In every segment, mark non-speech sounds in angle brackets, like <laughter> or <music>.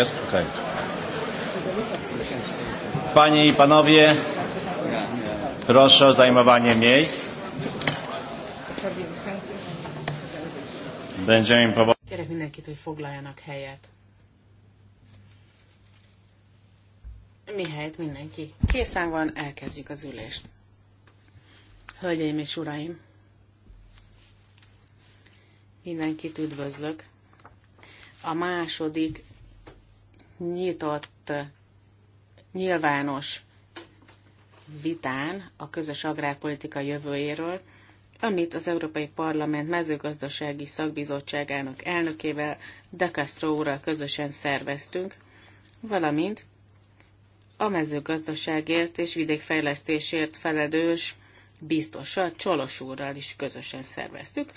Jest? Okej. Okay. Panie i panowie, proszę o zajmowanie miejsc. Będziemy powoli... Kierek mindenkit, hogy foglaljanak helyet. helyet mindenki. Készen van, elkezdjük az ülést. Hölgyeim és uraim! Mindenkit üdvözlök! A második nyitott, nyilvános vitán a közös agrárpolitika jövőjéről, amit az Európai Parlament mezőgazdasági szakbizottságának elnökével, De Castro úrral közösen szerveztünk, valamint a mezőgazdaságért és vidékfejlesztésért felelős biztosa Csolos úrral is közösen szerveztük.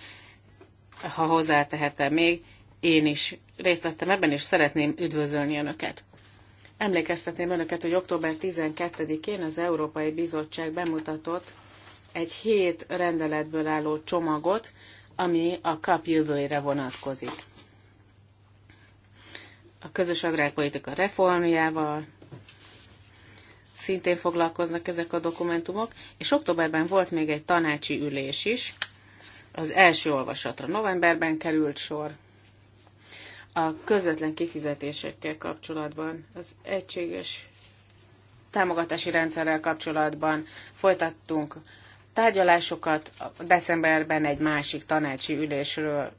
Ha hozzátehetem még, én is részt vettem ebben, és szeretném üdvözölni Önöket. Emlékeztetném Önöket, hogy október 12-én az Európai Bizottság bemutatott egy hét rendeletből álló csomagot, ami a kap jövőjére vonatkozik. A közös agrárpolitika reformjával szintén foglalkoznak ezek a dokumentumok, és októberben volt még egy tanácsi ülés is, az első olvasatra novemberben került sor, a közvetlen kifizetésekkel kapcsolatban, az egységes támogatási rendszerrel kapcsolatban folytattunk tárgyalásokat. Decemberben egy másik tanácsi ülésről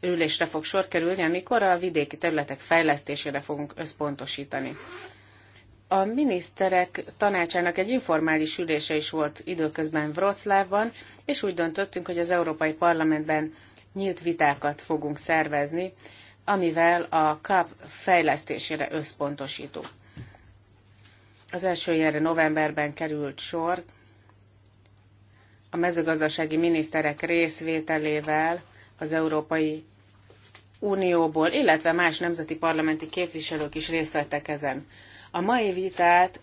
ülésre fog sor kerülni, amikor a vidéki területek fejlesztésére fogunk összpontosítani. A miniszterek tanácsának egy informális ülése is volt időközben Wroclawban, és úgy döntöttünk, hogy az Európai Parlamentben nyílt vitákat fogunk szervezni amivel a kap fejlesztésére összpontosító. Az első ilyenre novemberben került sor, a mezőgazdasági miniszterek részvételével az Európai Unióból, illetve más nemzeti parlamenti képviselők is részt vettek ezen. A mai vitát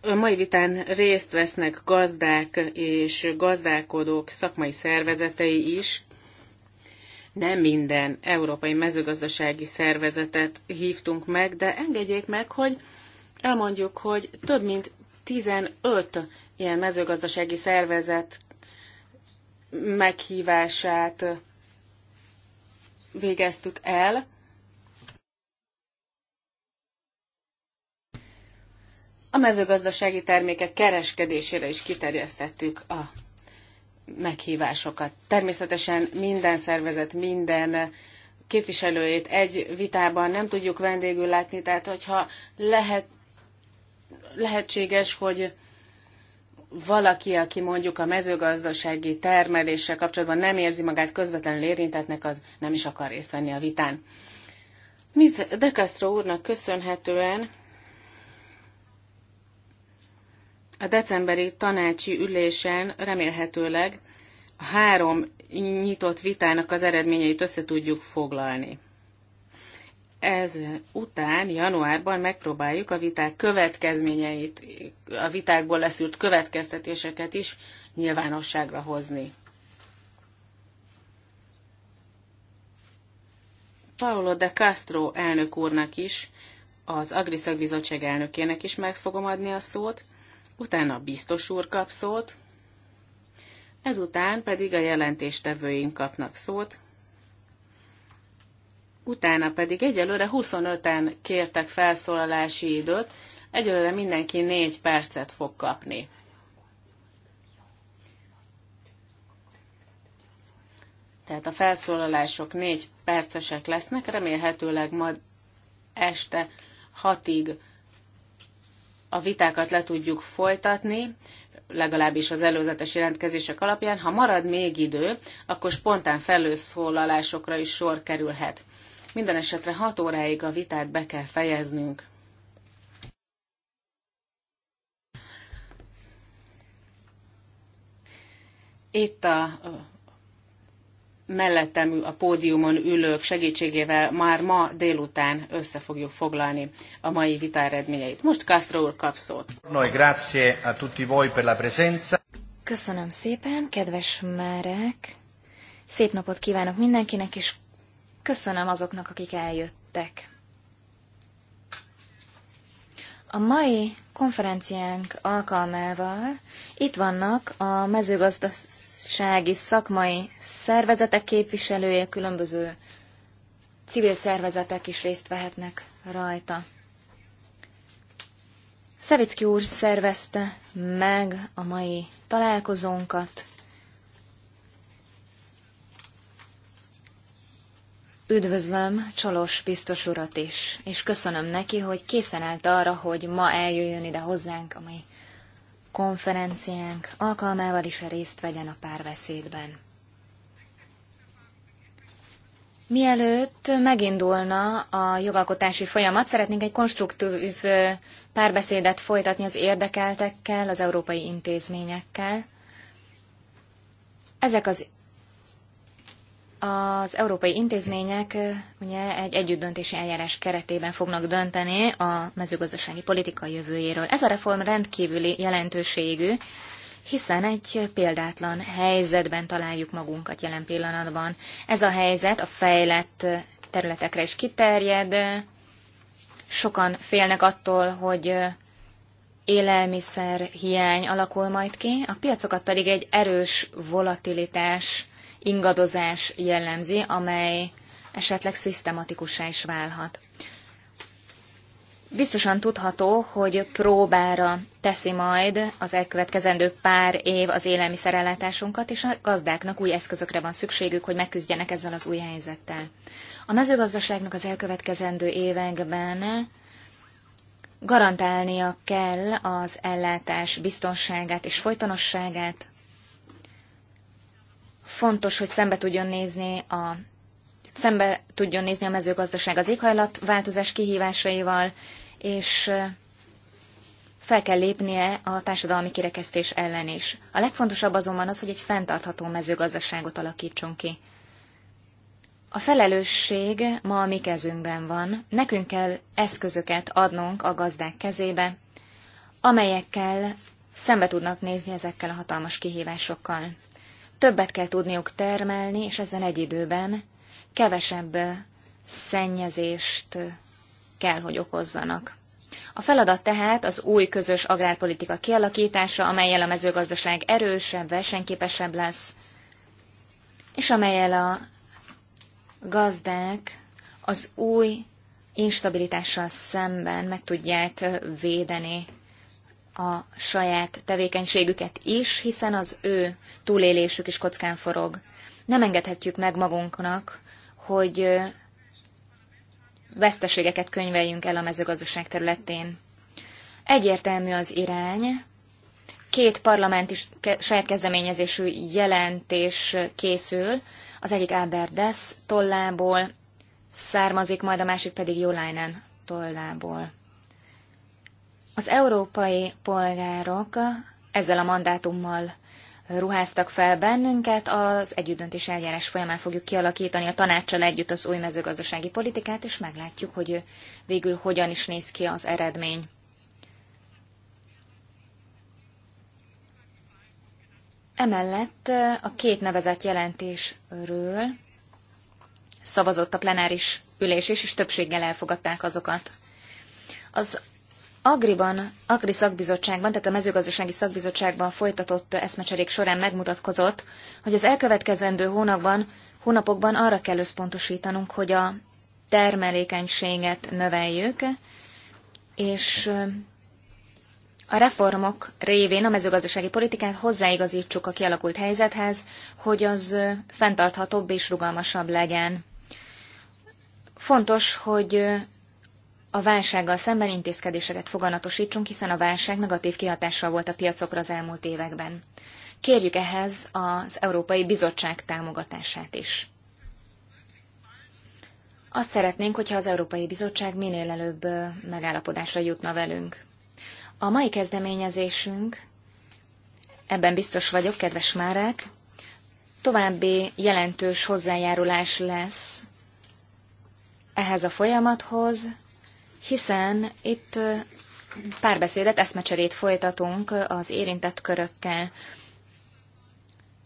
a mai vitán részt vesznek gazdák és gazdálkodók szakmai szervezetei is, nem minden európai mezőgazdasági szervezetet hívtunk meg, de engedjék meg, hogy elmondjuk, hogy több mint 15 ilyen mezőgazdasági szervezet meghívását végeztük el. A mezőgazdasági termékek kereskedésére is kiterjesztettük a meghívásokat. Természetesen minden szervezet, minden képviselőjét egy vitában nem tudjuk vendégül látni, tehát hogyha lehet, lehetséges, hogy valaki, aki mondjuk a mezőgazdasági termeléssel kapcsolatban nem érzi magát közvetlenül érintetnek, az nem is akar részt venni a vitán. Miz De Castro úrnak köszönhetően A decemberi tanácsi ülésen remélhetőleg a három nyitott vitának az eredményeit össze tudjuk foglalni. Ez után januárban megpróbáljuk a viták következményeit, a vitákból leszűrt következtetéseket is nyilvánosságra hozni. Paolo de Castro elnök úrnak is, az Agriszak Bizottság elnökének is meg fogom adni a szót, utána biztos úr kap szót, ezután pedig a jelentéstevőink kapnak szót, utána pedig egyelőre 25-en kértek felszólalási időt, egyelőre mindenki 4 percet fog kapni. Tehát a felszólalások 4 percesek lesznek, remélhetőleg ma este hatig a vitákat le tudjuk folytatni, legalábbis az előzetes jelentkezések alapján. Ha marad még idő, akkor spontán felőszólalásokra is sor kerülhet. Minden esetre 6 óráig a vitát be kell fejeznünk. Itt a mellettem a pódiumon ülők segítségével már ma délután össze fogjuk foglalni a mai vita eredményeit. Most Castro úr kap szót. Noi grazie a tutti voi per la presenza. Köszönöm szépen, kedves Márek. Szép napot kívánok mindenkinek, és köszönöm azoknak, akik eljöttek. A mai konferenciánk alkalmával itt vannak a mezőgazdaság gazdasági, szakmai szervezetek képviselője, különböző civil szervezetek is részt vehetnek rajta. Szevicki úr szervezte meg a mai találkozónkat. Üdvözlöm Csolos biztos urat is, és köszönöm neki, hogy készen állt arra, hogy ma eljöjjön ide hozzánk a mai konferenciánk alkalmával is részt vegyen a párbeszédben. Mielőtt megindulna a jogalkotási folyamat, szeretnénk egy konstruktív párbeszédet folytatni az érdekeltekkel, az európai intézményekkel. Ezek az az európai intézmények ugye egy együttdöntési eljárás keretében fognak dönteni a mezőgazdasági politika jövőjéről. Ez a reform rendkívüli jelentőségű, hiszen egy példátlan helyzetben találjuk magunkat jelen pillanatban. Ez a helyzet a fejlett területekre is kiterjed, sokan félnek attól, hogy élelmiszer hiány alakul majd ki, a piacokat pedig egy erős volatilitás ingadozás jellemzi, amely esetleg szisztematikussá is válhat. Biztosan tudható, hogy próbára teszi majd az elkövetkezendő pár év az élelmiszerellátásunkat, és a gazdáknak új eszközökre van szükségük, hogy megküzdjenek ezzel az új helyzettel. A mezőgazdaságnak az elkövetkezendő években garantálnia kell az ellátás biztonságát és folytonosságát, fontos, hogy szembe tudjon nézni a szembe tudjon nézni a mezőgazdaság az éghajlatváltozás kihívásaival, és fel kell lépnie a társadalmi kirekesztés ellen is. A legfontosabb azonban az, hogy egy fenntartható mezőgazdaságot alakítson ki. A felelősség ma a mi kezünkben van. Nekünk kell eszközöket adnunk a gazdák kezébe, amelyekkel szembe tudnak nézni ezekkel a hatalmas kihívásokkal többet kell tudniuk termelni, és ezzel egy időben kevesebb szennyezést kell, hogy okozzanak. A feladat tehát az új közös agrárpolitika kialakítása, amelyel a mezőgazdaság erősebb, versenyképesebb lesz, és amelyel a gazdák az új instabilitással szemben meg tudják védeni a saját tevékenységüket is, hiszen az ő túlélésük is kockán forog. Nem engedhetjük meg magunknak, hogy veszteségeket könyveljünk el a mezőgazdaság területén. Egyértelmű az irány, két parlamenti saját kezdeményezésű jelentés készül, az egyik Albert Dess tollából származik, majd a másik pedig Jolainen tollából. Az európai polgárok ezzel a mandátummal ruháztak fel bennünket, az együttdöntés eljárás folyamán fogjuk kialakítani a tanácssal együtt az új mezőgazdasági politikát, és meglátjuk, hogy végül hogyan is néz ki az eredmény. Emellett a két nevezett jelentésről szavazott a plenáris ülés is, és többséggel elfogadták azokat. Az Agriban, Agri szakbizottságban, tehát a mezőgazdasági szakbizottságban folytatott eszmecserék során megmutatkozott, hogy az elkövetkezendő hónapban, hónapokban arra kell összpontosítanunk, hogy a termelékenységet növeljük, és a reformok révén a mezőgazdasági politikát hozzáigazítsuk a kialakult helyzethez, hogy az fenntarthatóbb és rugalmasabb legyen. Fontos, hogy a válsággal szemben intézkedéseket foganatosítsunk, hiszen a válság negatív kihatással volt a piacokra az elmúlt években. Kérjük ehhez az Európai Bizottság támogatását is. Azt szeretnénk, hogyha az Európai Bizottság minél előbb megállapodásra jutna velünk. A mai kezdeményezésünk, ebben biztos vagyok, kedves Márek, további jelentős hozzájárulás lesz ehhez a folyamathoz, hiszen itt párbeszédet, eszmecserét folytatunk az érintett körökkel.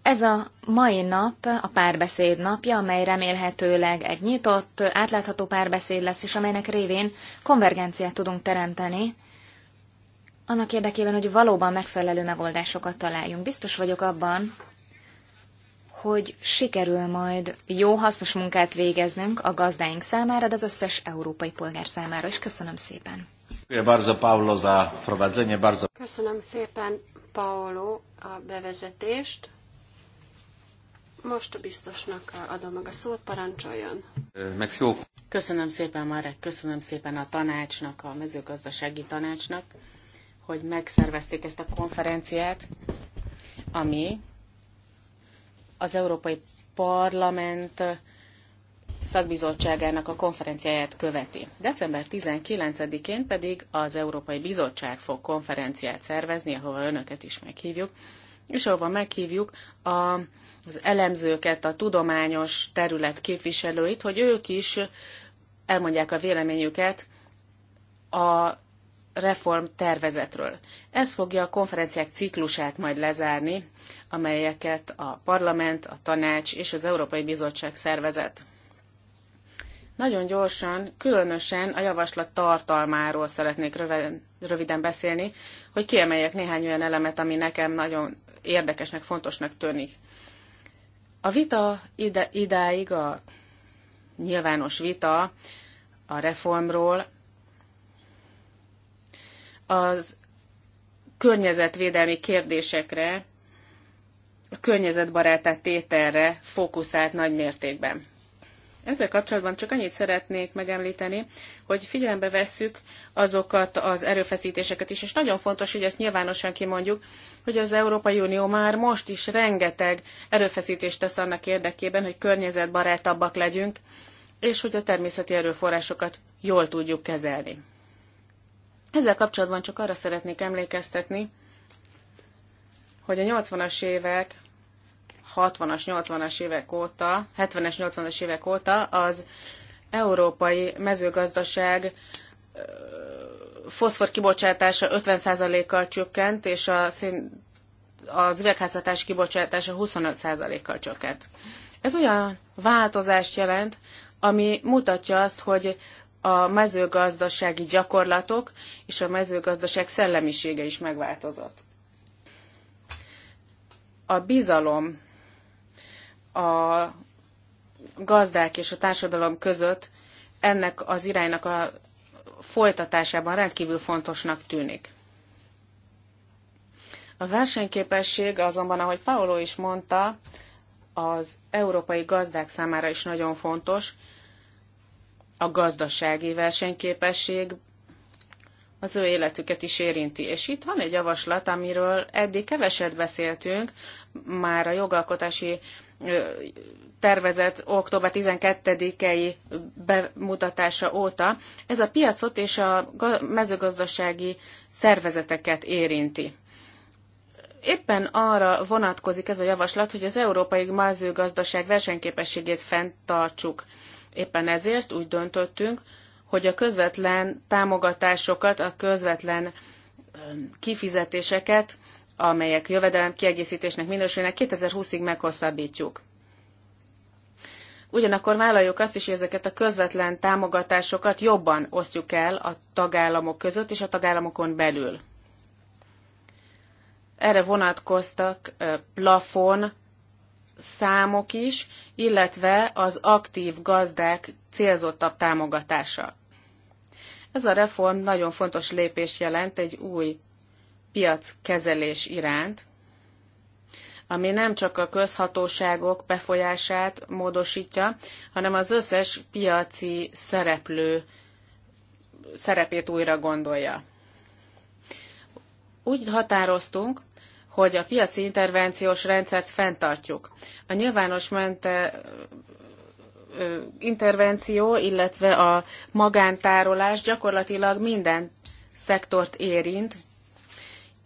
Ez a mai nap a párbeszéd napja, amely remélhetőleg egy nyitott, átlátható párbeszéd lesz, és amelynek révén konvergenciát tudunk teremteni, annak érdekében, hogy valóban megfelelő megoldásokat találjunk. Biztos vagyok abban, hogy sikerül majd jó, hasznos munkát végeznünk a gazdáink számára, de az összes európai polgár számára is. Köszönöm szépen! Köszönöm szépen, Paolo, a bevezetést. Most a biztosnak adom meg a szót, parancsoljon. Köszönöm szépen, Marek, köszönöm szépen a tanácsnak, a mezőgazdasági tanácsnak, hogy megszervezték ezt a konferenciát, ami az Európai Parlament szakbizottságának a konferenciáját követi. December 19-én pedig az Európai Bizottság fog konferenciát szervezni, ahova önöket is meghívjuk, és ahova meghívjuk a, az elemzőket, a tudományos terület képviselőit, hogy ők is elmondják a véleményüket a reform tervezetről. Ez fogja a konferenciák ciklusát majd lezárni, amelyeket a parlament, a tanács és az Európai Bizottság szervezett. Nagyon gyorsan, különösen a javaslat tartalmáról szeretnék röviden beszélni, hogy kiemeljek néhány olyan elemet, ami nekem nagyon érdekesnek, fontosnak tűnik. A vita ide, idáig, a nyilvános vita a reformról az környezetvédelmi kérdésekre, a környezetbarátá tételre fókuszált nagy mértékben. Ezzel kapcsolatban csak annyit szeretnék megemlíteni, hogy figyelembe vesszük azokat az erőfeszítéseket is, és nagyon fontos, hogy ezt nyilvánosan kimondjuk, hogy az Európai Unió már most is rengeteg erőfeszítést tesz annak érdekében, hogy környezetbarátabbak legyünk, és hogy a természeti erőforrásokat jól tudjuk kezelni. Ezzel kapcsolatban csak arra szeretnék emlékeztetni, hogy a 80-as évek, 60-as, 80-as évek óta, 70-es, 80-as évek óta az európai mezőgazdaság foszfor kibocsátása 50%-kal csökkent, és a szín, az üvegházhatás kibocsátása 25%-kal csökkent. Ez olyan változást jelent, ami mutatja azt, hogy a mezőgazdasági gyakorlatok és a mezőgazdaság szellemisége is megváltozott. A bizalom a gazdák és a társadalom között ennek az iránynak a folytatásában rendkívül fontosnak tűnik. A versenyképesség azonban, ahogy Paolo is mondta, az európai gazdák számára is nagyon fontos, a gazdasági versenyképesség az ő életüket is érinti. És itt van egy javaslat, amiről eddig keveset beszéltünk, már a jogalkotási tervezet október 12-i bemutatása óta, ez a piacot és a mezőgazdasági szervezeteket érinti. Éppen arra vonatkozik ez a javaslat, hogy az európai mezőgazdaság versenyképességét fenntartsuk. Éppen ezért úgy döntöttünk, hogy a közvetlen támogatásokat, a közvetlen kifizetéseket, amelyek jövedelem kiegészítésnek minősülnek, 2020-ig meghosszabbítjuk. Ugyanakkor vállaljuk azt is, hogy ezeket a közvetlen támogatásokat jobban osztjuk el a tagállamok között és a tagállamokon belül. Erre vonatkoztak plafon számok is, illetve az aktív gazdák célzottabb támogatása. Ez a reform nagyon fontos lépés jelent egy új piackezelés iránt, ami nem csak a közhatóságok befolyását módosítja, hanem az összes piaci szereplő szerepét újra gondolja. Úgy határoztunk, hogy a piaci intervenciós rendszert fenntartjuk. A nyilvános mente intervenció, illetve a magántárolás gyakorlatilag minden szektort érint,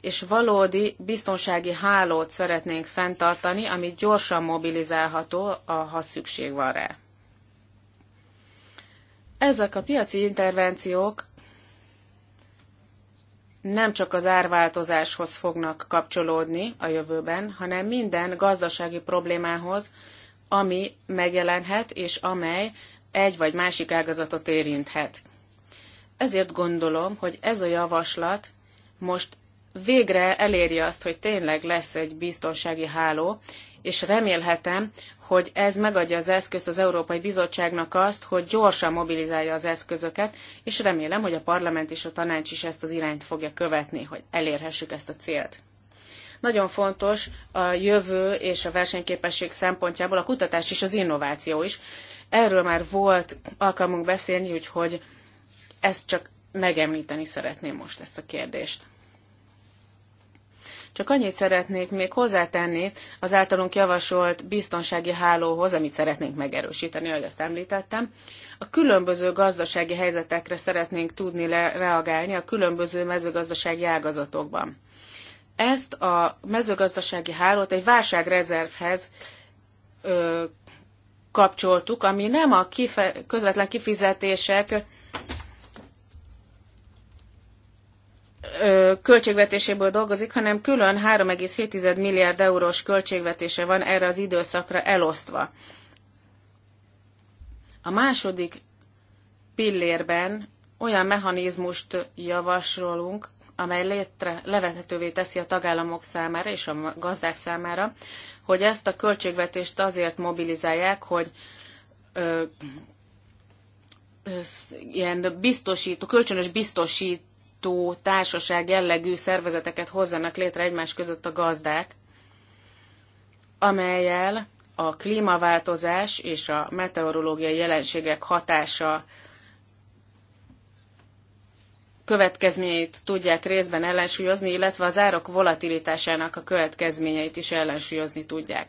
és valódi biztonsági hálót szeretnénk fenntartani, amit gyorsan mobilizálható, ha szükség van rá. Ezek a piaci intervenciók nem csak az árváltozáshoz fognak kapcsolódni a jövőben, hanem minden gazdasági problémához, ami megjelenhet és amely egy vagy másik ágazatot érinthet. Ezért gondolom, hogy ez a javaslat most végre eléri azt, hogy tényleg lesz egy biztonsági háló, és remélhetem, hogy ez megadja az eszközt az Európai Bizottságnak azt, hogy gyorsan mobilizálja az eszközöket, és remélem, hogy a parlament és a tanács is ezt az irányt fogja követni, hogy elérhessük ezt a célt. Nagyon fontos a jövő és a versenyképesség szempontjából a kutatás és az innováció is. Erről már volt alkalmunk beszélni, úgyhogy ezt csak megemlíteni szeretném most ezt a kérdést. Csak annyit szeretnék még hozzátenni az általunk javasolt biztonsági hálóhoz, amit szeretnénk megerősíteni, ahogy azt említettem. A különböző gazdasági helyzetekre szeretnénk tudni le- reagálni a különböző mezőgazdasági ágazatokban. Ezt a mezőgazdasági hálót egy válságrezervhez ö, kapcsoltuk, ami nem a kife- közvetlen kifizetések költségvetéséből dolgozik, hanem külön 3,7 milliárd eurós költségvetése van erre az időszakra elosztva. A második pillérben olyan mechanizmust javasolunk, amely létre, levethetővé teszi a tagállamok számára és a gazdák számára, hogy ezt a költségvetést azért mobilizálják, hogy ö, ö, ilyen biztosító, kölcsönös biztosít alkotó társaság jellegű szervezeteket hozzanak létre egymás között a gazdák, amelyel a klímaváltozás és a meteorológiai jelenségek hatása következményeit tudják részben ellensúlyozni, illetve az árok volatilitásának a következményeit is ellensúlyozni tudják.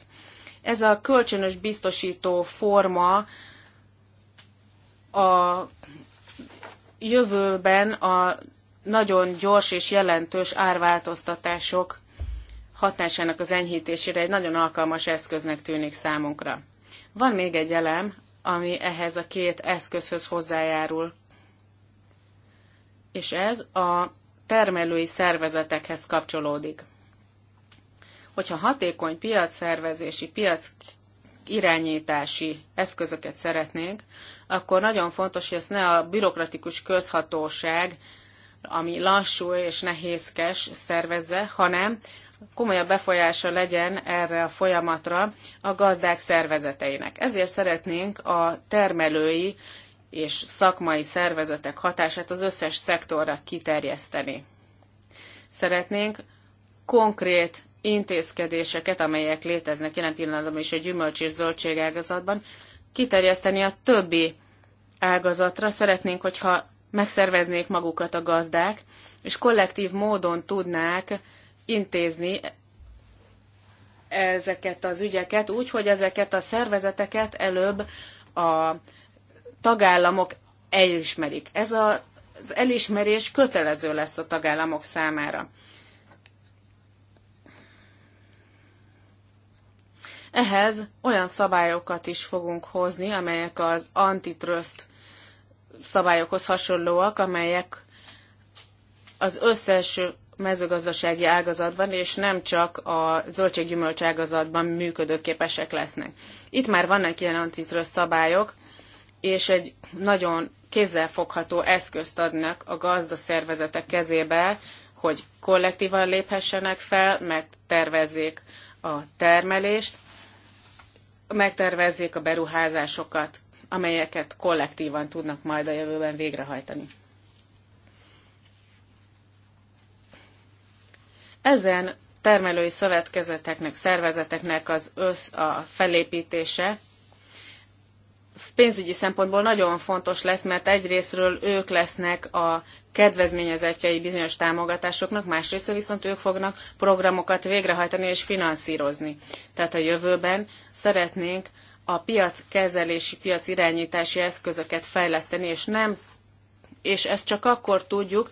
Ez a kölcsönös biztosító forma a jövőben a nagyon gyors és jelentős árváltoztatások hatásának az enyhítésére egy nagyon alkalmas eszköznek tűnik számunkra. Van még egy elem, ami ehhez a két eszközhöz hozzájárul, és ez a termelői szervezetekhez kapcsolódik. Hogyha hatékony piacszervezési, piac irányítási eszközöket szeretnénk, akkor nagyon fontos, hogy ezt ne a bürokratikus közhatóság ami lassú és nehézkes szervezze, hanem komolyabb befolyása legyen erre a folyamatra a gazdák szervezeteinek. Ezért szeretnénk a termelői és szakmai szervezetek hatását az összes szektorra kiterjeszteni. Szeretnénk konkrét intézkedéseket, amelyek léteznek jelen pillanatban is a gyümölcs és ágazatban, kiterjeszteni a többi ágazatra. Szeretnénk, hogyha megszerveznék magukat a gazdák, és kollektív módon tudnák intézni ezeket az ügyeket úgy, hogy ezeket a szervezeteket előbb a tagállamok elismerik. Ez a, az elismerés kötelező lesz a tagállamok számára. Ehhez olyan szabályokat is fogunk hozni, amelyek az antitrust szabályokhoz hasonlóak, amelyek az összes mezőgazdasági ágazatban, és nem csak a zöldséggyümölcs ágazatban működőképesek lesznek. Itt már vannak ilyen antitrös szabályok, és egy nagyon kézzelfogható eszközt adnak a gazdaszervezetek kezébe, hogy kollektívan léphessenek fel, megtervezzék a termelést, megtervezzék a beruházásokat amelyeket kollektívan tudnak majd a jövőben végrehajtani. Ezen termelői szövetkezeteknek, szervezeteknek az össz a felépítése pénzügyi szempontból nagyon fontos lesz, mert egyrésztről ők lesznek a kedvezményezetjei bizonyos támogatásoknak, másrészt viszont ők fognak programokat végrehajtani és finanszírozni. Tehát a jövőben szeretnénk a piackezelési, piacirányítási eszközöket fejleszteni, és nem, és ezt csak akkor tudjuk,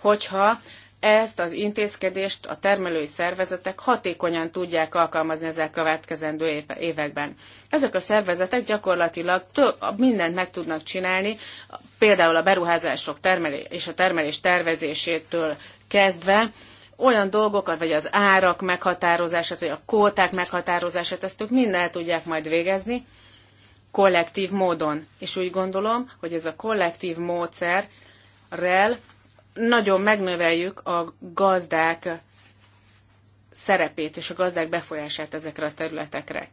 hogyha ezt az intézkedést a termelői szervezetek hatékonyan tudják alkalmazni ezzel következendő években. Ezek a szervezetek gyakorlatilag több, mindent meg tudnak csinálni, például a beruházások termelé és a termelés tervezésétől kezdve olyan dolgokat, vagy az árak meghatározását, vagy a kóták meghatározását, ezt ők mind el tudják majd végezni kollektív módon. És úgy gondolom, hogy ez a kollektív módszerrel nagyon megnöveljük a gazdák szerepét és a gazdák befolyását ezekre a területekre.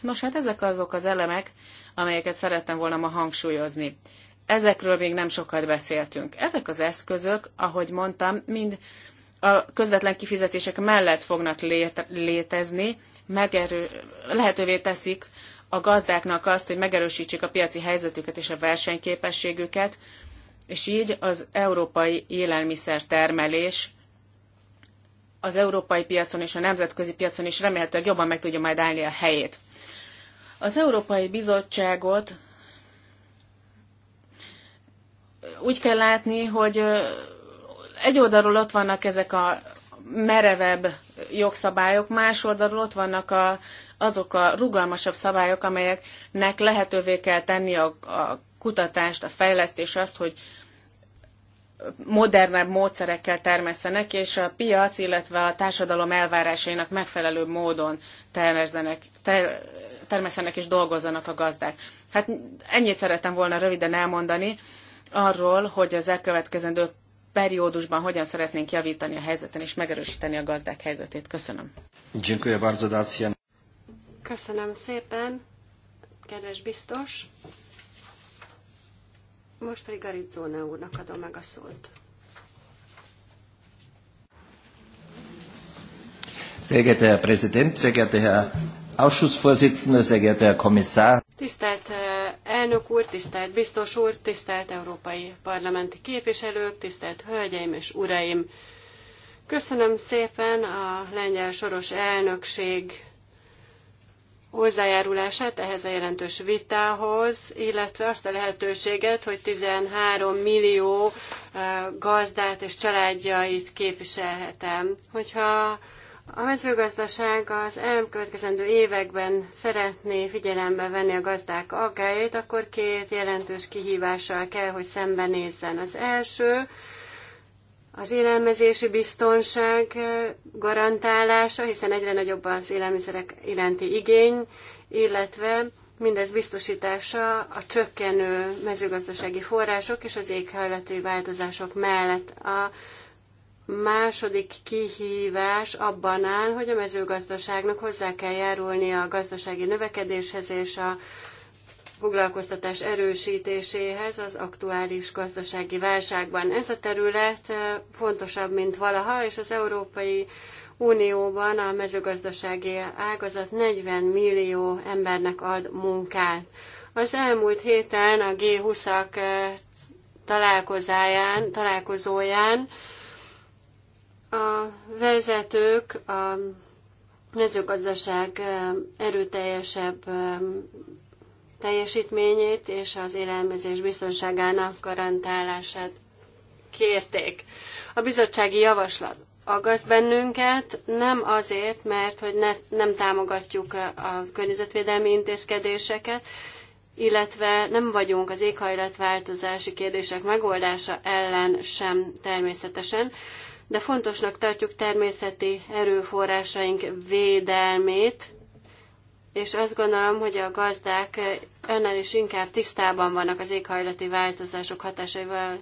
Nos, hát ezek azok az elemek, amelyeket szerettem volna ma hangsúlyozni. Ezekről még nem sokat beszéltünk. Ezek az eszközök, ahogy mondtam, mind a közvetlen kifizetések mellett fognak léte, létezni, megerő, lehetővé teszik a gazdáknak azt, hogy megerősítsék a piaci helyzetüket és a versenyképességüket, és így az európai élelmiszertermelés az európai piacon és a nemzetközi piacon is remélhetőleg jobban meg tudja majd állni a helyét. Az Európai Bizottságot úgy kell látni, hogy egy oldalról ott vannak ezek a merevebb jogszabályok, más oldalról ott vannak a, azok a rugalmasabb szabályok, amelyeknek lehetővé kell tenni a, a kutatást, a fejlesztést, azt, hogy modernebb módszerekkel termesztenek, és a piac, illetve a társadalom elvárásainak megfelelő módon termesztenek, ter, termesztenek és dolgozzanak a gazdák. Hát ennyit szerettem volna röviden elmondani arról, hogy az elkövetkezendő periódusban hogyan szeretnénk javítani a helyzeten és megerősíteni a gazdák helyzetét. Köszönöm. Köszönöm szépen, kedves biztos. Most pedig Garizóna úrnak adom meg a szót. Sehr geehrter Herr Präsident, sehr geehrter Herr Ausschussvorsitzender, sehr geehrter Herr Kommissar. Tisztelt eh, elnök úr, tisztelt biztos úr, tisztelt európai parlamenti képviselők, tisztelt hölgyeim és uraim! Köszönöm szépen a lengyel soros elnökség hozzájárulását ehhez a jelentős vitához, illetve azt a lehetőséget, hogy 13 millió eh, gazdát és családjait képviselhetem. Hogyha a mezőgazdaság az elkövetkezendő években szeretné figyelembe venni a gazdák aggájait, akkor két jelentős kihívással kell, hogy szembenézzen. Az első az élelmezési biztonság garantálása, hiszen egyre nagyobb az élelmiszerek iránti igény, illetve mindez biztosítása a csökkenő mezőgazdasági források és az éghajlati változások mellett. A Második kihívás abban áll, hogy a mezőgazdaságnak hozzá kell járulni a gazdasági növekedéshez és a foglalkoztatás erősítéséhez az aktuális gazdasági válságban. Ez a terület eh, fontosabb, mint valaha, és az Európai Unióban a mezőgazdasági ágazat 40 millió embernek ad munkát. Az elmúlt héten a G20-ak eh, találkozóján a vezetők a mezőgazdaság erőteljesebb teljesítményét és az élelmezés biztonságának garantálását kérték. A bizottsági javaslat aggaszt bennünket, nem azért, mert hogy ne, nem támogatjuk a környezetvédelmi intézkedéseket, illetve nem vagyunk az éghajlatváltozási kérdések megoldása ellen sem természetesen, de fontosnak tartjuk természeti erőforrásaink védelmét, és azt gondolom, hogy a gazdák önnel is inkább tisztában vannak az éghajlati változások hatásaival.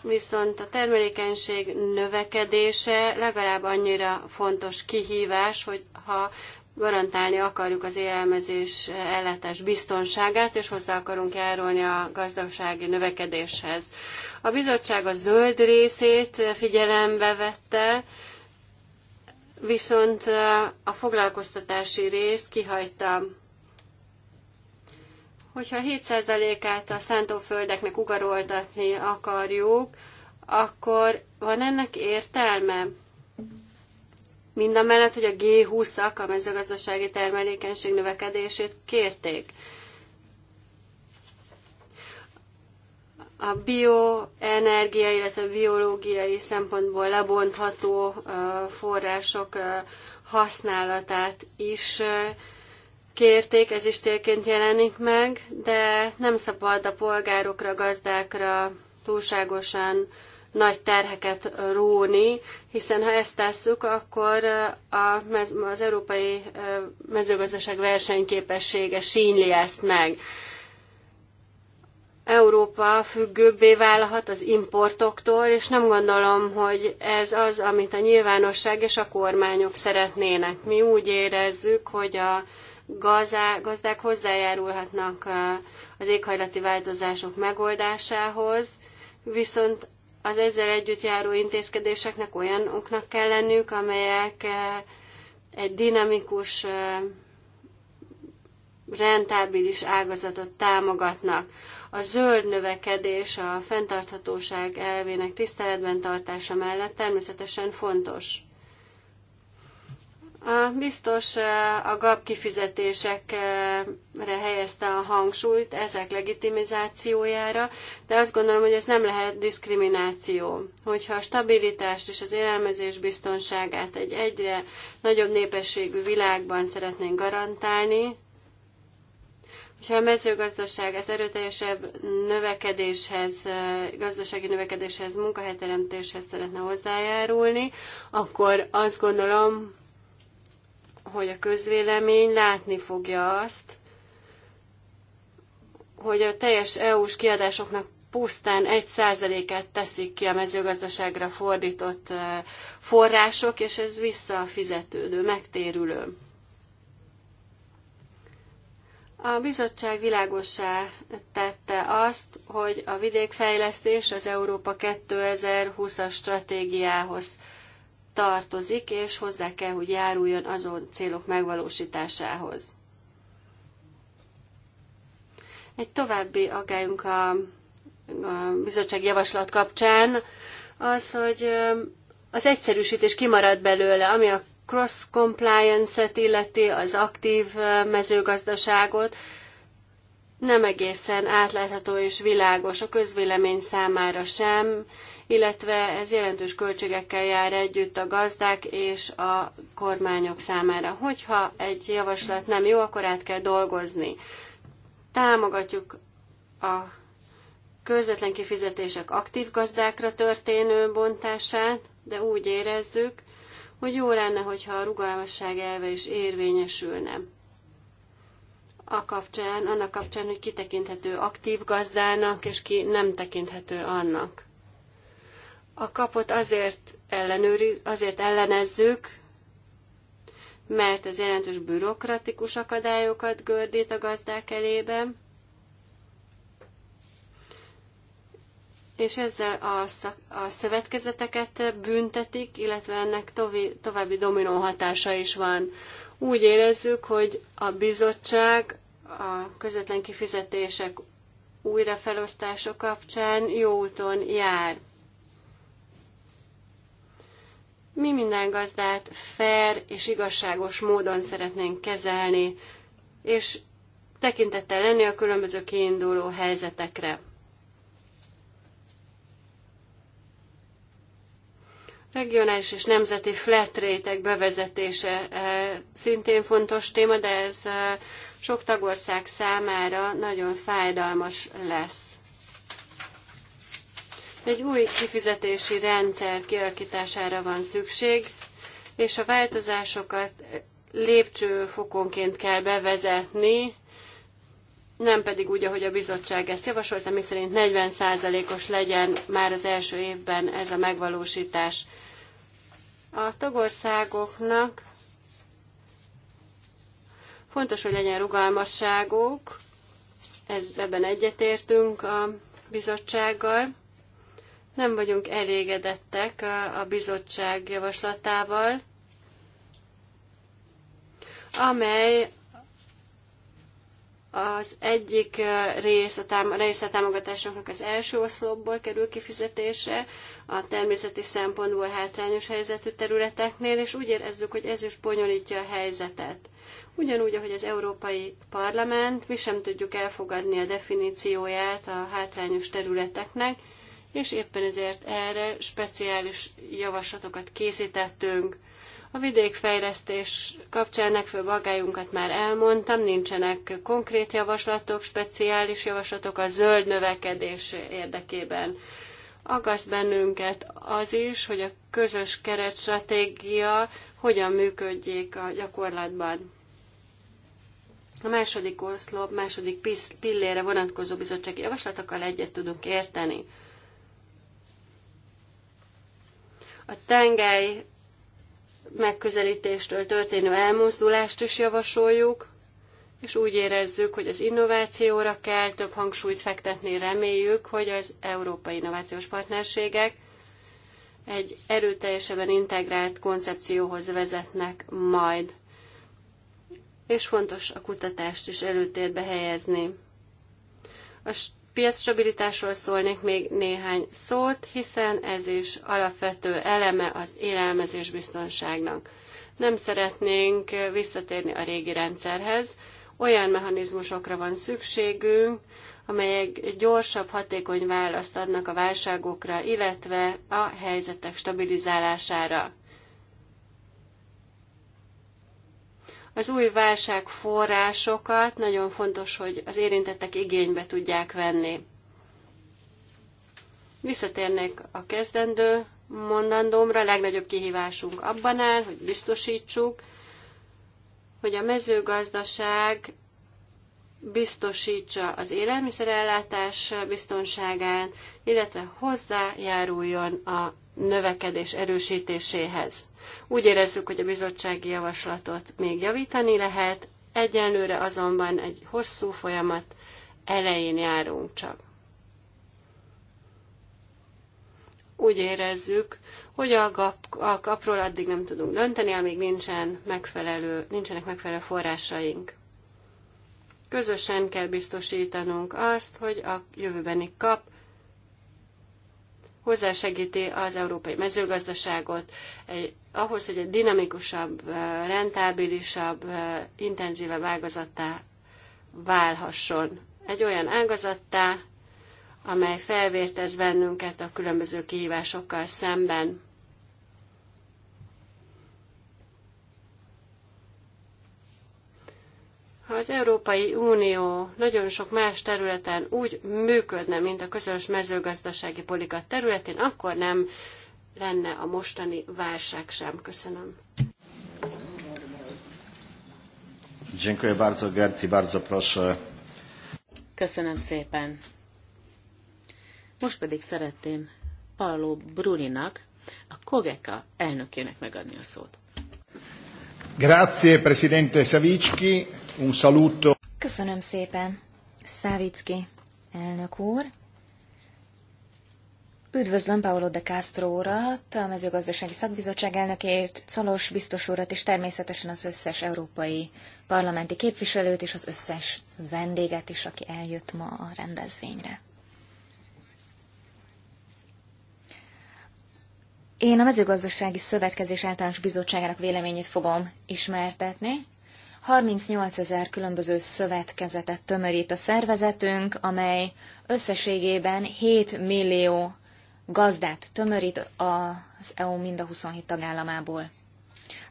Viszont a termelékenység növekedése legalább annyira fontos kihívás, hogy ha garantálni akarjuk az élelmezés ellátás biztonságát, és hozzá akarunk járulni a gazdasági növekedéshez. A bizottság a zöld részét figyelembe vette, viszont a foglalkoztatási részt kihagytam. Hogyha 7%-át a szántóföldeknek ugaroltatni akarjuk, akkor van ennek értelme? mellett, hogy a G20-ak a mezőgazdasági termelékenység növekedését kérték. a bioenergia, illetve a biológiai szempontból lebontható források használatát is kérték, ez is célként jelenik meg, de nem szabad a polgárokra, gazdákra túlságosan nagy terheket róni, hiszen ha ezt tesszük, akkor az európai mezőgazdaság versenyképessége sínli ezt meg. Európa függőbbé válhat az importoktól, és nem gondolom, hogy ez az, amit a nyilvánosság és a kormányok szeretnének. Mi úgy érezzük, hogy a gazdák hozzájárulhatnak az éghajlati változások megoldásához, viszont az ezzel együtt járó intézkedéseknek olyanoknak kell lennünk, amelyek egy dinamikus, rentábilis ágazatot támogatnak a zöld növekedés, a fenntarthatóság elvének tiszteletben tartása mellett természetesen fontos. A biztos eh, a GAP kifizetésekre helyezte a hangsúlyt ezek legitimizációjára, de azt gondolom, hogy ez nem lehet diszkrimináció. Hogyha a stabilitást és az élelmezés biztonságát egy egyre nagyobb népességű világban szeretnénk garantálni, és ha a mezőgazdaság az erőteljesebb növekedéshez, gazdasági növekedéshez, munkahelyteremtéshez szeretne hozzájárulni, akkor azt gondolom, hogy a közvélemény látni fogja azt, hogy a teljes EU-s kiadásoknak pusztán egy százaléket teszik ki a mezőgazdaságra fordított források, és ez visszafizetődő, megtérülő. A bizottság világossá tette azt, hogy a vidékfejlesztés az Európa 2020-as stratégiához tartozik, és hozzá kell, hogy járuljon azon célok megvalósításához. Egy további aggályunk a, a bizottság javaslat kapcsán az, hogy az egyszerűsítés kimarad belőle, ami a cross compliance-et illeti, az aktív mezőgazdaságot, nem egészen átlátható és világos a közvélemény számára sem, illetve ez jelentős költségekkel jár együtt a gazdák és a kormányok számára. Hogyha egy javaslat nem jó, akkor át kell dolgozni. Támogatjuk a közvetlen kifizetések aktív gazdákra történő bontását, de úgy érezzük, hogy jó lenne, hogyha a rugalmasság elve is érvényesülne. A kapcsán, annak kapcsán, hogy kitekinthető aktív gazdának, és ki nem tekinthető annak. A kapot azért, ellenőriz, azért ellenezzük, mert ez jelentős bürokratikus akadályokat gördít a gazdák elébe, és ezzel a, szak, a szövetkezeteket büntetik, illetve ennek tovi, további dominó hatása is van. Úgy érezzük, hogy a bizottság a közvetlen kifizetések újrafelosztása kapcsán jó úton jár. Mi minden gazdát fair és igazságos módon szeretnénk kezelni, és tekintettel lenni a különböző kiinduló helyzetekre. Regionális és nemzeti flat rate bevezetése eh, szintén fontos téma, de ez eh, sok tagország számára nagyon fájdalmas lesz. Egy új kifizetési rendszer kialakítására van szükség, és a változásokat lépcsőfokonként kell bevezetni, nem pedig úgy, ahogy a bizottság ezt javasolta, miszerint 40%-os legyen már az első évben ez a megvalósítás. A tagországoknak fontos, hogy legyen rugalmasságuk, ez, ebben egyetértünk a bizottsággal. Nem vagyunk elégedettek a bizottság javaslatával, amely az egyik eh, rész a, tám- rész a támogatásoknak az első oszlopból kerül kifizetése, a természeti szempontból hátrányos helyzetű területeknél, és úgy érezzük, hogy ez is bonyolítja a helyzetet. Ugyanúgy, ahogy az Európai Parlament, mi sem tudjuk elfogadni a definícióját a hátrányos területeknek, és éppen ezért erre speciális javaslatokat készítettünk. A vidékfejlesztés kapcsán legfőbb aggályunkat már elmondtam, nincsenek konkrét javaslatok, speciális javaslatok a zöld növekedés érdekében. Agaszt bennünket az is, hogy a közös keretstratégia hogyan működjék a gyakorlatban. A második oszlop, második pillére vonatkozó bizottsági javaslatokkal egyet tudunk érteni. A tengely megközelítéstől történő elmozdulást is javasoljuk, és úgy érezzük, hogy az innovációra kell több hangsúlyt fektetni, reméljük, hogy az európai innovációs partnerségek egy erőteljesebben integrált koncepcióhoz vezetnek majd. És fontos a kutatást is előtérbe helyezni. A piacstabilitásról stabilitásról szólnék még néhány szót, hiszen ez is alapvető eleme az élelmezés biztonságnak. Nem szeretnénk visszatérni a régi rendszerhez, olyan mechanizmusokra van szükségünk, amelyek gyorsabb, hatékony választ adnak a válságokra, illetve a helyzetek stabilizálására. Az új válság forrásokat nagyon fontos, hogy az érintettek igénybe tudják venni. Visszatérnék a kezdendő mondandómra, a legnagyobb kihívásunk abban áll, hogy biztosítsuk, hogy a mezőgazdaság biztosítsa az élelmiszerellátás biztonságát, illetve hozzájáruljon a növekedés erősítéséhez. Úgy érezzük, hogy a bizottsági javaslatot még javítani lehet, egyenlőre azonban egy hosszú folyamat elején járunk csak. Úgy érezzük, hogy a, GAP, a kapról addig nem tudunk dönteni, amíg nincsen megfelelő, nincsenek megfelelő forrásaink. Közösen kell biztosítanunk azt, hogy a jövőbeni kap hozzásegíti az európai mezőgazdaságot egy, ahhoz, hogy egy dinamikusabb, rentábilisabb, intenzívebb ágazattá válhasson. Egy olyan ágazattá, amely felvértez bennünket a különböző kihívásokkal szemben. Ha az Európai Unió nagyon sok más területen úgy működne, mint a közös mezőgazdasági politika területén, akkor nem lenne a mostani válság sem. Köszönöm. Dziękuję bardzo, Gerti, bardzo proszę. Köszönöm szépen. Most pedig szeretném Paolo Bruninak, a Kogeka elnökének megadni a szót. Grazie, Presidente Savicki. Un saluto. Köszönöm szépen, Szávicki elnök úr. Üdvözlöm Paolo de Castro urat, a mezőgazdasági szakbizottság elnökét, Colos biztos urat, és természetesen az összes európai parlamenti képviselőt és az összes vendéget is, aki eljött ma a rendezvényre. Én a mezőgazdasági szövetkezés általános bizottságának véleményét fogom ismertetni. 38 ezer különböző szövetkezetet tömörít a szervezetünk, amely összességében 7 millió gazdát tömörít az EU mind a 27 tagállamából.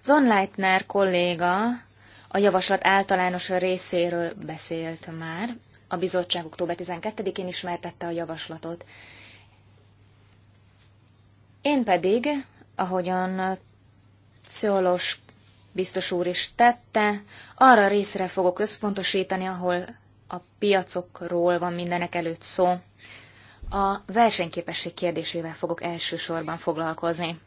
Leitner kolléga a javaslat általános részéről beszélt már, a bizottság október 12-én ismertette a javaslatot. Én pedig, ahogyan Ciolos biztos úr is tette, arra a részre fogok összpontosítani, ahol a piacokról van mindenek előtt szó. A versenyképesség kérdésével fogok elsősorban foglalkozni.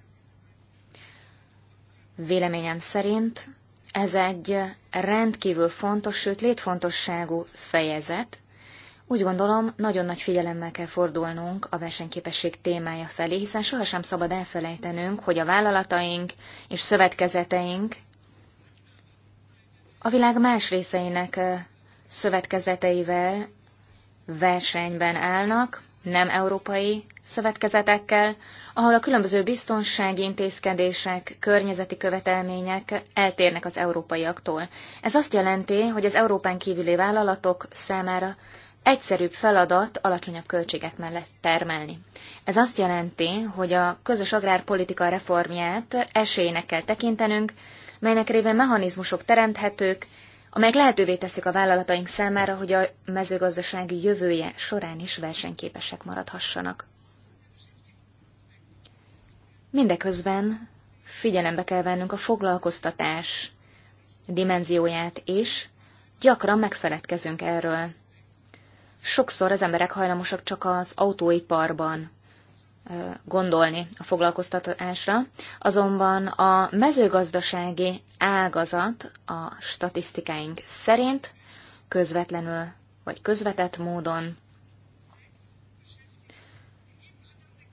Véleményem szerint ez egy rendkívül fontos, sőt létfontosságú fejezet. Úgy gondolom, nagyon nagy figyelemmel kell fordulnunk a versenyképesség témája felé, hiszen sohasem szabad elfelejtenünk, hogy a vállalataink és szövetkezeteink a világ más részeinek szövetkezeteivel versenyben állnak, nem európai szövetkezetekkel, ahol a különböző biztonsági intézkedések, környezeti követelmények eltérnek az európaiaktól. Ez azt jelenti, hogy az Európán kívüli vállalatok számára egyszerűbb feladat alacsonyabb költségek mellett termelni. Ez azt jelenti, hogy a közös agrárpolitika reformját esélynek kell tekintenünk, melynek révén mechanizmusok teremthetők, amelyek lehetővé teszik a vállalataink számára, hogy a mezőgazdasági jövője során is versenyképesek maradhassanak. Mindeközben figyelembe kell vennünk a foglalkoztatás dimenzióját is, gyakran megfeledkezünk erről. Sokszor az emberek hajlamosak csak az autóiparban gondolni a foglalkoztatásra, azonban a mezőgazdasági ágazat a statisztikáink szerint közvetlenül vagy közvetett módon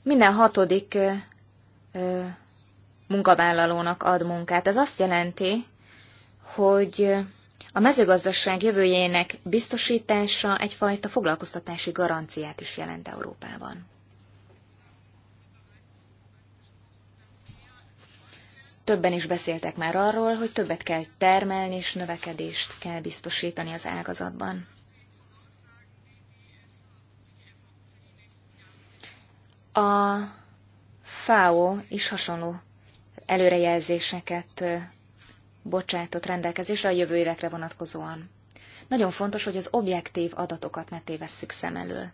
minden hatodik munkavállalónak ad munkát. Ez azt jelenti, hogy a mezőgazdaság jövőjének biztosítása egyfajta foglalkoztatási garanciát is jelent Európában. Többen is beszéltek már arról, hogy többet kell termelni és növekedést kell biztosítani az ágazatban. A FAO is hasonló előrejelzéseket bocsátott rendelkezésre a jövő évekre vonatkozóan. Nagyon fontos, hogy az objektív adatokat ne tévesszük szem elől.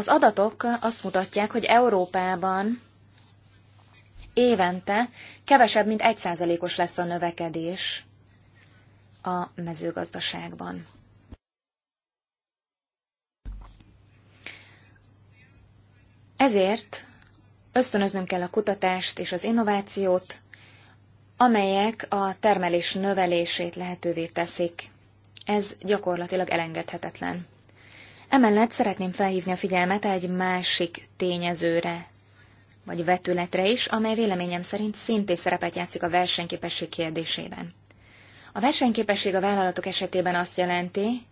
Az adatok azt mutatják, hogy Európában évente kevesebb, mint 1%-os lesz a növekedés a mezőgazdaságban. Ezért ösztönöznünk kell a kutatást és az innovációt, amelyek a termelés növelését lehetővé teszik. Ez gyakorlatilag elengedhetetlen. Emellett szeretném felhívni a figyelmet egy másik tényezőre, vagy vetületre is, amely véleményem szerint szintén szerepet játszik a versenyképesség kérdésében. A versenyképesség a vállalatok esetében azt jelenti,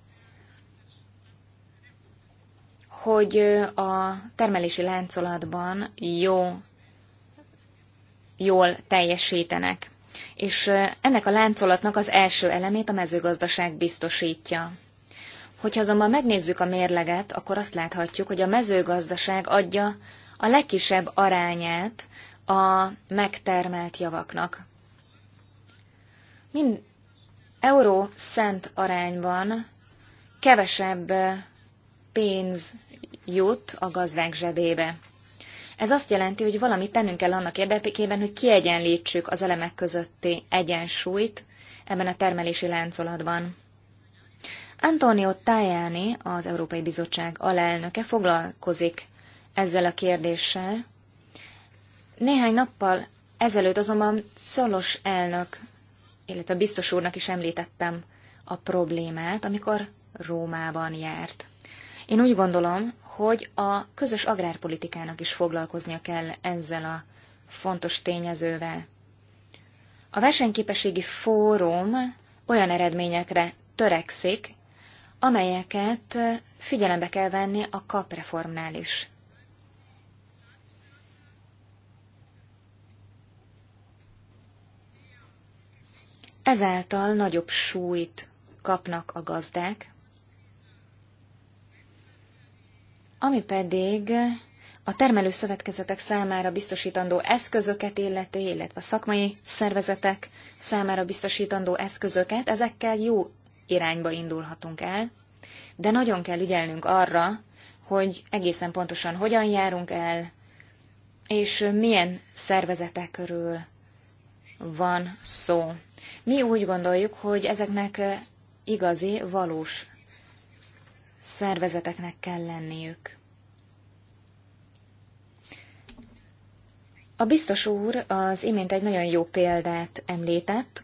hogy a termelési láncolatban jó, jól teljesítenek. És ennek a láncolatnak az első elemét a mezőgazdaság biztosítja. Hogyha azonban megnézzük a mérleget, akkor azt láthatjuk, hogy a mezőgazdaság adja a legkisebb arányát a megtermelt javaknak. Mind euró szent arányban kevesebb pénz jut a gazdák zsebébe. Ez azt jelenti, hogy valamit tennünk kell annak érdekében, hogy kiegyenlítsük az elemek közötti egyensúlyt ebben a termelési láncolatban. Antonio Tajani, az Európai Bizottság alelnöke foglalkozik ezzel a kérdéssel. Néhány nappal ezelőtt azonban Szolos elnök, illetve biztos úrnak is említettem a problémát, amikor Rómában járt. Én úgy gondolom, hogy a közös agrárpolitikának is foglalkoznia kell ezzel a fontos tényezővel. A versenyképességi fórum olyan eredményekre törekszik, amelyeket figyelembe kell venni a kapreformnál is. Ezáltal nagyobb súlyt kapnak a gazdák, ami pedig a termelő szövetkezetek számára biztosítandó eszközöket illeti, illetve a szakmai szervezetek számára biztosítandó eszközöket, ezekkel jó irányba indulhatunk el, de nagyon kell ügyelnünk arra, hogy egészen pontosan hogyan járunk el, és milyen szervezetek körül van szó. Mi úgy gondoljuk, hogy ezeknek igazi, valós szervezeteknek kell lenniük. A biztos úr az imént egy nagyon jó példát említett,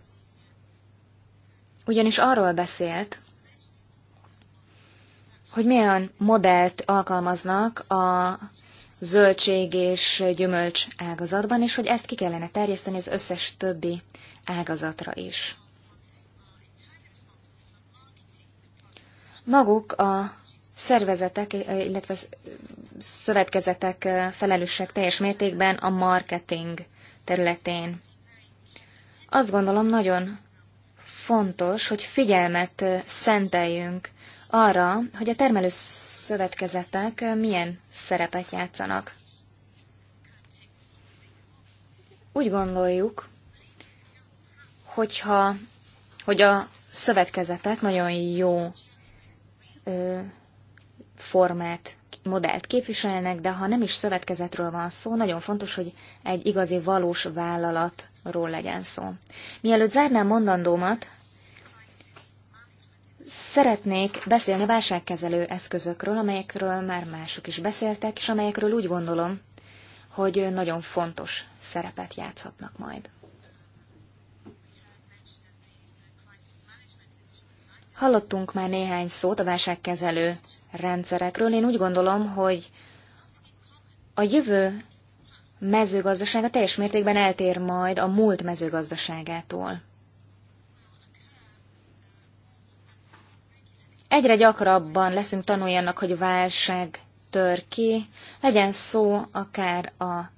ugyanis arról beszélt, hogy milyen modellt alkalmaznak a zöldség és gyümölcs ágazatban, és hogy ezt ki kellene terjeszteni az összes többi ágazatra is. Maguk a szervezetek, illetve szövetkezetek felelősek teljes mértékben a marketing területén. Azt gondolom nagyon fontos, hogy figyelmet szenteljünk arra, hogy a termelő szövetkezetek milyen szerepet játszanak. Úgy gondoljuk, hogyha, hogy a szövetkezetek nagyon jó ö, formát, modellt képviselnek, de ha nem is szövetkezetről van szó, nagyon fontos, hogy egy igazi, valós vállalat ról legyen szó. Mielőtt zárnám mondandómat, szeretnék beszélni a válságkezelő eszközökről, amelyekről már mások is beszéltek, és amelyekről úgy gondolom, hogy nagyon fontos szerepet játszhatnak majd. Hallottunk már néhány szót a válságkezelő rendszerekről. Én úgy gondolom, hogy a jövő mezőgazdasága teljes mértékben eltér majd a múlt mezőgazdaságától. Egyre gyakrabban leszünk tanulni annak, hogy válság tör ki, legyen szó akár a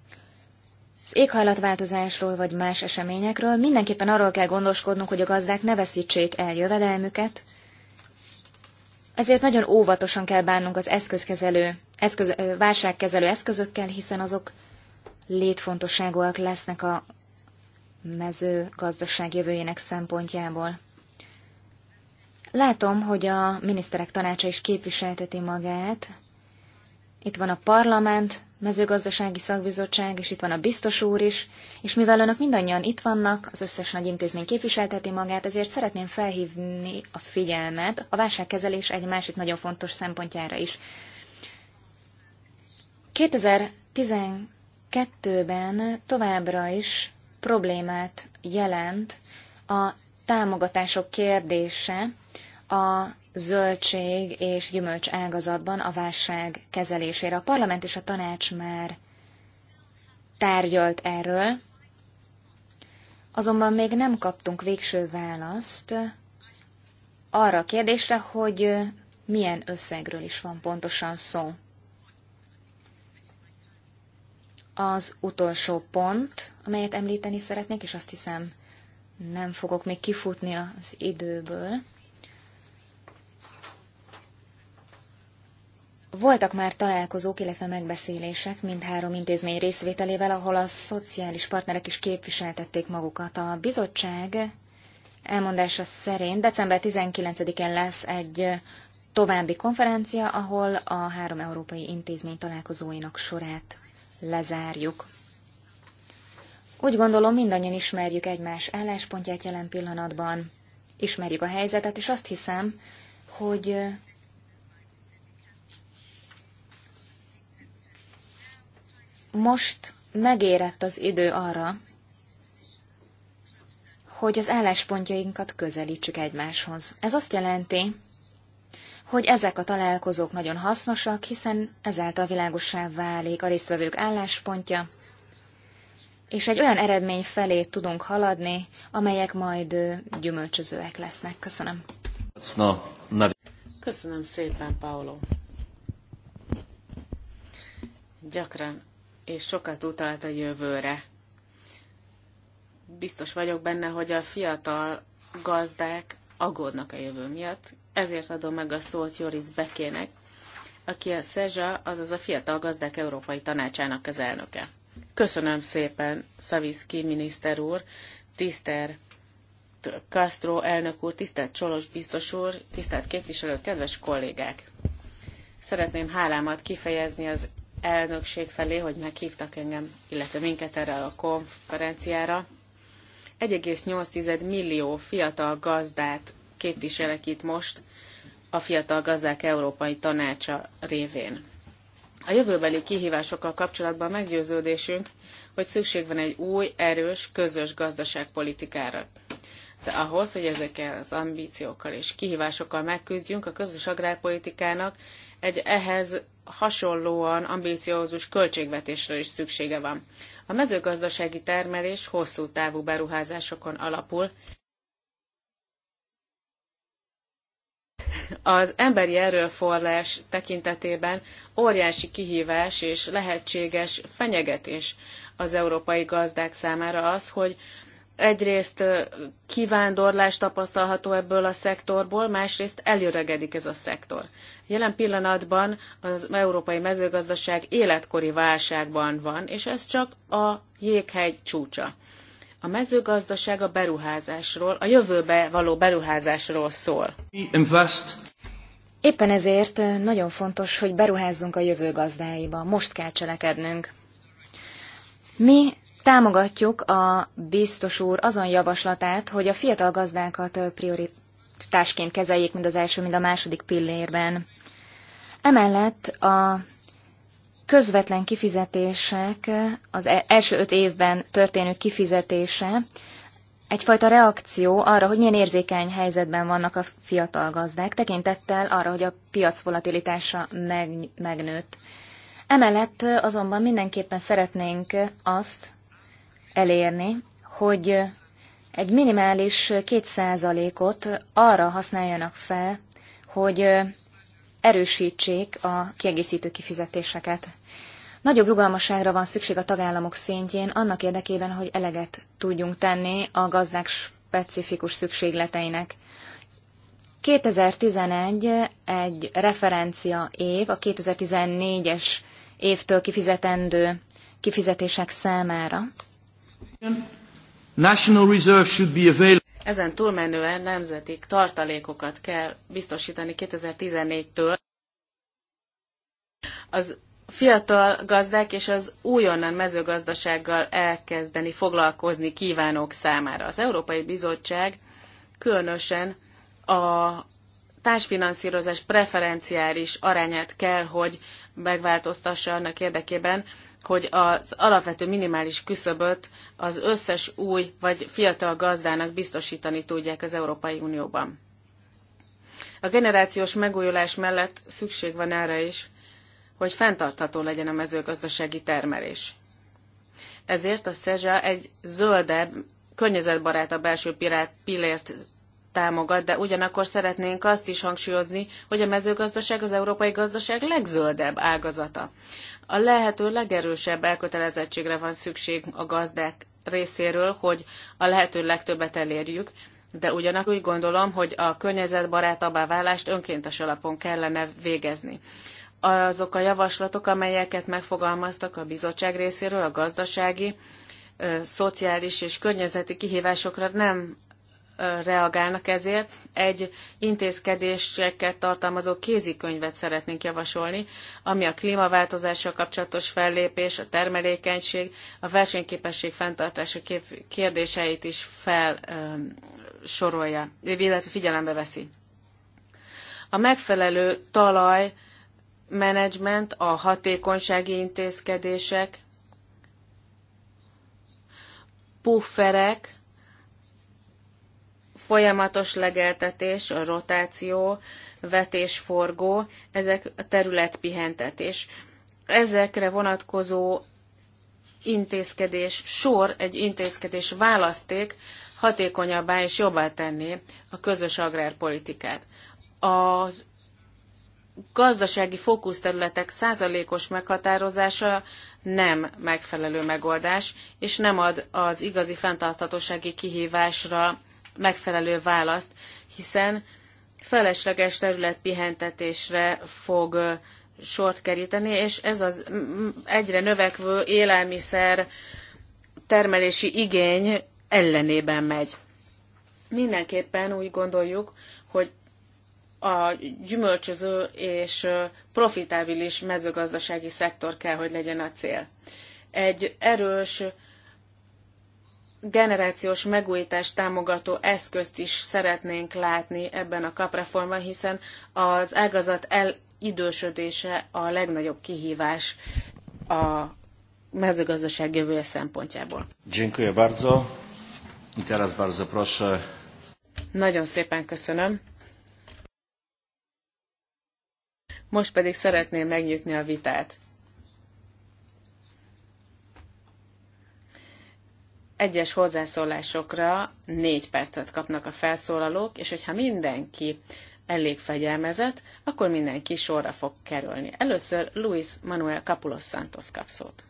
az éghajlatváltozásról vagy más eseményekről mindenképpen arról kell gondoskodnunk, hogy a gazdák ne veszítsék el jövedelmüket, ezért nagyon óvatosan kell bánnunk az eszközkezelő, eszköz, válságkezelő eszközökkel, hiszen azok létfontosságúak lesznek a mezőgazdaság jövőjének szempontjából. Látom, hogy a miniszterek tanácsa is képviselteti magát. Itt van a parlament, mezőgazdasági szakbizottság, és itt van a biztos úr is, és mivel önök mindannyian itt vannak, az összes nagy intézmény képviselteti magát, ezért szeretném felhívni a figyelmet a válságkezelés egy másik nagyon fontos szempontjára is. 2010 kettőben továbbra is problémát jelent a támogatások kérdése a zöldség és gyümölcs ágazatban a válság kezelésére. A parlament és a tanács már tárgyalt erről, azonban még nem kaptunk végső választ arra a kérdésre, hogy milyen összegről is van pontosan szó. az utolsó pont, amelyet említeni szeretnék, és azt hiszem nem fogok még kifutni az időből. Voltak már találkozók, illetve megbeszélések mindhárom intézmény részvételével, ahol a szociális partnerek is képviseltették magukat. A bizottság elmondása szerint december 19-én lesz egy további konferencia, ahol a három európai intézmény találkozóinak sorát lezárjuk. Úgy gondolom, mindannyian ismerjük egymás álláspontját jelen pillanatban, ismerjük a helyzetet, és azt hiszem, hogy most megérett az idő arra, hogy az álláspontjainkat közelítsük egymáshoz. Ez azt jelenti, hogy ezek a találkozók nagyon hasznosak, hiszen ezáltal világosá válik a résztvevők álláspontja, és egy olyan eredmény felé tudunk haladni, amelyek majd gyümölcsözőek lesznek. Köszönöm. Köszönöm szépen, Paolo. Gyakran és sokat utalt a jövőre. Biztos vagyok benne, hogy a fiatal gazdák aggódnak a jövő miatt, ezért adom meg a szót Joris Bekének, aki a SZEZSA, azaz a Fiatal Gazdák Európai Tanácsának az elnöke. Köszönöm szépen, Szaviszki miniszter úr, tiszter Castro elnök úr, tisztelt Csolos biztos úr, tisztelt képviselők, kedves kollégák! Szeretném hálámat kifejezni az elnökség felé, hogy meghívtak engem, illetve minket erre a konferenciára. 1,8 millió fiatal gazdát képviselek itt most, a Fiatal Gazdák Európai Tanácsa révén. A jövőbeli kihívásokkal kapcsolatban meggyőződésünk, hogy szükség van egy új, erős, közös gazdaságpolitikára. De ahhoz, hogy ezekkel az ambíciókkal és kihívásokkal megküzdjünk, a közös agrárpolitikának egy ehhez hasonlóan ambíciózus költségvetésre is szüksége van. A mezőgazdasági termelés hosszú távú beruházásokon alapul, az emberi erőforrás tekintetében óriási kihívás és lehetséges fenyegetés az európai gazdák számára az, hogy egyrészt kivándorlást tapasztalható ebből a szektorból, másrészt elöregedik ez a szektor. Jelen pillanatban az európai mezőgazdaság életkori válságban van, és ez csak a jéghegy csúcsa. A mezőgazdaság a beruházásról, a jövőbe való beruházásról szól. Éppen ezért nagyon fontos, hogy beruházzunk a jövő gazdáiba. Most kell cselekednünk. Mi támogatjuk a biztos úr azon javaslatát, hogy a fiatal gazdákat prioritásként kezeljék mind az első, mind a második pillérben. Emellett a közvetlen kifizetések, az e- első öt évben történő kifizetése egyfajta reakció arra, hogy milyen érzékeny helyzetben vannak a fiatal gazdák, tekintettel arra, hogy a piac volatilitása meg, megnőtt. Emellett azonban mindenképpen szeretnénk azt elérni, hogy egy minimális kétszázalékot arra használjanak fel, hogy erősítsék a kiegészítő kifizetéseket. Nagyobb rugalmasságra van szükség a tagállamok szintjén annak érdekében, hogy eleget tudjunk tenni a gazdák specifikus szükségleteinek. 2011 egy referencia év a 2014-es évtől kifizetendő kifizetések számára. National reserve should be available. Ezen túlmenően nemzeti tartalékokat kell biztosítani 2014-től. Az fiatal gazdák és az újonnan mezőgazdasággal elkezdeni foglalkozni kívánók számára. Az Európai Bizottság különösen a társfinanszírozás preferenciális arányát kell, hogy megváltoztassa annak érdekében, hogy az alapvető minimális küszöböt az összes új vagy fiatal gazdának biztosítani tudják az Európai Unióban. A generációs megújulás mellett szükség van erre is, hogy fenntartható legyen a mezőgazdasági termelés. Ezért a SZEZSA egy zöldebb, környezetbarátabb belső pillért támogat, de ugyanakkor szeretnénk azt is hangsúlyozni, hogy a mezőgazdaság az európai gazdaság legzöldebb ágazata. A lehető legerősebb elkötelezettségre van szükség a gazdák részéről, hogy a lehető legtöbbet elérjük, de ugyanakkor úgy gondolom, hogy a környezetbarátabbá válást önkéntes alapon kellene végezni. Azok a javaslatok, amelyeket megfogalmaztak a bizottság részéről, a gazdasági, szociális és környezeti kihívásokra nem reagálnak ezért. Egy intézkedéseket tartalmazó kézikönyvet szeretnénk javasolni, ami a klímaváltozással kapcsolatos fellépés, a termelékenység, a versenyképesség fenntartása kérdéseit is felsorolja, illetve figyelembe veszi. A megfelelő talaj menedzsment, a hatékonysági intézkedések, pufferek, folyamatos legeltetés, a rotáció, vetésforgó, ezek a területpihentetés. Ezekre vonatkozó intézkedés sor, egy intézkedés választék hatékonyabbá és jobbá tenni a közös agrárpolitikát. A gazdasági fókuszterületek százalékos meghatározása nem megfelelő megoldás, és nem ad az igazi fenntarthatósági kihívásra megfelelő választ, hiszen felesleges területpihentetésre fog sort keríteni, és ez az egyre növekvő élelmiszer termelési igény ellenében megy. Mindenképpen úgy gondoljuk, hogy a gyümölcsöző és profitábilis mezőgazdasági szektor kell, hogy legyen a cél. Egy erős generációs megújítást támogató eszközt is szeretnénk látni ebben a kapreformban, hiszen az ágazat elidősödése a legnagyobb kihívás a mezőgazdaság jövője szempontjából. Dziękuję bardzo. I teraz bardzo proszę. Nagyon szépen köszönöm. Most pedig szeretném megnyitni a vitát. egyes hozzászólásokra négy percet kapnak a felszólalók, és hogyha mindenki elég fegyelmezett, akkor mindenki sorra fog kerülni. Először Luis Manuel Capulos Santos kap szót.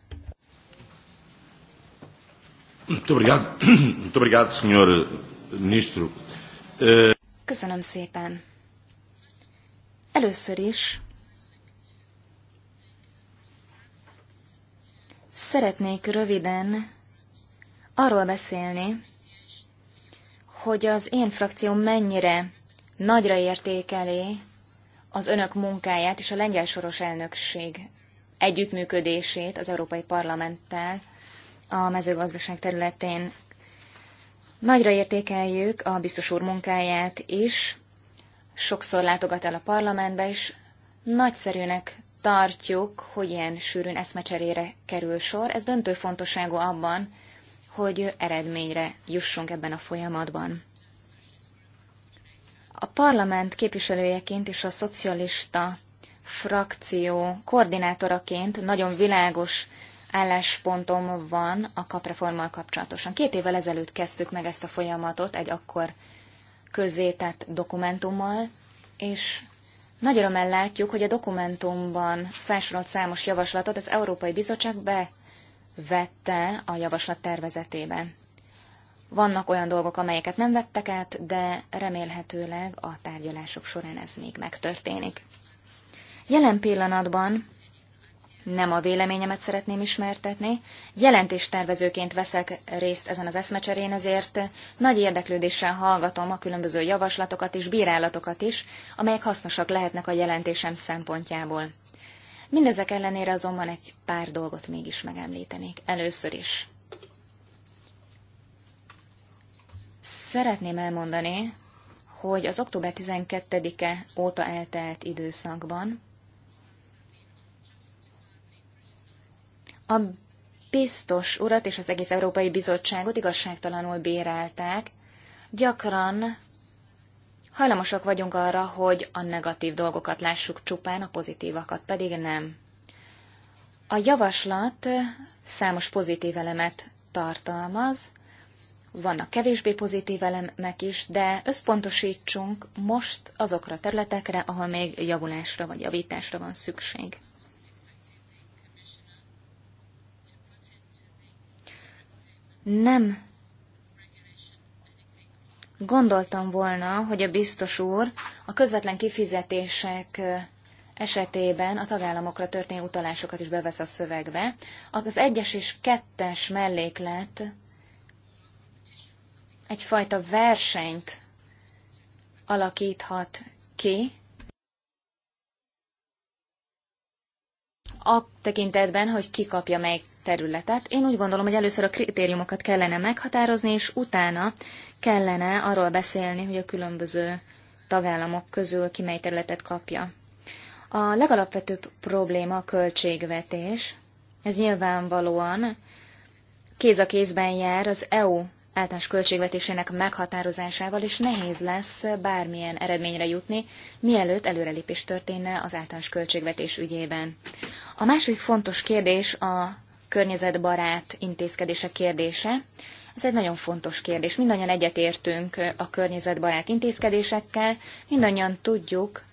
<coughs> Eh, Köszönöm szépen. Először is szeretnék röviden arról beszélni, hogy az én frakcióm mennyire nagyra értékeli az önök munkáját és a lengyel soros elnökség együttműködését az Európai Parlamenttel a mezőgazdaság területén. Nagyra értékeljük a biztos úr munkáját is, sokszor látogat el a parlamentbe, és nagyszerűnek tartjuk, hogy ilyen sűrűn eszmecserére kerül sor. Ez döntő fontosságú abban, hogy eredményre jussunk ebben a folyamatban. A parlament képviselőjeként és a szocialista frakció koordinátoraként nagyon világos álláspontom van a kapreformmal kapcsolatosan. Két évvel ezelőtt kezdtük meg ezt a folyamatot egy akkor közzétett dokumentummal, és nagy örömmel látjuk, hogy a dokumentumban felsorolt számos javaslatot az Európai Bizottság be vette a javaslat tervezetébe. Vannak olyan dolgok, amelyeket nem vettek át, de remélhetőleg a tárgyalások során ez még megtörténik. Jelen pillanatban nem a véleményemet szeretném ismertetni. Jelentéstervezőként veszek részt ezen az eszmecserén, ezért nagy érdeklődéssel hallgatom a különböző javaslatokat és bírálatokat is, amelyek hasznosak lehetnek a jelentésem szempontjából. Mindezek ellenére azonban egy pár dolgot mégis megemlítenék. Először is. Szeretném elmondani, hogy az október 12-e óta eltelt időszakban a biztos urat és az egész Európai Bizottságot igazságtalanul bírálták, gyakran Hajlamosak vagyunk arra, hogy a negatív dolgokat lássuk csupán, a pozitívakat pedig nem. A javaslat számos pozitív elemet tartalmaz, vannak kevésbé pozitív elemek is, de összpontosítsunk most azokra a területekre, ahol még javulásra vagy javításra van szükség. Nem gondoltam volna, hogy a biztos úr a közvetlen kifizetések esetében a tagállamokra történő utalásokat is bevesz a szövegbe. Az egyes és kettes melléklet egyfajta versenyt alakíthat ki, a tekintetben, hogy ki kapja melyik területet. Én úgy gondolom, hogy először a kritériumokat kellene meghatározni, és utána kellene arról beszélni, hogy a különböző tagállamok közül ki mely területet kapja. A legalapvetőbb probléma a költségvetés. Ez nyilvánvalóan kéz a kézben jár az EU általános költségvetésének meghatározásával, és nehéz lesz bármilyen eredményre jutni, mielőtt előrelépés történne az általános költségvetés ügyében. A másik fontos kérdés a környezetbarát intézkedése kérdése. Ez egy nagyon fontos kérdés. Mindannyian egyetértünk a környezetbarát intézkedésekkel, mindannyian tudjuk,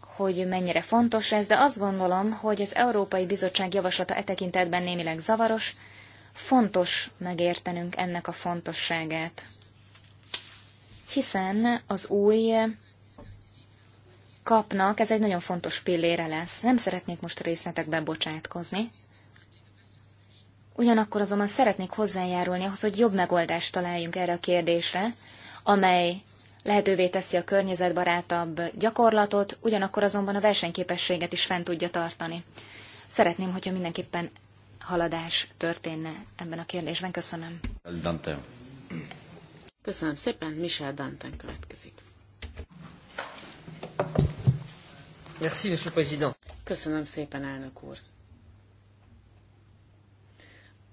hogy mennyire fontos ez, de azt gondolom, hogy az Európai Bizottság javaslata e tekintetben némileg zavaros, fontos megértenünk ennek a fontosságát. Hiszen az új kapnak, ez egy nagyon fontos pillére lesz. Nem szeretnék most részletekbe bocsátkozni. Ugyanakkor azonban szeretnék hozzájárulni ahhoz, hogy jobb megoldást találjunk erre a kérdésre, amely lehetővé teszi a környezetbarátabb gyakorlatot, ugyanakkor azonban a versenyképességet is fent tudja tartani. Szeretném, hogyha mindenképpen haladás történne ebben a kérdésben. Köszönöm. Dante. Köszönöm szépen, Michel Danten következik. Merci, Monsieur le Président. Köszönöm szépen, elnök úr.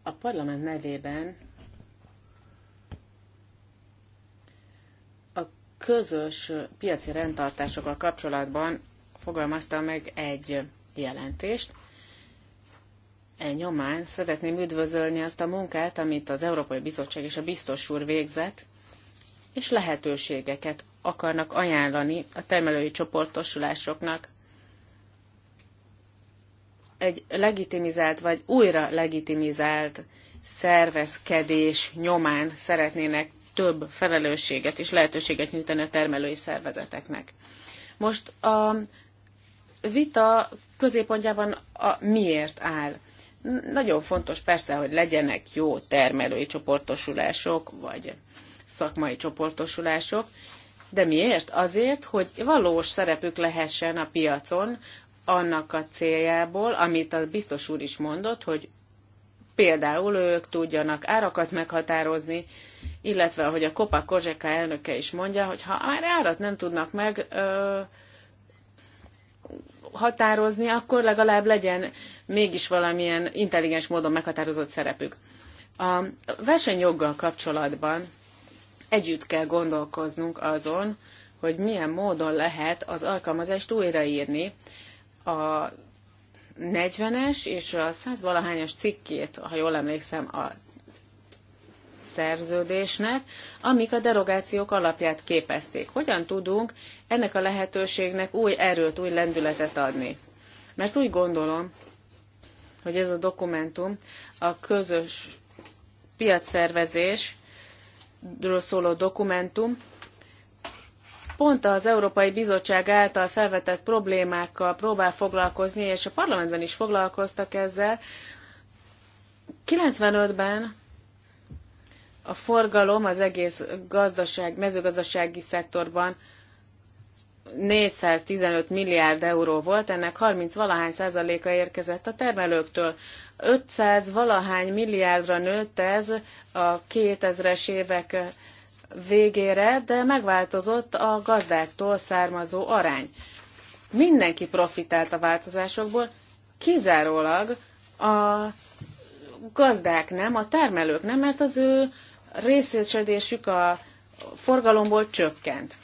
A parlament nevében a közös piaci rendtartásokkal kapcsolatban fogalmazta meg egy jelentést. E nyomán szeretném üdvözölni azt a munkát, amit az Európai Bizottság és a biztos úr végzett, és lehetőségeket akarnak ajánlani a termelői csoportosulásoknak egy legitimizált vagy újra legitimizált szervezkedés nyomán szeretnének több felelősséget és lehetőséget nyújtani a termelői szervezeteknek. Most a vita középpontjában a miért áll. Nagyon fontos persze, hogy legyenek jó termelői csoportosulások, vagy szakmai csoportosulások, de miért? Azért, hogy valós szerepük lehessen a piacon, annak a céljából, amit a biztos úr is mondott, hogy például ők tudjanak árakat meghatározni, illetve, ahogy a Kopa Kozseka elnöke is mondja, hogy ha már árat nem tudnak meg ö, határozni, akkor legalább legyen mégis valamilyen intelligens módon meghatározott szerepük. A versenyjoggal kapcsolatban együtt kell gondolkoznunk azon, hogy milyen módon lehet az alkalmazást újraírni, a 40-es és a 100 valahányas cikkét, ha jól emlékszem, a szerződésnek, amik a derogációk alapját képezték. Hogyan tudunk ennek a lehetőségnek új erőt, új lendületet adni? Mert úgy gondolom, hogy ez a dokumentum a közös piacszervezésről szóló dokumentum pont az Európai Bizottság által felvetett problémákkal próbál foglalkozni, és a parlamentben is foglalkoztak ezzel. 95-ben a forgalom az egész gazdaság, mezőgazdasági szektorban 415 milliárd euró volt, ennek 30 valahány százaléka érkezett a termelőktől. 500 valahány milliárdra nőtt ez a 2000-es évek végére, de megváltozott a gazdáktól származó arány. Mindenki profitált a változásokból, kizárólag a gazdák nem, a termelők nem, mert az ő részesedésük a forgalomból csökkent.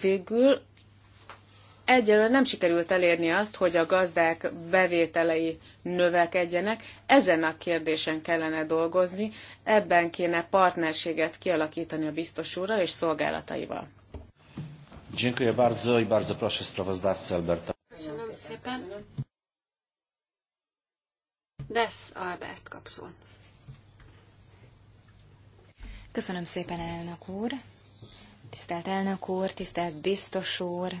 Végül egyelőre nem sikerült elérni azt, hogy a gazdák bevételei növekedjenek. Ezen a kérdésen kellene dolgozni, ebben kéne partnerséget kialakítani a biztos úrral és szolgálataival. Dziękuję bardzo i bardzo proszę sprawozdawcę Alberta. Köszönöm szépen. Desz Albert kapszul. Köszönöm szépen, elnök úr. Tisztelt elnök úr, tisztelt biztos úr,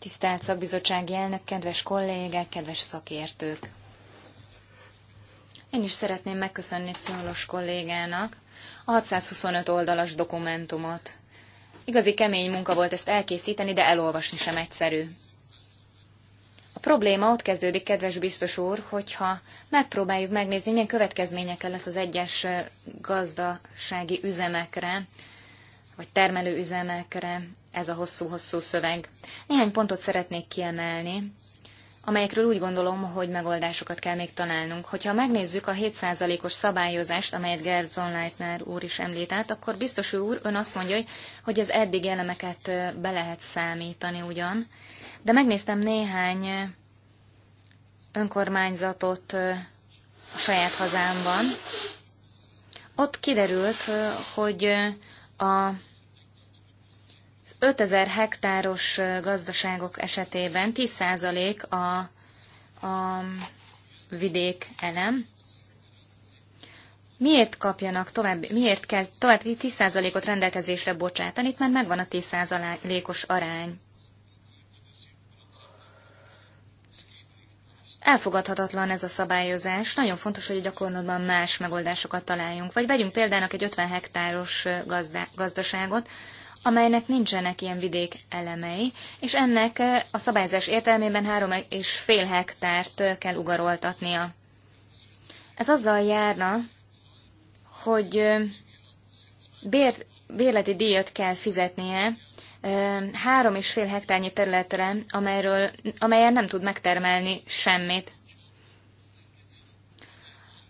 Tisztelt szakbizottsági elnök, kedves kollégák, kedves szakértők! Én is szeretném megköszönni Ciolos kollégának a 625 oldalas dokumentumot. Igazi kemény munka volt ezt elkészíteni, de elolvasni sem egyszerű. A probléma ott kezdődik, kedves biztos úr, hogyha megpróbáljuk megnézni, milyen következményekkel lesz az egyes gazdasági üzemekre, vagy termelő üzemekre ez a hosszú-hosszú szöveg. Néhány pontot szeretnék kiemelni, amelyekről úgy gondolom, hogy megoldásokat kell még találnunk. Hogyha megnézzük a 7%-os szabályozást, amelyet Gerson Leitner úr is említett, akkor biztos úr, ön azt mondja, hogy az eddig elemeket be lehet számítani ugyan. De megnéztem néhány önkormányzatot a saját hazámban. Ott kiderült, hogy a 5000 hektáros gazdaságok esetében 10% a, a vidék elem. Miért kapjanak tovább, miért kell tovább 10%-ot rendelkezésre bocsátani, itt már megvan a 10%-os arány. Elfogadhatatlan ez a szabályozás. Nagyon fontos, hogy a gyakorlatban más megoldásokat találjunk. Vagy vegyünk példának egy 50 hektáros gazda, gazdaságot, amelynek nincsenek ilyen vidék elemei, és ennek a szabályzás értelmében három és fél hektárt kell ugaroltatnia. Ez azzal járna, hogy bér, bérleti díjat kell fizetnie három és fél hektárnyi területre, amelyről, amelyen nem tud megtermelni semmit.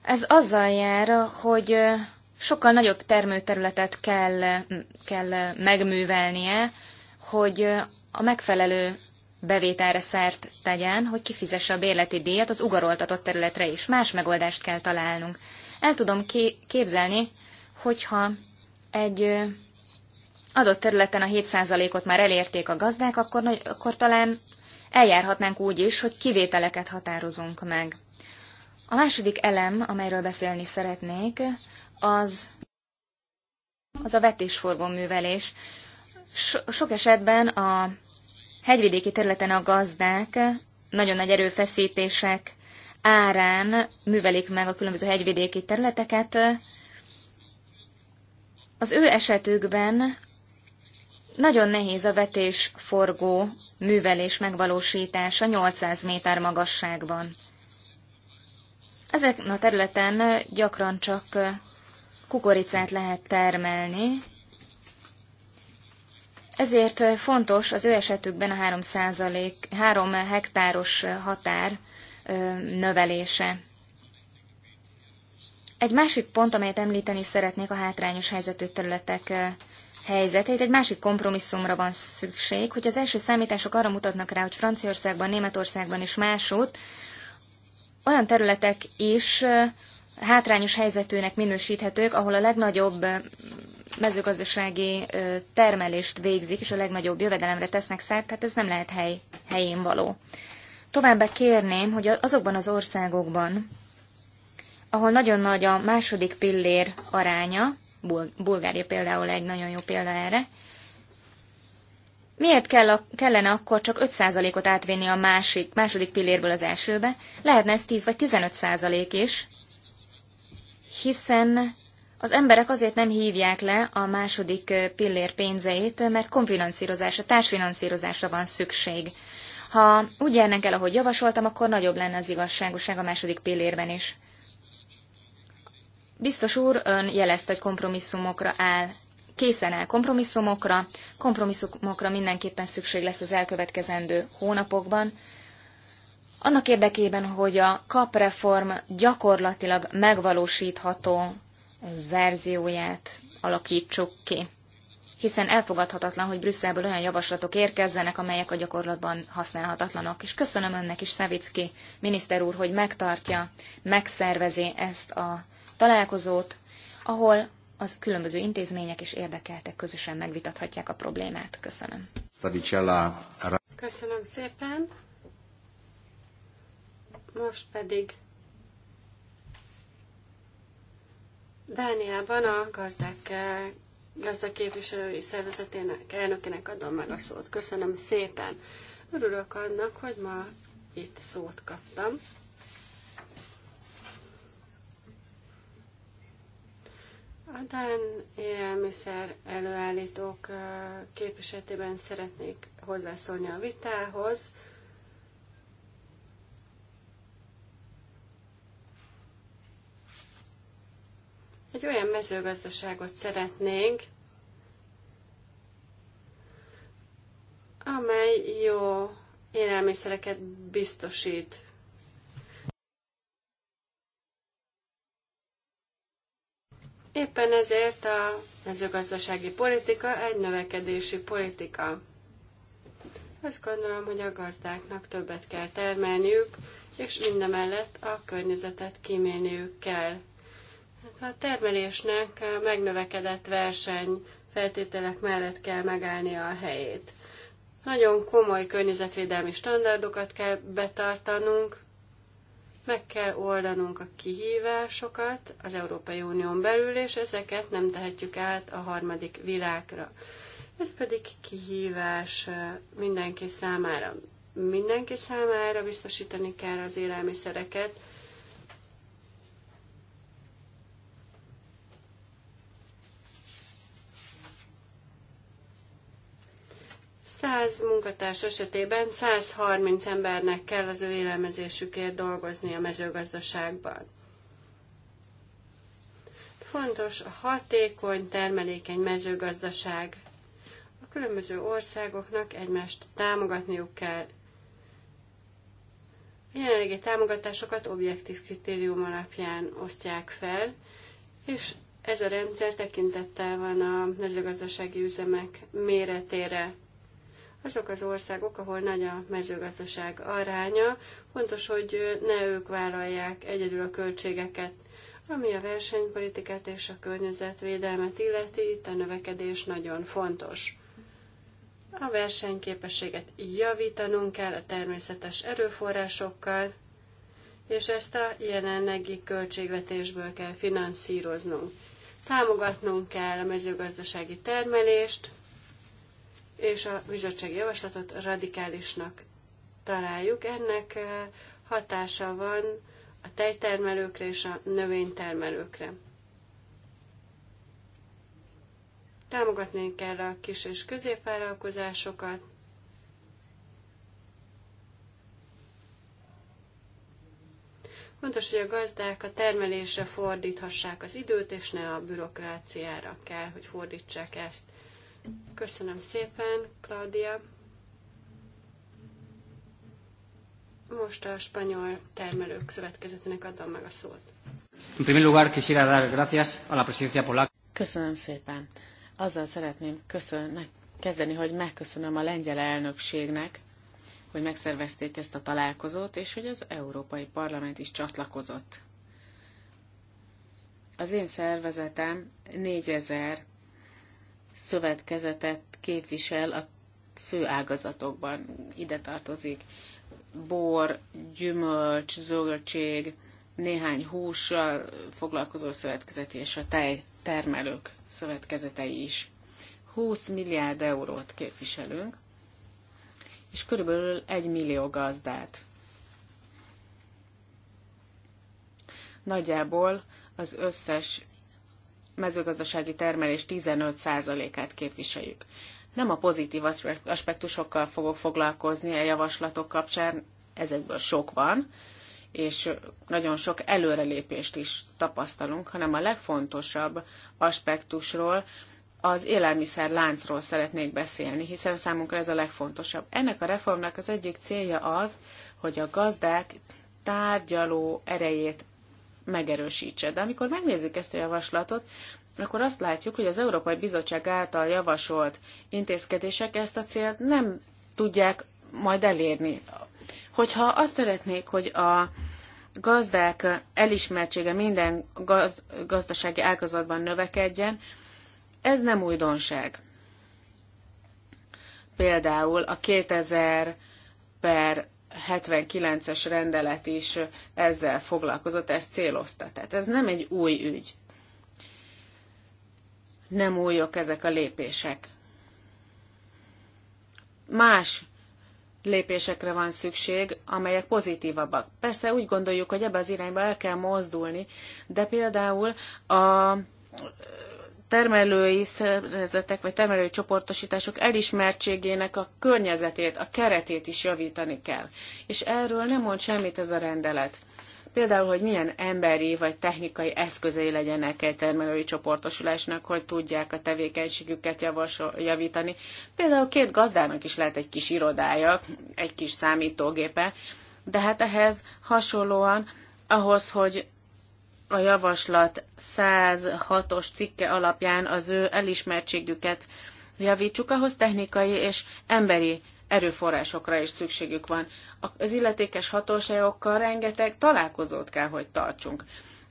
Ez azzal jár, hogy sokkal nagyobb termőterületet kell, kell megművelnie, hogy a megfelelő bevételre szert tegyen, hogy kifizesse a bérleti díjat az ugaroltatott területre is. Más megoldást kell találnunk. El tudom képzelni, hogyha egy adott területen a 7%-ot már elérték a gazdák, akkor, akkor talán eljárhatnánk úgy is, hogy kivételeket határozunk meg. A második elem, amelyről beszélni szeretnék, az, az a vetésforgó művelés. So, sok esetben a hegyvidéki területen a gazdák nagyon nagy erőfeszítések árán művelik meg a különböző hegyvidéki területeket. Az ő esetükben nagyon nehéz a vetésforgó művelés megvalósítása 800 méter magasságban. Ezen a területen gyakran csak kukoricát lehet termelni, ezért fontos az ő esetükben a 3, 3 hektáros határ növelése. Egy másik pont, amelyet említeni szeretnék a hátrányos helyzetű területek helyzetét, egy másik kompromisszumra van szükség, hogy az első számítások arra mutatnak rá, hogy Franciaországban, Németországban és másút olyan területek is hátrányos helyzetűnek minősíthetők, ahol a legnagyobb mezőgazdasági termelést végzik, és a legnagyobb jövedelemre tesznek szert, tehát ez nem lehet hely, helyén való. Továbbá kérném, hogy azokban az országokban, ahol nagyon nagy a második pillér aránya, Bul- Bulgária például egy nagyon jó példa erre, Miért kell a, kellene akkor csak 5%-ot átvinni a másik, második pillérből az elsőbe? Lehetne ez 10 vagy 15% is, hiszen az emberek azért nem hívják le a második pillér pénzeit, mert konfinanszírozásra, társfinanszírozásra van szükség. Ha úgy járnánk el, ahogy javasoltam, akkor nagyobb lenne az igazságoság a második pillérben is. Biztos úr, ön jelezte, hogy kompromisszumokra áll, készen áll kompromisszumokra, kompromisszumokra mindenképpen szükség lesz az elkövetkezendő hónapokban, annak érdekében, hogy a kapreform gyakorlatilag megvalósítható verzióját alakítsuk ki. Hiszen elfogadhatatlan, hogy Brüsszelből olyan javaslatok érkezzenek, amelyek a gyakorlatban használhatatlanok. És köszönöm önnek is, Szavicki miniszter úr, hogy megtartja, megszervezi ezt a találkozót, ahol az különböző intézmények és érdekeltek közösen megvitathatják a problémát. Köszönöm. Köszönöm szépen. Most pedig Dániában a gazdák gazdag képviselői szervezetének elnökének adom meg a szót. Köszönöm szépen. Örülök annak, hogy ma itt szót kaptam. A Dán élelmiszer előállítók képviseletében szeretnék hozzászólni a vitához. Egy olyan mezőgazdaságot szeretnénk, amely jó élelmiszereket biztosít. Éppen ezért a mezőgazdasági politika egy növekedési politika. Azt gondolom, hogy a gazdáknak többet kell termelniük, és mindemellett a környezetet kímélniük kell. A termelésnek megnövekedett verseny feltételek mellett kell megállnia a helyét. Nagyon komoly környezetvédelmi standardokat kell betartanunk, meg kell oldanunk a kihívásokat az Európai Unión belül, és ezeket nem tehetjük át a harmadik világra. Ez pedig kihívás mindenki számára. Mindenki számára biztosítani kell az élelmiszereket, 100 munkatárs esetében 130 embernek kell az ő élelmezésükért dolgozni a mezőgazdaságban. Fontos a hatékony, termelékeny mezőgazdaság. A különböző országoknak egymást támogatniuk kell. A jelenlegi támogatásokat objektív kritérium alapján osztják fel, és ez a rendszer tekintettel van a mezőgazdasági üzemek méretére azok az országok, ahol nagy a mezőgazdaság aránya, fontos, hogy ne ők vállalják egyedül a költségeket. Ami a versenypolitikát és a környezetvédelmet illeti, itt a növekedés nagyon fontos. A versenyképességet javítanunk kell a természetes erőforrásokkal, és ezt a jelenlegi költségvetésből kell finanszíroznunk. Támogatnunk kell a mezőgazdasági termelést, és a bizottsági javaslatot radikálisnak találjuk. Ennek eh, hatása van a tejtermelőkre és a növénytermelőkre. Támogatni kell a kis és középvállalkozásokat, Fontos, hogy a gazdák a termelésre fordíthassák az időt, és ne a bürokráciára kell, hogy fordítsák ezt. Köszönöm szépen, Claudia. Most a spanyol termelők szövetkezetének adom meg a szót. En primer lugar quisiera dar gracias a la presidencia polaca. Köszönöm szépen. Azzal szeretném köszönni, kezdeni, hogy megköszönöm a lengyel elnökségnek, hogy megszervezték ezt a találkozót, és hogy az Európai Parlament is csatlakozott. Az én szervezetem 4000 szövetkezetet képvisel a fő ágazatokban. Ide tartozik bor, gyümölcs, zöldség, néhány hússal foglalkozó szövetkezeti és a tejtermelők szövetkezetei is. 20 milliárd eurót képviselünk, és körülbelül 1 millió gazdát. Nagyjából az összes mezőgazdasági termelés 15%-át képviseljük. Nem a pozitív aspektusokkal fogok foglalkozni a javaslatok kapcsán, ezekből sok van, és nagyon sok előrelépést is tapasztalunk, hanem a legfontosabb aspektusról, az élelmiszer láncról szeretnék beszélni, hiszen számunkra ez a legfontosabb. Ennek a reformnak az egyik célja az, hogy a gazdák tárgyaló erejét megerősítse. De amikor megnézzük ezt a javaslatot, akkor azt látjuk, hogy az Európai Bizottság által javasolt intézkedések ezt a célt nem tudják majd elérni. Hogyha azt szeretnék, hogy a gazdák elismertsége minden gaz, gazdasági ágazatban növekedjen, ez nem újdonság. Például a 2000 per 79-es rendelet is ezzel foglalkozott, ezt célozta. Tehát ez nem egy új ügy. Nem újok ezek a lépések. Más lépésekre van szükség, amelyek pozitívabbak. Persze úgy gondoljuk, hogy ebbe az irányba el kell mozdulni, de például a termelői szervezetek vagy termelői csoportosítások elismertségének a környezetét, a keretét is javítani kell. És erről nem mond semmit ez a rendelet. Például, hogy milyen emberi vagy technikai eszközei legyenek egy termelői csoportosulásnak, hogy tudják a tevékenységüket javasol, javítani. Például két gazdának is lehet egy kis irodája, egy kis számítógépe, de hát ehhez hasonlóan ahhoz, hogy a javaslat 106-os cikke alapján az ő elismertségüket javítsuk, ahhoz technikai és emberi erőforrásokra is szükségük van. Az illetékes hatóságokkal rengeteg találkozót kell, hogy tartsunk.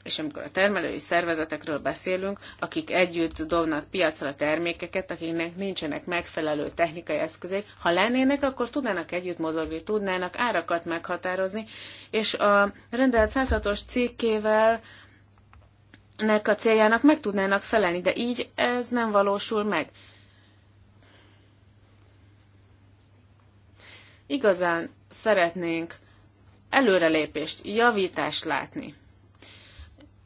És amikor a termelői szervezetekről beszélünk, akik együtt dobnak piacra termékeket, akiknek nincsenek megfelelő technikai eszközék, ha lennének, akkor tudnának együtt mozogni, tudnának árakat meghatározni, és a rendelet 106-os cikkével nek a céljának meg tudnának felelni, de így ez nem valósul meg. Igazán szeretnénk előrelépést, javítást látni.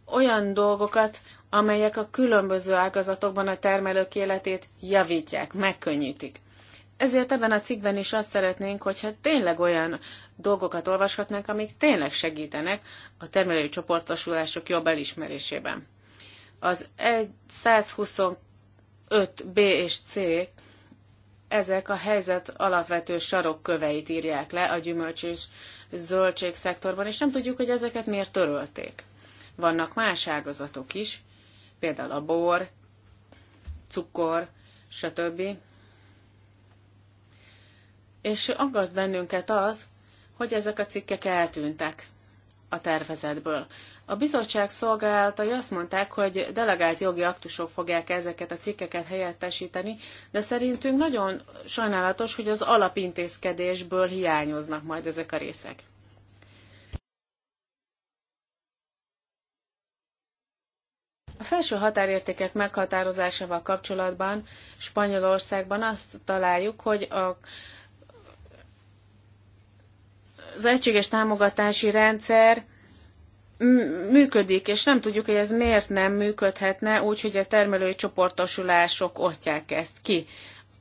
Olyan dolgokat, amelyek a különböző ágazatokban a termelők életét javítják, megkönnyítik. Ezért ebben a cikkben is azt szeretnénk, hogyha tényleg olyan dolgokat olvashatnánk, amik tényleg segítenek a termelői csoportosulások jobb elismerésében. Az 125B és C ezek a helyzet alapvető sarokköveit írják le a gyümölcs és zöldség szektorban, és nem tudjuk, hogy ezeket miért törölték. Vannak más ágazatok is, például a bor, cukor, stb és aggaszt bennünket az, hogy ezek a cikkek eltűntek a tervezetből. A bizottság szolgálatai azt mondták, hogy delegált jogi aktusok fogják ezeket a cikkeket helyettesíteni, de szerintünk nagyon sajnálatos, hogy az alapintézkedésből hiányoznak majd ezek a részek. A felső határértékek meghatározásával kapcsolatban Spanyolországban azt találjuk, hogy a az egységes támogatási rendszer működik, és nem tudjuk, hogy ez miért nem működhetne, úgyhogy a termelői csoportosulások osztják ezt ki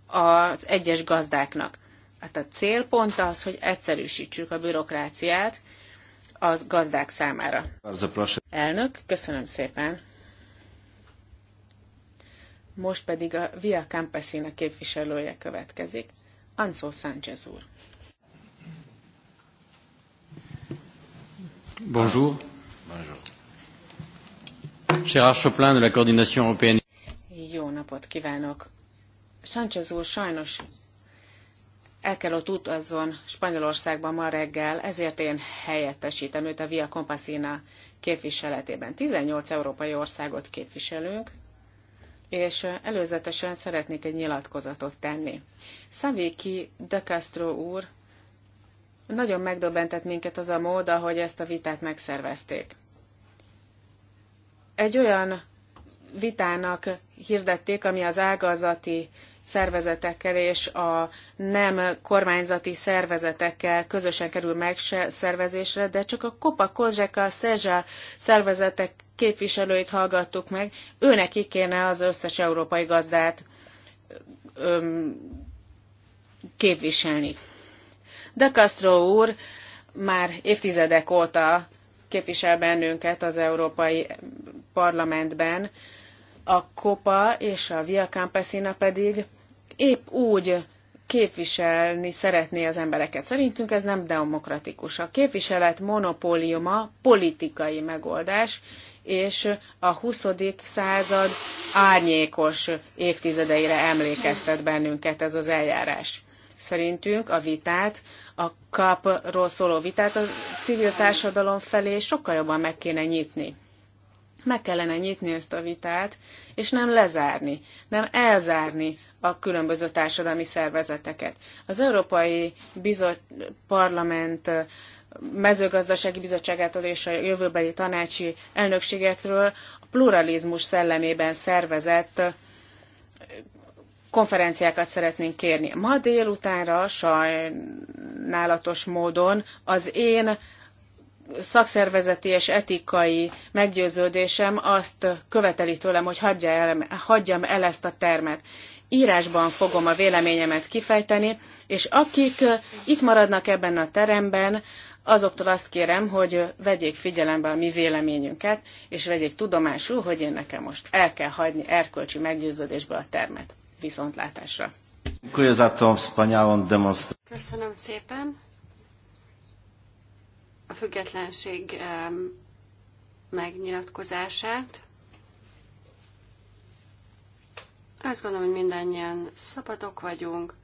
az egyes gazdáknak. Hát a célpont az, hogy egyszerűsítsük a bürokráciát az gazdák számára. Elnök, köszönöm szépen. Most pedig a Via Campesina képviselője következik, Anso Sánchez úr. Bonjour. Bonjour. Gérard Choplin de la Coordination Européenne. Jó napot kívánok! Sánchez úr sajnos el kell ott utazzon Spanyolországban ma reggel, ezért én helyettesítem őt a Via Compassina képviseletében. 18 európai országot képviselünk, és előzetesen szeretnék egy nyilatkozatot tenni. Szavéki de Castro úr nagyon megdöbbentett minket az a mód, ahogy ezt a vitát megszervezték. Egy olyan vitának hirdették, ami az ágazati szervezetekkel és a nem kormányzati szervezetekkel közösen kerül megszervezésre, de csak a Kopa, Kozseka, Szezsa szervezetek képviselőit hallgattuk meg, Őnek kéne az összes európai gazdát öm, képviselni. De Castro úr már évtizedek óta képvisel bennünket az Európai Parlamentben, a COPA és a Via Campesina pedig épp úgy képviselni szeretné az embereket. Szerintünk ez nem demokratikus. A képviselet monopóliuma politikai megoldás, és a 20. század árnyékos évtizedeire emlékeztet bennünket ez az eljárás szerintünk a vitát, a kapról szóló vitát a civil társadalom felé sokkal jobban meg kéne nyitni. Meg kellene nyitni ezt a vitát, és nem lezárni, nem elzárni a különböző társadalmi szervezeteket. Az Európai Bizot Parlament mezőgazdasági bizottságától és a jövőbeli tanácsi elnökségektől a pluralizmus szellemében szervezett konferenciákat szeretnénk kérni. Ma délutánra sajnálatos módon az én szakszervezeti és etikai meggyőződésem azt követeli tőlem, hogy hagyja el, hagyjam el ezt a termet. Írásban fogom a véleményemet kifejteni, és akik itt maradnak ebben a teremben, azoktól azt kérem, hogy vegyék figyelembe a mi véleményünket, és vegyék tudomásul, hogy én nekem most el kell hagyni erkölcsi meggyőződésből a termet viszontlátásra. Köszönöm szépen. A függetlenség megnyilatkozását. Azt gondolom, hogy mindannyian szabadok vagyunk,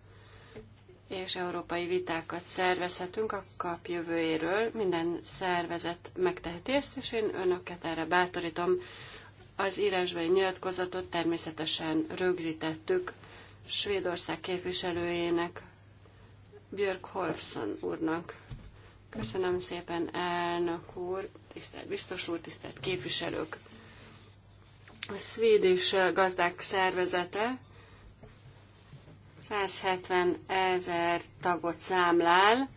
és európai vitákat szervezhetünk a kap jövőjéről. Minden szervezet megteheti ezt, és én önöket erre bátorítom. Az írásbeli nyilatkozatot természetesen rögzítettük Svédország képviselőjének, Björk Holfson úrnak. Köszönöm szépen, elnök úr, tisztelt biztos úr, tisztelt képviselők. A Swedish Gazdák Szervezete 170 ezer tagot számlál.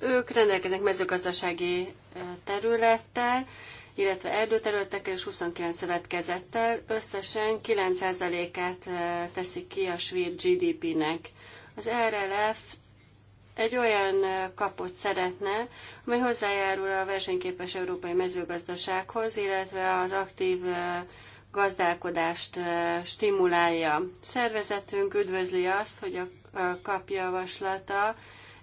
Ők rendelkeznek mezőgazdasági területtel, illetve erdőterületekkel és 29 szövetkezettel összesen 9%-át teszik ki a svéd GDP-nek. Az RLF egy olyan kapot szeretne, amely hozzájárul a versenyképes európai mezőgazdasághoz, illetve az aktív gazdálkodást stimulálja. Szervezetünk üdvözli azt, hogy a kapjavaslata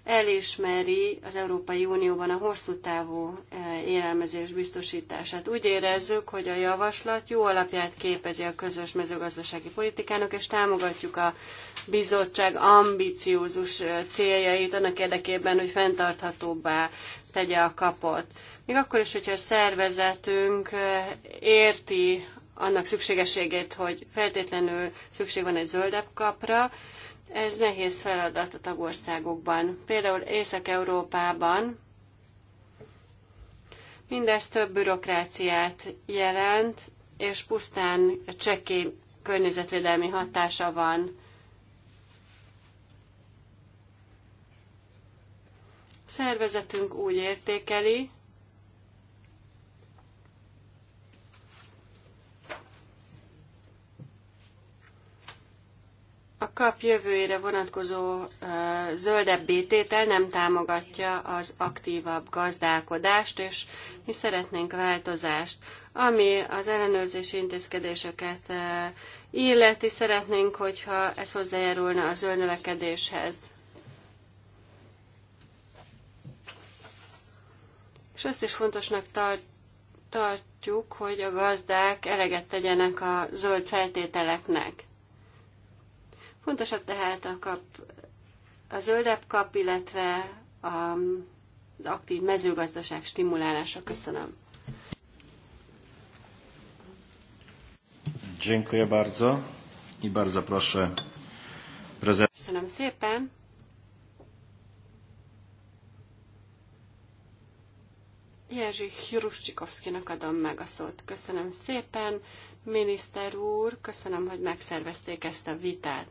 elismeri az Európai Unióban a hosszú távú eh, élelmezés biztosítását. Úgy érezzük, hogy a javaslat jó alapját képezi a közös mezőgazdasági politikának, és támogatjuk a bizottság ambiciózus eh, céljait annak érdekében, hogy fenntarthatóbbá tegye a kapot. Még akkor is, hogyha a szervezetünk eh, érti annak szükségességét, hogy feltétlenül szükség van egy zöldebb kapra, ez nehéz feladat a tagországokban. Például Észak-Európában mindez több bürokráciát jelent, és pusztán csekély környezetvédelmi hatása van. Szervezetünk úgy értékeli, a kap jövőjére vonatkozó zöldebbé tétel nem támogatja az aktívabb gazdálkodást, és mi szeretnénk változást. Ami az ellenőrzési intézkedéseket illeti, szeretnénk, hogyha ez hozzájárulna a zöld növekedéshez. És azt is fontosnak tart, tartjuk, hogy a gazdák eleget tegyenek a zöld feltételeknek. Fontosabb tehát a, kap, a zöldebb kap, illetve a, az aktív mezőgazdaság stimulálása. Köszönöm. Dziękuję bardzo i bardzo proszę prezes. Köszönöm szépen. Jerzy Hiruszczykowskinak adom meg a szót. Köszönöm szépen. Miniszter úr, köszönöm, hogy megszervezték ezt a vitát.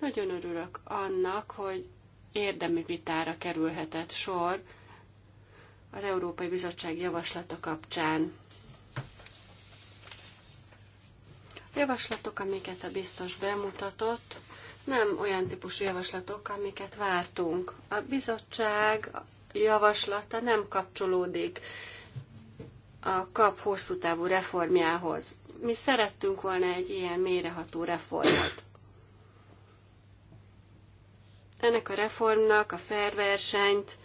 Nagyon örülök annak, hogy érdemi vitára kerülhetett sor az Európai Bizottság javaslata kapcsán. A javaslatok, amiket a biztos bemutatott, nem olyan típusú javaslatok, amiket vártunk. A bizottság javaslata nem kapcsolódik a kap hosszú távú reformjához mi szerettünk volna egy ilyen méreható reformot. Ennek a reformnak a ferversenyt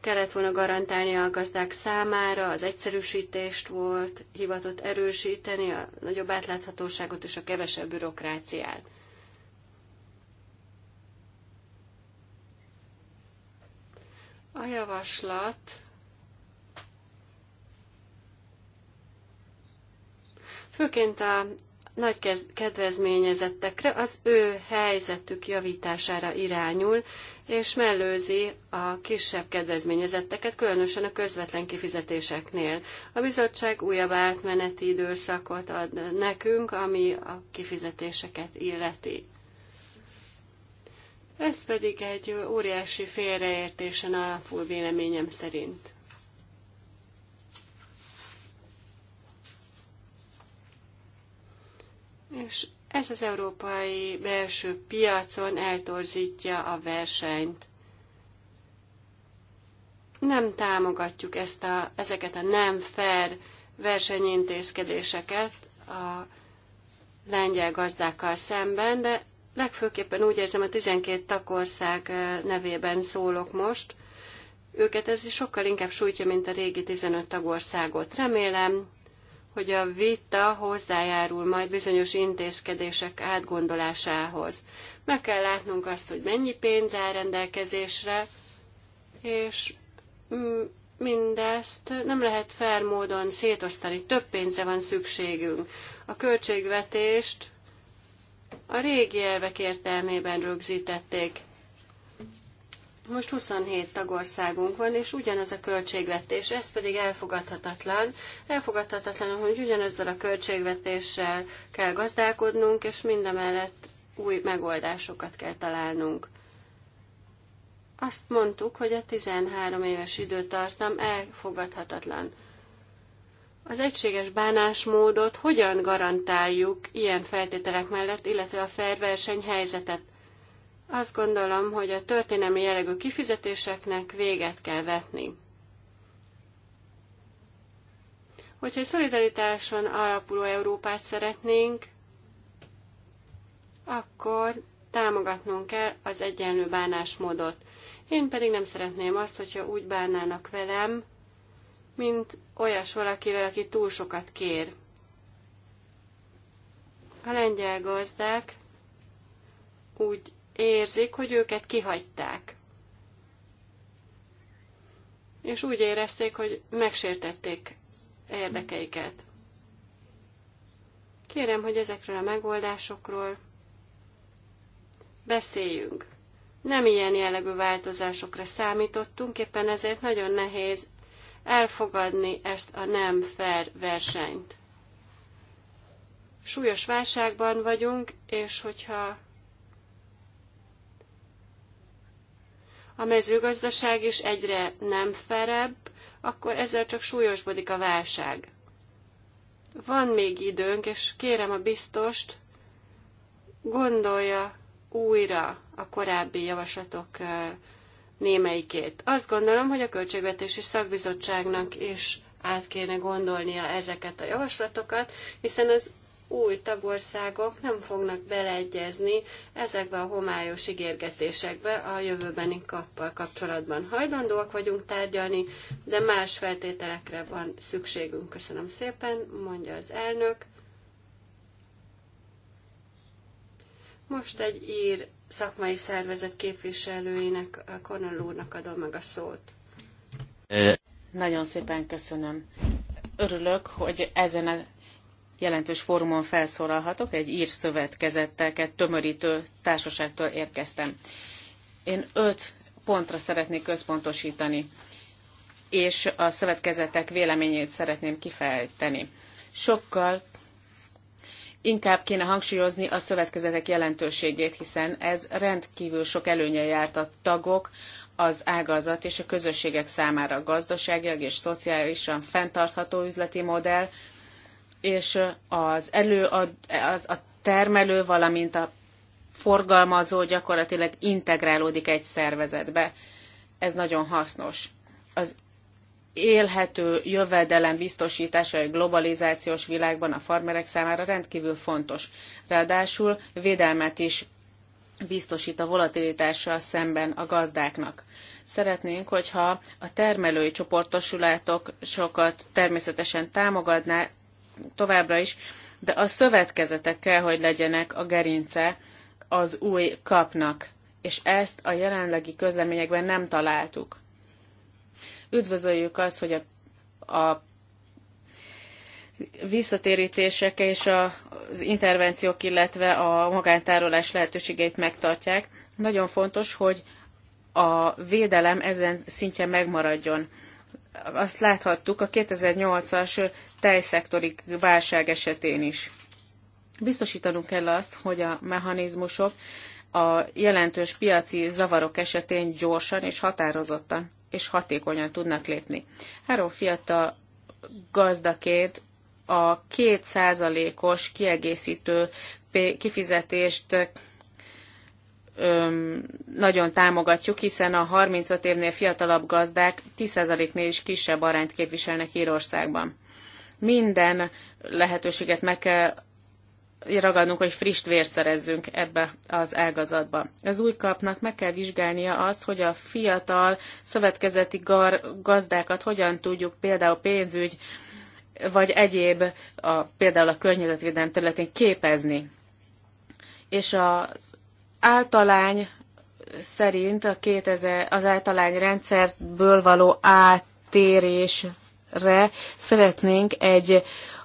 kellett volna garantálni a gazdák számára, az egyszerűsítést volt hivatott erősíteni, a nagyobb átláthatóságot és a kevesebb bürokráciát. A javaslat főként a nagy kedvezményezettekre, az ő helyzetük javítására irányul, és mellőzi a kisebb kedvezményezetteket, különösen a közvetlen kifizetéseknél. A bizottság újabb átmeneti időszakot ad nekünk, ami a kifizetéseket illeti. Ez pedig egy óriási félreértésen alapul véleményem szerint. És ez az európai belső piacon eltorzítja a versenyt. Nem támogatjuk ezt a, ezeket a nem fair versenyintézkedéseket a lengyel gazdákkal szemben, de legfőképpen úgy érzem, a 12 tagország nevében szólok most. Őket ez is sokkal inkább sújtja, mint a régi 15 tagországot. Remélem, hogy a vita hozzájárul majd bizonyos intézkedések átgondolásához. Meg kell látnunk azt, hogy mennyi pénz áll rendelkezésre, és mindezt nem lehet fair módon szétosztani, több pénzre van szükségünk. A költségvetést a régi elvek értelmében rögzítették. Most 27 tagországunk van, és ugyanez a költségvetés, ez pedig elfogadhatatlan. Elfogadhatatlan, hogy ugyanezzel a költségvetéssel kell gazdálkodnunk, és mindemellett új megoldásokat kell találnunk. Azt mondtuk, hogy a 13 éves időtartam elfogadhatatlan. Az egységes bánásmódot hogyan garantáljuk ilyen feltételek mellett, illetve a fair versenyhelyzetet? helyzetet? Azt gondolom, hogy a történelmi jellegű kifizetéseknek véget kell vetni. Hogyha egy szolidaritáson alapuló Európát szeretnénk, akkor támogatnunk kell az egyenlő bánásmódot. Én pedig nem szeretném azt, hogyha úgy bánnának velem, mint olyas valakivel, aki túl sokat kér. A lengyel gazdák úgy érzik, hogy őket kihagyták. És úgy érezték, hogy megsértették érdekeiket. Kérem, hogy ezekről a megoldásokról beszéljünk. Nem ilyen jellegű változásokra számítottunk, éppen ezért nagyon nehéz elfogadni ezt a nem fair versenyt. Súlyos válságban vagyunk, és hogyha a mezőgazdaság is egyre nem ferebb, akkor ezzel csak súlyosbodik a válság. Van még időnk, és kérem a biztost, gondolja újra a korábbi javaslatok némelyikét. Azt gondolom, hogy a Költségvetési Szakbizottságnak is át kéne gondolnia ezeket a javaslatokat, hiszen az új tagországok nem fognak beleegyezni ezekbe a homályos ígérgetésekbe a jövőbeni kappal kapcsolatban. Hajlandóak vagyunk tárgyalni, de más feltételekre van szükségünk. Köszönöm szépen, mondja az elnök. Most egy ír szakmai szervezet képviselőinek, Kornel úrnak adom meg a szót. Eh. Nagyon szépen köszönöm. Örülök, hogy ezen a jelentős fórumon felszólalhatok, egy ír szövetkezetteket tömörítő társaságtól érkeztem. Én öt pontra szeretnék központosítani, és a szövetkezetek véleményét szeretném kifejteni. Sokkal inkább kéne hangsúlyozni a szövetkezetek jelentőségét, hiszen ez rendkívül sok előnye járt a tagok, az ágazat és a közösségek számára gazdaságilag és szociálisan fenntartható üzleti modell, és az elő, a, az, a termelő, valamint a forgalmazó gyakorlatilag integrálódik egy szervezetbe. Ez nagyon hasznos. Az élhető jövedelem biztosítása egy globalizációs világban a farmerek számára rendkívül fontos. Ráadásul védelmet is biztosít a volatilitással szemben a gazdáknak. Szeretnénk, hogyha a termelői csoportosulátok sokat természetesen támogatná, továbbra is, de a szövetkezetek kell, hogy legyenek a gerince az új kapnak, és ezt a jelenlegi közleményekben nem találtuk. Üdvözöljük azt, hogy a, a visszatérítések és a, az intervenciók, illetve a magántárolás lehetőségeit megtartják. Nagyon fontos, hogy a védelem ezen szintje megmaradjon azt láthattuk a 2008-as tejszektori válság esetén is. Biztosítanunk kell azt, hogy a mechanizmusok a jelentős piaci zavarok esetén gyorsan és határozottan és hatékonyan tudnak lépni. Három fiatal gazdaként a kétszázalékos kiegészítő kifizetést öm, nagyon támogatjuk, hiszen a 35 évnél fiatalabb gazdák 10%-nél is kisebb arányt képviselnek Írországban. Minden lehetőséget meg kell ragadnunk, hogy friss vért szerezzünk ebbe az ágazatba. Az új kapnak meg kell vizsgálnia azt, hogy a fiatal szövetkezeti gazdákat hogyan tudjuk például pénzügy vagy egyéb, a, például a környezetvédelem területén képezni. És az általány szerint a 2000, az általány rendszerből való áttérésre szeretnénk egy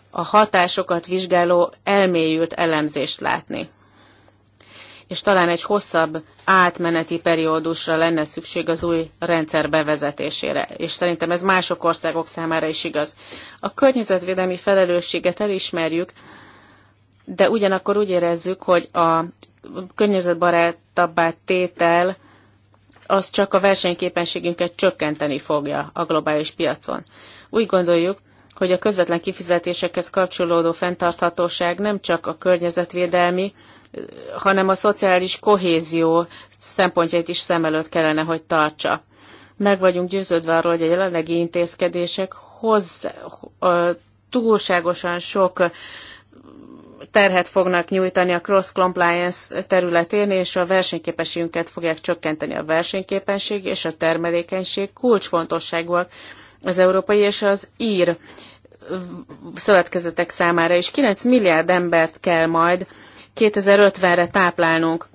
a hatásokat vizsgáló elmélyült elemzést látni. És talán egy hosszabb átmeneti periódusra lenne szükség az új rendszer bevezetésére, és szerintem ez mások országok számára is igaz. A környezetvédelmi felelősséget elismerjük, de ugyanakkor úgy érezzük, hogy a környezetbarátabbá tétel az csak a versenyképességünket csökkenteni fogja a globális piacon. Úgy gondoljuk, hogy a közvetlen kifizetésekhez kapcsolódó fenntarthatóság nem csak a környezetvédelmi, hanem a szociális kohézió szempontjait is szem előtt kellene, hogy tartsa. Meg vagyunk győződve arról, hogy a jelenlegi intézkedések hoz, túlságosan sok terhet fognak nyújtani a cross-compliance területén, és a versenyképességünket fogják csökkenteni. A versenyképesség és a termelékenység kulcsfontosságúak az európai és az ír szövetkezetek számára, és 9 milliárd embert kell majd 2050-re táplálnunk.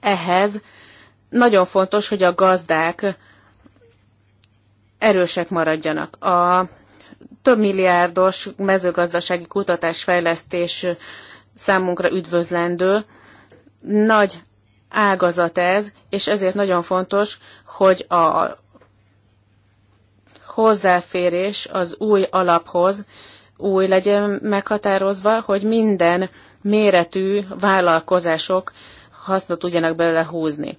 Ehhez nagyon fontos, hogy a gazdák erősek maradjanak. A több milliárdos mezőgazdasági kutatásfejlesztés számunkra üdvözlendő. Nagy ágazat ez, és ezért nagyon fontos, hogy a hozzáférés az új alaphoz új legyen meghatározva, hogy minden méretű vállalkozások hasznot tudjanak belőle húzni.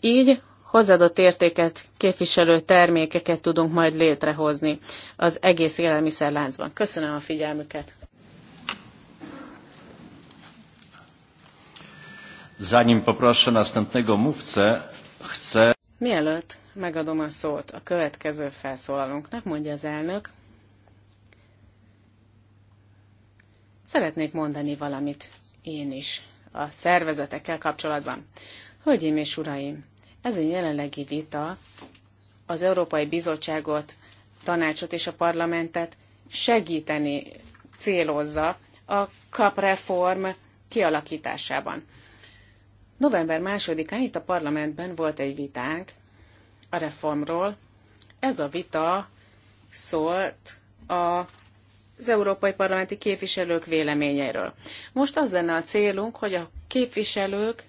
Így hozzáadott értéket képviselő termékeket tudunk majd létrehozni az egész élelmiszerláncban. Köszönöm a figyelmüket! Zanim poproszę następnego mówcę, chcę... Mielőtt megadom a szót a következő felszólalónknak, mondja az elnök, szeretnék mondani valamit én is a szervezetekkel kapcsolatban. Hölgyeim és uraim, ez egy jelenlegi vita az Európai Bizottságot, tanácsot és a parlamentet segíteni célozza a kapreform kialakításában. November 2 itt a parlamentben volt egy vitánk a reformról. Ez a vita szólt a az európai parlamenti képviselők véleményeiről. Most az lenne a célunk, hogy a képviselők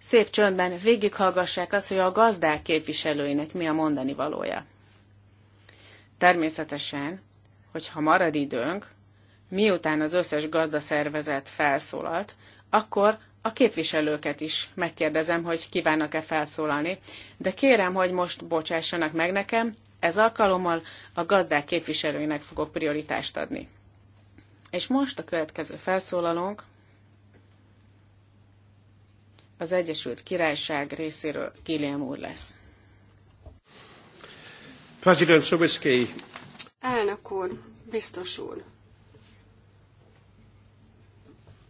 szép csöndben végighallgassák azt, hogy a gazdák képviselőinek mi a mondani valója. Természetesen, hogyha marad időnk, miután az összes gazdaszervezet felszólalt, akkor a képviselőket is megkérdezem, hogy kívánnak-e felszólalni, de kérem, hogy most bocsássanak meg nekem, ez alkalommal a gazdák képviselőinek fogok prioritást adni. És most a következő felszólalónk az Egyesült Királyság részéről Gilliam úr lesz. President Elnök úr, biztos úr.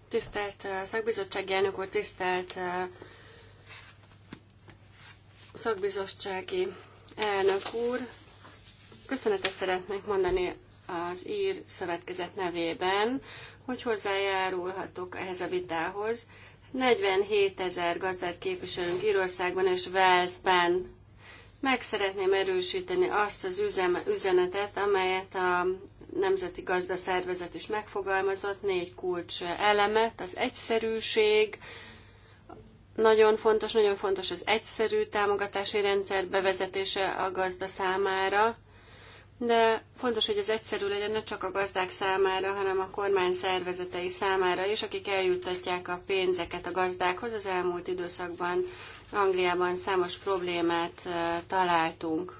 Tisztelt uh, szakbizottsági elnök úr, tisztelt uh, szakbizottsági elnök úr, köszönetet szeretnék mondani az ír szövetkezet nevében, hogy hozzájárulhatok ehhez a vitához, 47 ezer gazdát képviselünk Írországban és Velszben. Meg szeretném erősíteni azt az üzem, üzenetet, amelyet a Nemzeti Gazdaszervezet is megfogalmazott, négy kulcs elemet, az egyszerűség, nagyon fontos, nagyon fontos az egyszerű támogatási rendszer bevezetése a gazda számára, de fontos, hogy ez egyszerű legyen ne csak a gazdák számára, hanem a kormány szervezetei számára is, akik eljuttatják a pénzeket a gazdákhoz. Az elmúlt időszakban Angliában számos problémát eh, találtunk.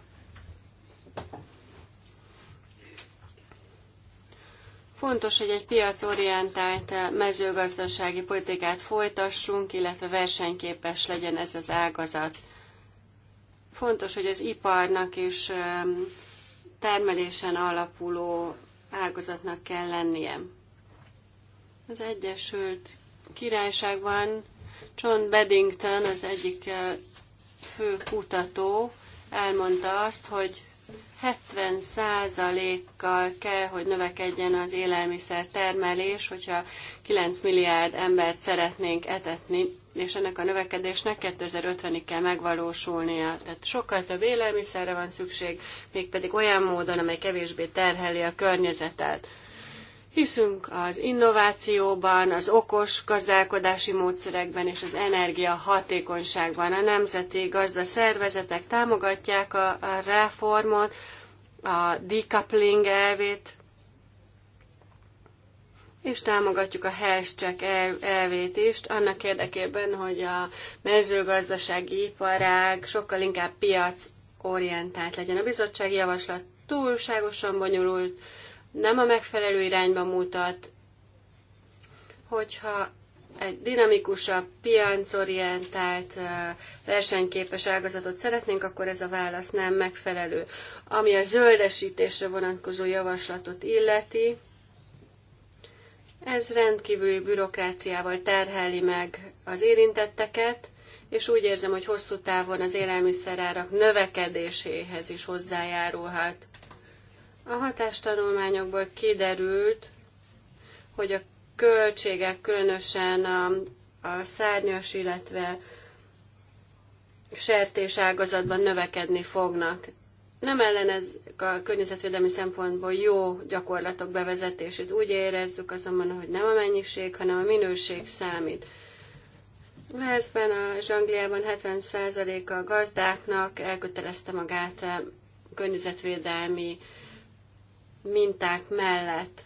Fontos, hogy egy piacorientált eh, mezőgazdasági politikát folytassunk, illetve versenyképes legyen ez az ágazat. Fontos, hogy az iparnak is eh, termelésen alapuló ágazatnak kell lennie. Az Egyesült Királyságban John Beddington, az egyik fő kutató, elmondta azt, hogy 70%-kal kell, hogy növekedjen az élelmiszer termelés, hogyha 9 milliárd embert szeretnénk etetni és ennek a növekedésnek 2050-ig kell megvalósulnia. Tehát sokkal több élelmiszerre van szükség, mégpedig olyan módon, amely kevésbé terheli a környezetet. Hiszünk az innovációban, az okos gazdálkodási módszerekben és az energia hatékonyságban. A nemzeti gazdaszervezetek támogatják a reformot, a decoupling elvét és támogatjuk a health el, elvétést annak érdekében, hogy a mezőgazdasági iparág sokkal inkább piac orientált legyen. A bizottsági javaslat túlságosan bonyolult, nem a megfelelő irányba mutat, hogyha egy dinamikusabb, piacorientált, versenyképes ágazatot szeretnénk, akkor ez a válasz nem megfelelő. Ami a zöldesítésre vonatkozó javaslatot illeti, ez rendkívüli bürokráciával terheli meg az érintetteket, és úgy érzem, hogy hosszú távon az élelmiszerárak növekedéséhez is hozzájárulhat. A hatástanulmányokból kiderült, hogy a költségek, különösen a, a szárnyas, illetve sertés ágazatban növekedni fognak. Nem ellenez, támogatjuk a környezetvédelmi szempontból jó gyakorlatok bevezetését. Úgy érezzük azonban, hogy nem a mennyiség, hanem a minőség számít. Velszben, a Angliában 70% a gazdáknak elkötelezte magát a környezetvédelmi minták mellett.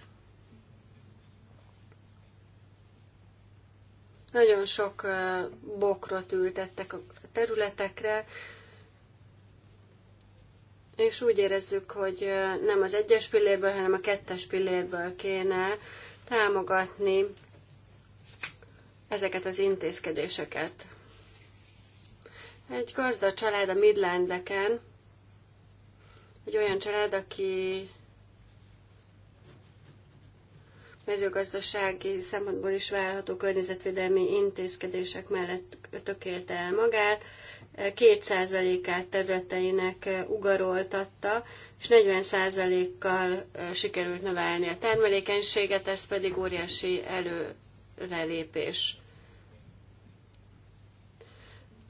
Nagyon sok bokrot ültettek a területekre, és úgy érezzük, hogy nem az egyes pillérből, hanem a kettes pillérből kéne támogatni ezeket az intézkedéseket. Egy gazda család a Midlandeken, egy olyan család, aki mezőgazdasági szempontból is várható környezetvédelmi intézkedések mellett tökélte el magát, 2%-át területeinek ugaroltatta, és 40%-kal sikerült növelni a termelékenységet, ez pedig óriási előrelépés.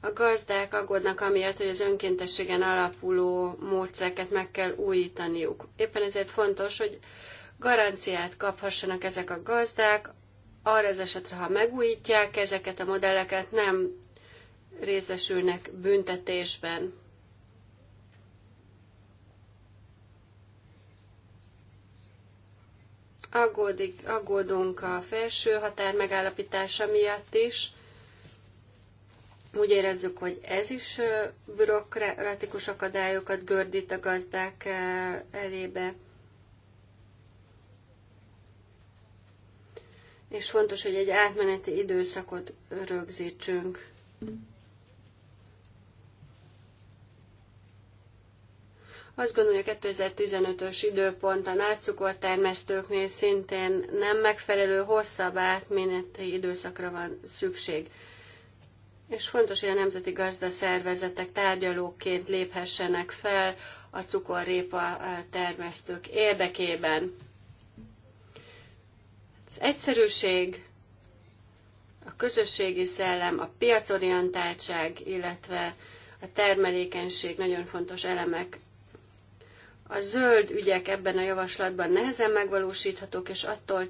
A gazdák aggódnak amiatt, hogy az önkéntességen alapuló módszereket meg kell újítaniuk. Éppen ezért fontos, hogy garanciát kaphassanak ezek a gazdák, arra az esetre, ha megújítják ezeket a modelleket, nem részesülnek büntetésben. Aggódik, aggódunk a felső határ megállapítása miatt is. Úgy érezzük, hogy ez is bürokratikus akadályokat gördít a gazdák elébe. és fontos, hogy egy átmeneti időszakot rögzítsünk. Azt gondolja, 2015-ös a átcukortermesztőknél szintén nem megfelelő hosszabb átmeneti időszakra van szükség. És fontos, hogy a nemzeti gazdaszervezetek tárgyalóként léphessenek fel a cukorrépa termesztők érdekében. Az egyszerűség, a közösségi szellem, a piacorientáltság, illetve a termelékenység nagyon fontos elemek a zöld ügyek ebben a javaslatban nehezen megvalósíthatók, és attól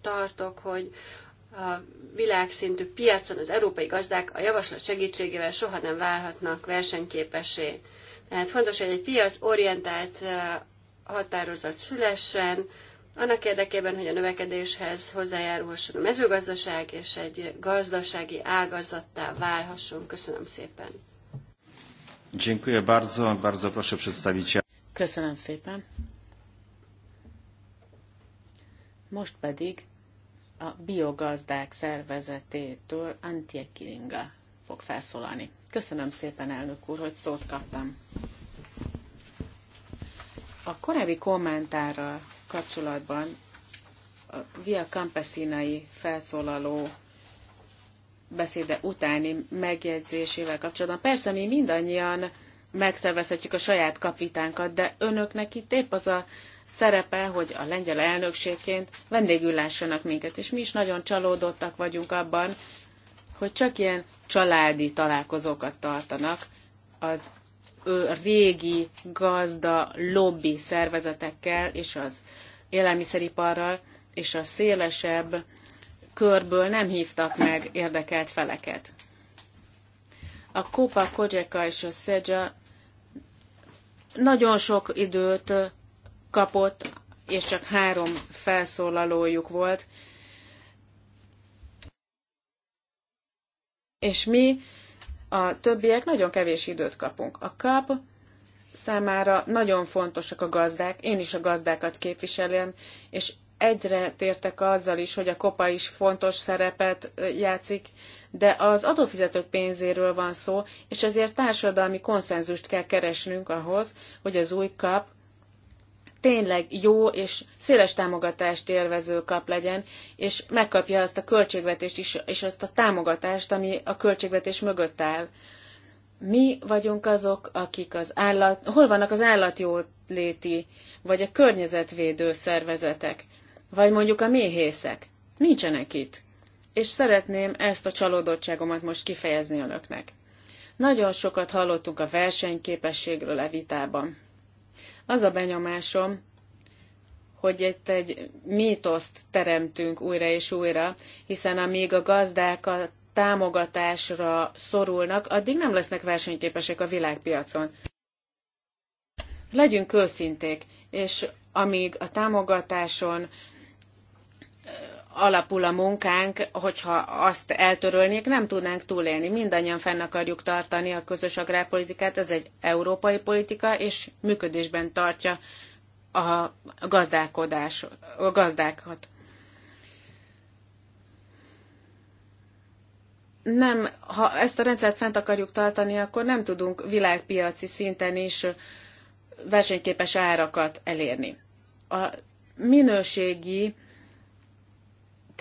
tartok, hogy a világszintű piacon az európai gazdák a javaslat segítségével soha nem válhatnak versenyképessé. Tehát fontos, hogy egy piacorientált határozat szülessen, annak érdekében, hogy a növekedéshez hozzájárulhasson a mezőgazdaság, és egy gazdasági ágazattá válhasson. Köszönöm szépen. Dziękuję bardzo. Bardzo proszę Köszönöm szépen. Most pedig a biogazdák szervezetétől Antje Kiringa fog felszólalni. Köszönöm szépen, elnök úr, hogy szót kaptam. A korábbi kommentárral kapcsolatban a Via Campesinai felszólaló beszéde utáni megjegyzésével kapcsolatban. Persze mi mindannyian megszervezhetjük a saját kapitánkat, de önöknek itt épp az a szerepe, hogy a lengyel elnökségként vendégül lássanak minket, és mi is nagyon csalódottak vagyunk abban, hogy csak ilyen családi találkozókat tartanak az ő régi gazda lobby szervezetekkel és az élelmiszeriparral, és a szélesebb körből nem hívtak meg érdekelt feleket. A Copa Kocseka és a Szedzsa nagyon sok időt kapott, és csak három felszólalójuk volt. És mi, a többiek nagyon kevés időt kapunk. A kap számára nagyon fontosak a gazdák, én is a gazdákat képviselem, és egyre tértek azzal is, hogy a kopa is fontos szerepet játszik, de az adófizetők pénzéről van szó, és ezért társadalmi konszenzust kell keresnünk ahhoz, hogy az új kap tényleg jó és széles támogatást élvező kap legyen, és megkapja azt a költségvetést is, és azt a támogatást, ami a költségvetés mögött áll. Mi vagyunk azok, akik az állat, hol vannak az állatjóléti, vagy a környezetvédő szervezetek? vagy mondjuk a méhészek. Nincsenek itt. És szeretném ezt a csalódottságomat most kifejezni önöknek. Nagyon sokat hallottunk a versenyképességről a e vitában. Az a benyomásom, hogy itt egy mítoszt teremtünk újra és újra, hiszen amíg a gazdák a támogatásra szorulnak, addig nem lesznek versenyképesek a világpiacon. Legyünk őszinték, és amíg a támogatáson alapul a munkánk, hogyha azt eltörölnék, nem tudnánk túlélni. Mindannyian fenn akarjuk tartani a közös agrárpolitikát, ez egy európai politika, és működésben tartja a, gazdálkodás, a gazdákat. Nem, ha ezt a rendszert fent akarjuk tartani, akkor nem tudunk világpiaci szinten is versenyképes árakat elérni. A minőségi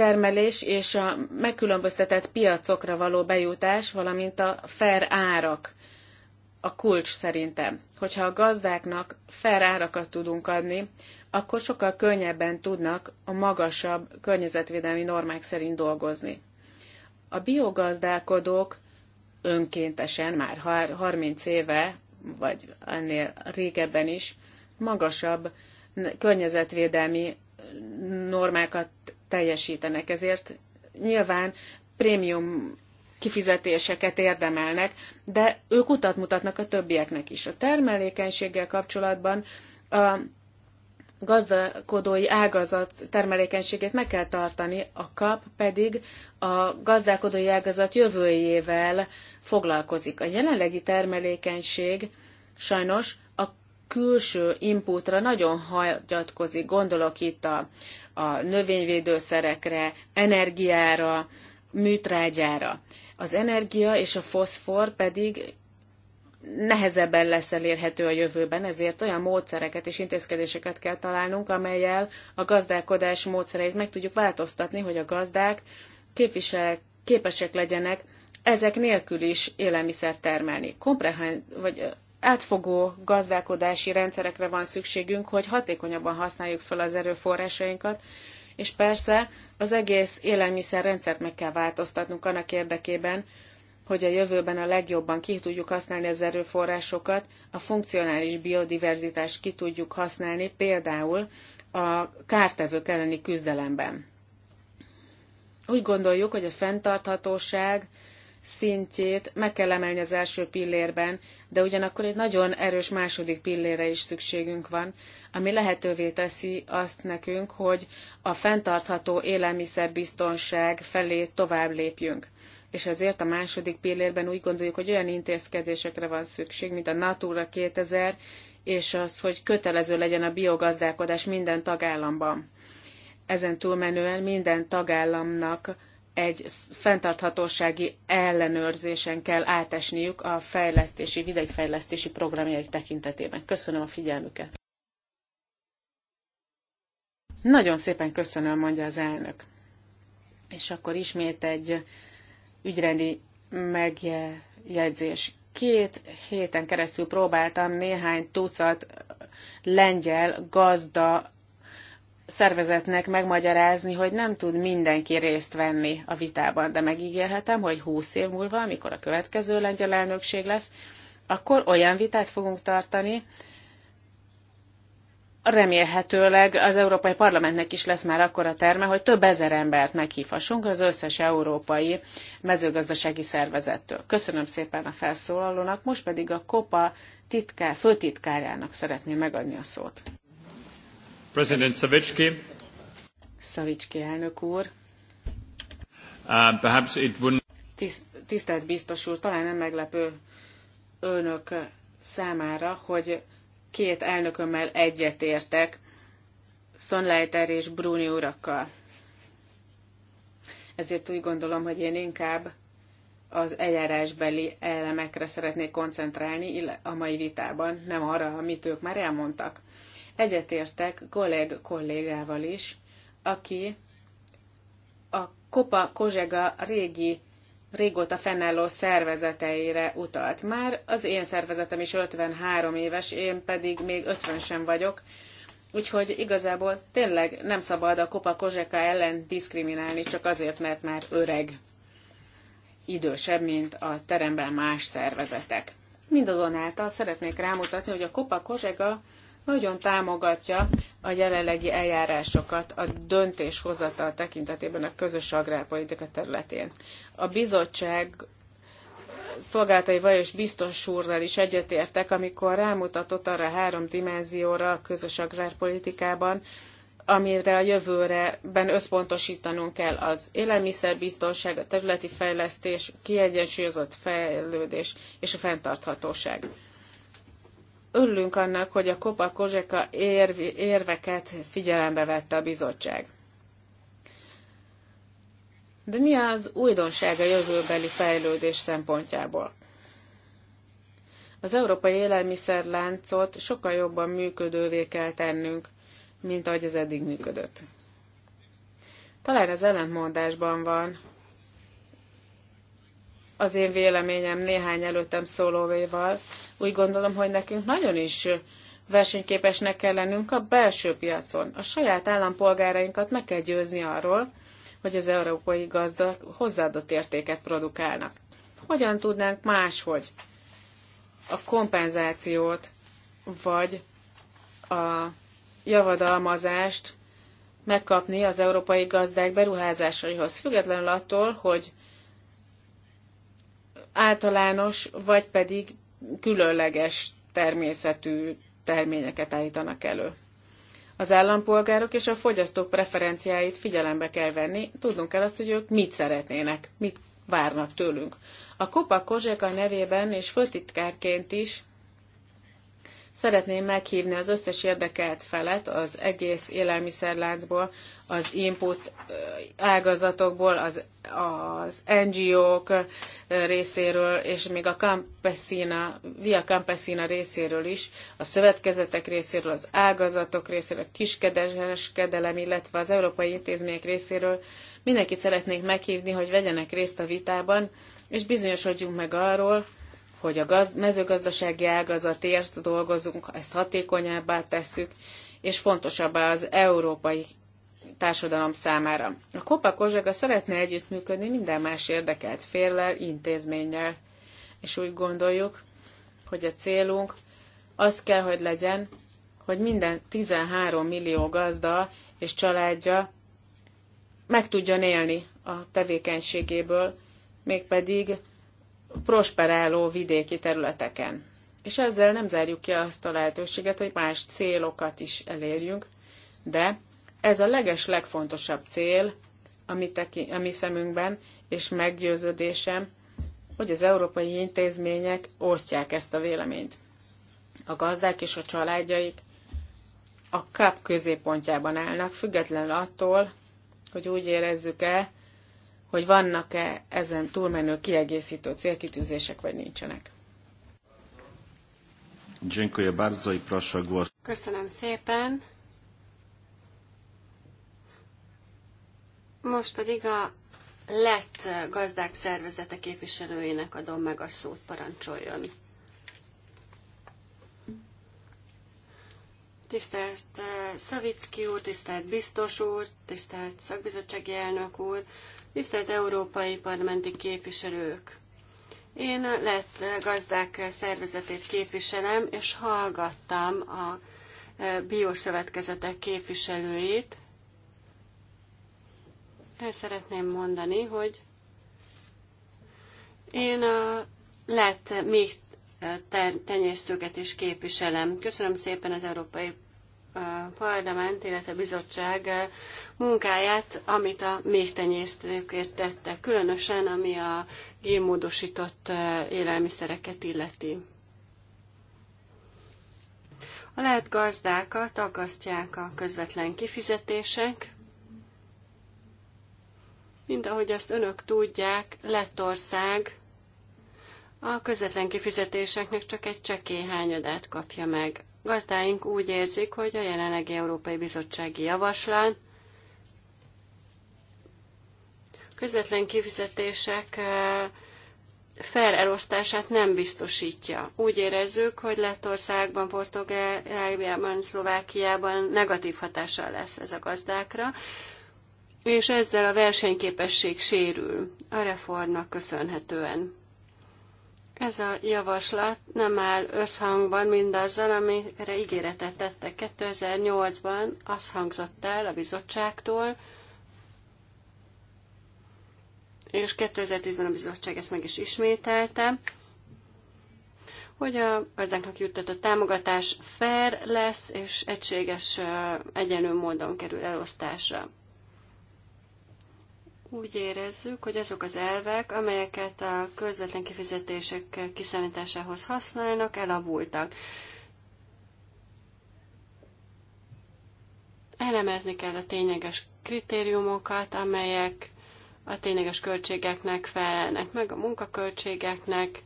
termelés és a megkülönböztetett piacokra való bejutás, valamint a fair árak a kulcs szerintem. Hogyha a gazdáknak fair árakat tudunk adni, akkor sokkal könnyebben tudnak a magasabb környezetvédelmi normák szerint dolgozni. A biogazdálkodók önkéntesen már 30 éve, vagy ennél régebben is magasabb környezetvédelmi normákat teljesítenek, ezért nyilván prémium kifizetéseket érdemelnek, de ők utat mutatnak a többieknek is. A termelékenységgel kapcsolatban a gazdálkodói ágazat termelékenységét meg kell tartani, a kap pedig a gazdálkodói ágazat jövőjével foglalkozik. A jelenlegi termelékenység sajnos külső inputra nagyon hagyatkozik, gondolok itt a, a növényvédőszerekre, energiára, műtrágyára. Az energia és a foszfor pedig nehezebben lesz elérhető a jövőben, ezért olyan módszereket és intézkedéseket kell találnunk, amelyel a gazdálkodás módszereit meg tudjuk változtatni, hogy a gazdák képesek legyenek ezek nélkül is élelmiszert termelni. Komprehen vagy átfogó gazdálkodási rendszerekre van szükségünk, hogy hatékonyabban használjuk fel az erőforrásainkat, és persze az egész élelmiszerrendszert meg kell változtatnunk annak érdekében, hogy a jövőben a legjobban ki tudjuk használni az erőforrásokat, a funkcionális biodiverzitást ki tudjuk használni, például a kártevők elleni küzdelemben. Úgy gondoljuk, hogy a fenntarthatóság szintjét meg kell emelni az első pillérben, de ugyanakkor egy nagyon erős második pillére is szükségünk van, ami lehetővé teszi azt nekünk, hogy a fenntartható élelmiszerbiztonság felé tovább lépjünk. És ezért a második pillérben úgy gondoljuk, hogy olyan intézkedésekre van szükség, mint a Natura 2000, és az, hogy kötelező legyen a biogazdálkodás minden tagállamban. Ezen túlmenően minden tagállamnak egy fenntarthatósági ellenőrzésen kell átesniük a fejlesztési, vidékfejlesztési programjaik tekintetében. Köszönöm a figyelmüket. Nagyon szépen köszönöm, mondja az elnök. És akkor ismét egy ügyrendi megjegyzés. Két héten keresztül próbáltam néhány tucat lengyel gazda szervezetnek megmagyarázni, hogy nem tud mindenki részt venni a vitában, de megígérhetem, hogy húsz év múlva, amikor a következő lengyel elnökség lesz, akkor olyan vitát fogunk tartani, remélhetőleg az Európai Parlamentnek is lesz már akkor a terme, hogy több ezer embert meghívhassunk az összes európai mezőgazdasági szervezettől. Köszönöm szépen a felszólalónak, most pedig a KOPA titkár, főtitkárjának szeretném megadni a szót. President elnök úr. Uh, perhaps it wouldn't... Tisztelt biztos úr, talán nem meglepő önök számára, hogy két elnökömmel egyetértek, Sonleiter és Bruni urakkal. Ezért úgy gondolom, hogy én inkább az eljárásbeli elemekre szeretnék koncentrálni a mai vitában, nem arra, amit ők már elmondtak. Egyetértek Goleg kollégával is, aki a Kopa Kozsega régi, régóta fennálló szervezeteire utalt. Már az én szervezetem is 53 éves, én pedig még 50 sem vagyok, úgyhogy igazából tényleg nem szabad a Kopa Kozseka ellen diszkriminálni, csak azért, mert már öreg, idősebb, mint a teremben más szervezetek. Mindazonáltal szeretnék rámutatni, hogy a Kopa Kozsega nagyon támogatja a jelenlegi eljárásokat a döntéshozatal tekintetében a közös agrárpolitika területén. A bizottság szolgáltai és biztos úrral is egyetértek, amikor rámutatott arra három dimenzióra a közös agrárpolitikában, amire a jövőreben összpontosítanunk kell az élelmiszerbiztonság, a területi fejlesztés, kiegyensúlyozott fejlődés és a fenntarthatóság örülünk annak, hogy a Kopa Kozseka érveket figyelembe vette a bizottság. De mi az újdonság a jövőbeli fejlődés szempontjából? Az európai élelmiszerláncot sokkal jobban működővé kell tennünk, mint ahogy ez eddig működött. Talán ez ellentmondásban van az én véleményem néhány előttem szólóvéval, úgy gondolom, hogy nekünk nagyon is versenyképesnek kell lennünk a belső piacon. A saját állampolgárainkat meg kell győzni arról, hogy az európai gazda hozzáadott értéket produkálnak. Hogyan tudnánk máshogy a kompenzációt vagy a javadalmazást megkapni az európai gazdák beruházásaihoz, függetlenül attól, hogy általános vagy pedig különleges természetű terményeket állítanak elő. Az állampolgárok és a fogyasztók preferenciáit figyelembe kell venni, tudnunk kell azt, hogy ők mit szeretnének, mit várnak tőlünk. A Kopa Kozseka nevében és főtitkárként is Szeretném meghívni az összes érdekelt felet az egész élelmiszerláncból, az input ágazatokból, az, az NGO-k részéről, és még a Campesina, Via Campesina részéről is, a szövetkezetek részéről, az ágazatok részéről, a kiskereskedelem, illetve az európai intézmények részéről. Mindenkit szeretnék meghívni, hogy vegyenek részt a vitában, és bizonyosodjunk meg arról, hogy a gaz- mezőgazdasági ágazatért dolgozunk, ezt hatékonyabbá tesszük, és fontosabbá az európai társadalom számára. A Kopa Kozsaga szeretne együttműködni minden más érdekelt féllel, intézménnyel, és úgy gondoljuk, hogy a célunk az kell, hogy legyen, hogy minden 13 millió gazda és családja meg tudjon élni a tevékenységéből, mégpedig prosperáló vidéki területeken. És ezzel nem zárjuk ki azt a lehetőséget, hogy más célokat is elérjünk, de ez a leges legfontosabb cél, mi, teki, mi szemünkben, és meggyőződésem, hogy az európai intézmények osztják ezt a véleményt. A gazdák és a családjaik a kap középpontjában állnak, függetlenül attól, hogy úgy érezzük-e, hogy vannak-e ezen túlmenő kiegészítő célkitűzések, vagy nincsenek. Köszönöm szépen. Most pedig a lett gazdák szervezete képviselőjének adom meg a szót, parancsoljon. Tisztelt eh, Szavicki úr, tisztelt biztos úr, tisztelt szakbizottsági elnök úr, Tisztelt Európai Parlamenti képviselők! Én lett gazdák szervezetét képviselem, és hallgattam a e, bioszövetkezetek képviselőit. El szeretném mondani, hogy én a lett még tenyésztőket is képviselem. Köszönöm szépen az Európai parlament, illetve bizottság munkáját, amit a méhtenyésztőkért tettek, különösen ami a génmódosított élelmiszereket illeti. A lehet gazdákat aggasztják a közvetlen kifizetések, mint ahogy azt önök tudják, Lettország a közvetlen kifizetéseknek csak egy csekély hányadát kapja meg gazdáink úgy érzik, hogy a jelenlegi Európai Bizottsági Javaslat közvetlen kifizetések fair elosztását nem biztosítja. Úgy érezzük, hogy Lettországban, Portugáliában, Szlovákiában negatív hatással lesz ez a gazdákra, és ezzel a versenyképesség sérül a reformnak köszönhetően. Ez a javaslat nem áll összhangban mindazzal, amire ígéretet tettek 2008-ban, az hangzott el a bizottságtól, és 2010-ben a bizottság ezt meg is ismételte, hogy a gazdáknak juttatott támogatás fair lesz, és egységes, egyenlő módon kerül elosztásra. Úgy érezzük, hogy azok az elvek, amelyeket a közvetlen kifizetések kiszámításához használnak, elavultak. Elemezni kell a tényleges kritériumokat, amelyek a tényleges költségeknek felelnek meg, a munkaköltségeknek,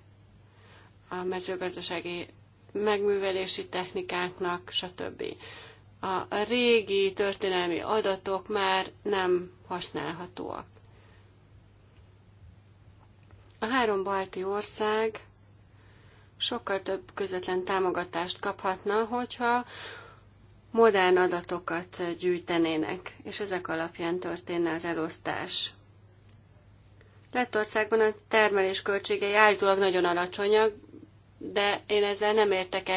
a mezőgazdasági megművelési technikáknak, stb. A régi történelmi adatok már nem használhatóak. A három balti ország sokkal több közvetlen támogatást kaphatna, hogyha modern adatokat gyűjtenének, és ezek alapján történne az elosztás. Lettországban a termelés költségei állítólag nagyon alacsonyak, de én ezzel nem értek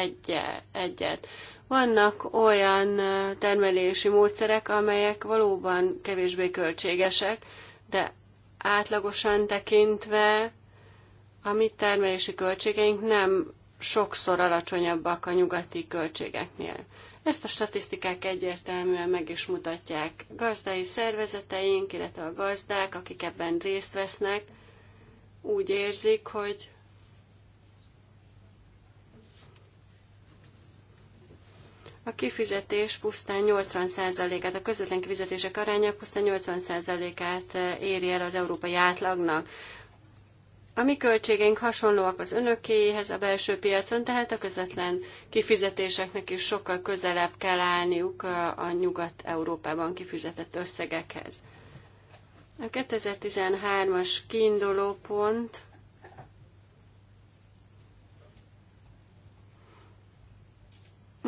egyet. Vannak olyan eh, termelési módszerek, amelyek valóban kevésbé költségesek, de átlagosan tekintve a mi termelési költségeink nem sokszor alacsonyabbak a nyugati költségeknél. Ezt a statisztikák egyértelműen meg is mutatják. Gazdai szervezeteink, illetve a gazdák, akik ebben részt vesznek, úgy érzik, hogy A kifizetés pusztán 80%-át, a közvetlen kifizetések aránya pusztán 80%-át eh, éri el az európai átlagnak. A mi költségeink hasonlóak az önökéhez a belső piacon, tehát a közvetlen kifizetéseknek is sokkal közelebb kell állniuk eh, a Nyugat-Európában kifizetett összegekhez. A 2013-as kiinduló pont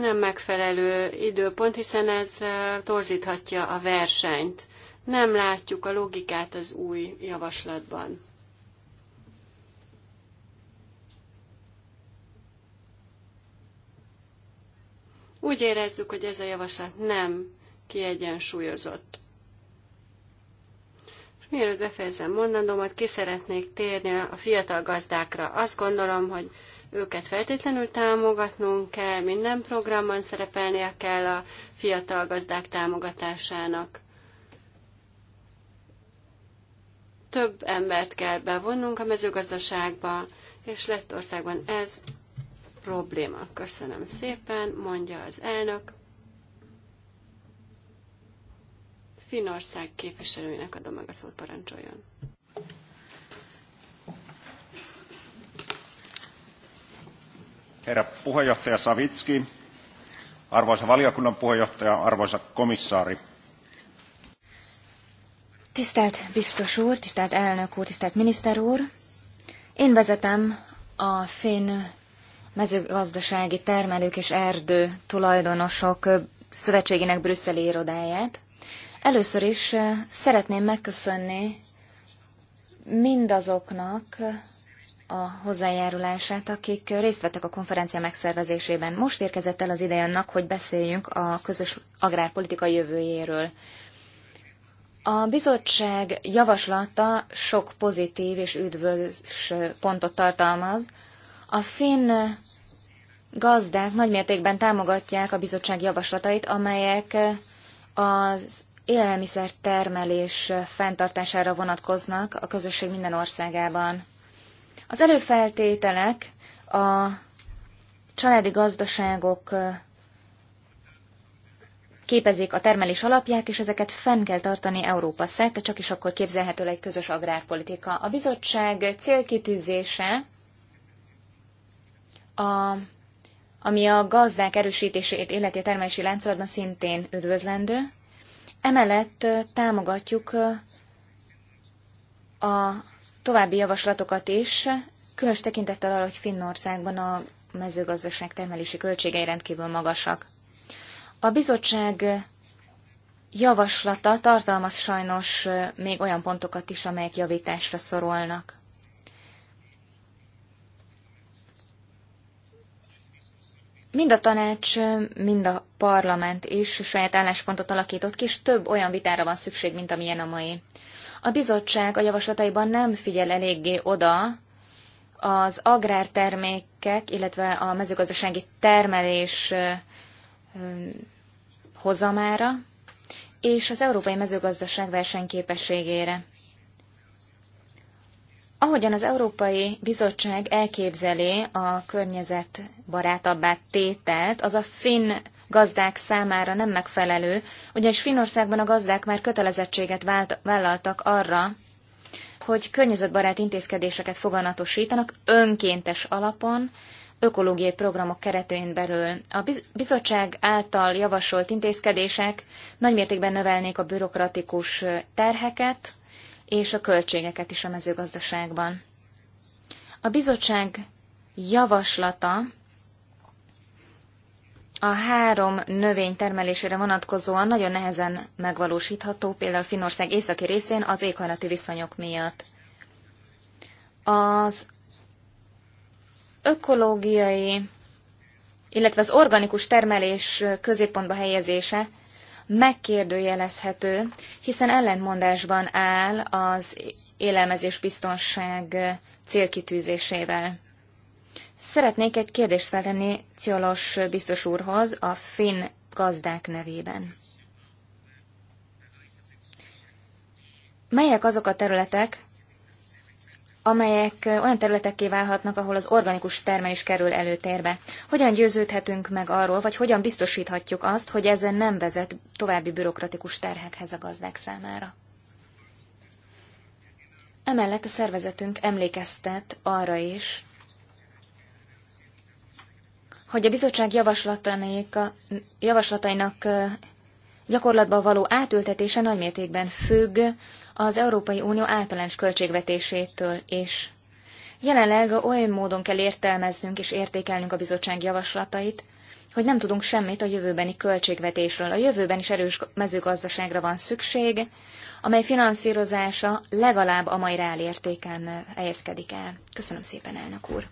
nem megfelelő időpont, hiszen ez torzíthatja a versenyt. Nem látjuk a logikát az új javaslatban. Úgy érezzük, hogy ez a javaslat nem kiegyensúlyozott. És mielőtt befejezem mondandómat, ki szeretnék térni a fiatal gazdákra. Azt gondolom, hogy őket feltétlenül támogatnunk kell, minden programban szerepelnie kell a fiatal gazdák támogatásának. Több embert kell bevonnunk a mezőgazdaságba, és Lettországban ez probléma. Köszönöm szépen, mondja az elnök. Finország képviselőjének adom meg a szót, parancsoljon. herra puheenjohtaja Savitski, arvoisa valiokunnan puheenjohtaja, arvoisa komissaari. Tisztelt biztos úr, tisztelt elnök úr, tisztelt miniszter úr! Én vezetem a Finn mezőgazdasági termelők és erdő tulajdonosok szövetségének brüsszeli irodáját. Először is eh, szeretném megköszönni mindazoknak, a hozzájárulását, akik részt vettek a konferencia megszervezésében. Most érkezett el az ideje annak, hogy beszéljünk a közös agrárpolitika jövőjéről. A bizottság javaslata sok pozitív és üdvös pontot tartalmaz. A finn gazdák nagymértékben támogatják a bizottság javaslatait, amelyek az élelmiszer termelés fenntartására vonatkoznak a közösség minden országában. Az előfeltételek a családi gazdaságok képezik a termelés alapját, és ezeket fenn kell tartani Európa szerte, csak is akkor képzelhető egy közös agrárpolitika. A bizottság célkitűzése, a, ami a gazdák erősítését illeti a termelési láncolatban szintén üdvözlendő. Emellett támogatjuk a további javaslatokat is, különös tekintettel arra, hogy Finnországban a mezőgazdaság termelési költségei rendkívül magasak. A bizottság javaslata tartalmaz sajnos még olyan pontokat is, amelyek javításra szorulnak. Mind a tanács, mind a parlament is saját álláspontot alakított ki, és több olyan vitára van szükség, mint amilyen a mai. A bizottság a javaslataiban nem figyel eléggé oda az agrártermékek, illetve a mezőgazdasági termelés hozamára, és az európai mezőgazdaság versenyképességére. Ahogyan az Európai Bizottság elképzeli a környezetbarátabbá tételt, az a finn gazdák számára nem megfelelő, ugyanis Finországban a gazdák már kötelezettséget vált, vállaltak arra, hogy környezetbarát intézkedéseket foganatosítanak önkéntes alapon, ökológiai programok keretén belül. A bizottság által javasolt intézkedések nagymértékben növelnék a bürokratikus terheket és a költségeket is a mezőgazdaságban. A bizottság javaslata a három növény termelésére vonatkozóan nagyon nehezen megvalósítható, például Finország északi részén az éghajlati viszonyok miatt. Az ökológiai, illetve az organikus termelés középpontba helyezése megkérdőjelezhető, hiszen ellentmondásban áll az élelmezés biztonság célkitűzésével. Szeretnék egy kérdést feltenni Ciolos biztos úrhoz a finn gazdák nevében. Melyek azok a területek, amelyek olyan területekké válhatnak, ahol az organikus termelés kerül előtérbe. Hogyan győződhetünk meg arról, vagy hogyan biztosíthatjuk azt, hogy ezen nem vezet további bürokratikus terhekhez a gazdák számára? Emellett a szervezetünk emlékeztet arra is, hogy a bizottság javaslatainak gyakorlatba való átültetése nagymértékben függ az Európai Unió általános költségvetésétől is. Jelenleg oly módon kell értelmeznünk és értékelnünk a bizottság javaslatait, hogy nem tudunk semmit a jövőbeni költségvetésről. A jövőben is erős mezőgazdaságra van szükség, amely finanszírozása legalább a mai reálértéken helyezkedik el. Köszönöm szépen, elnök úr!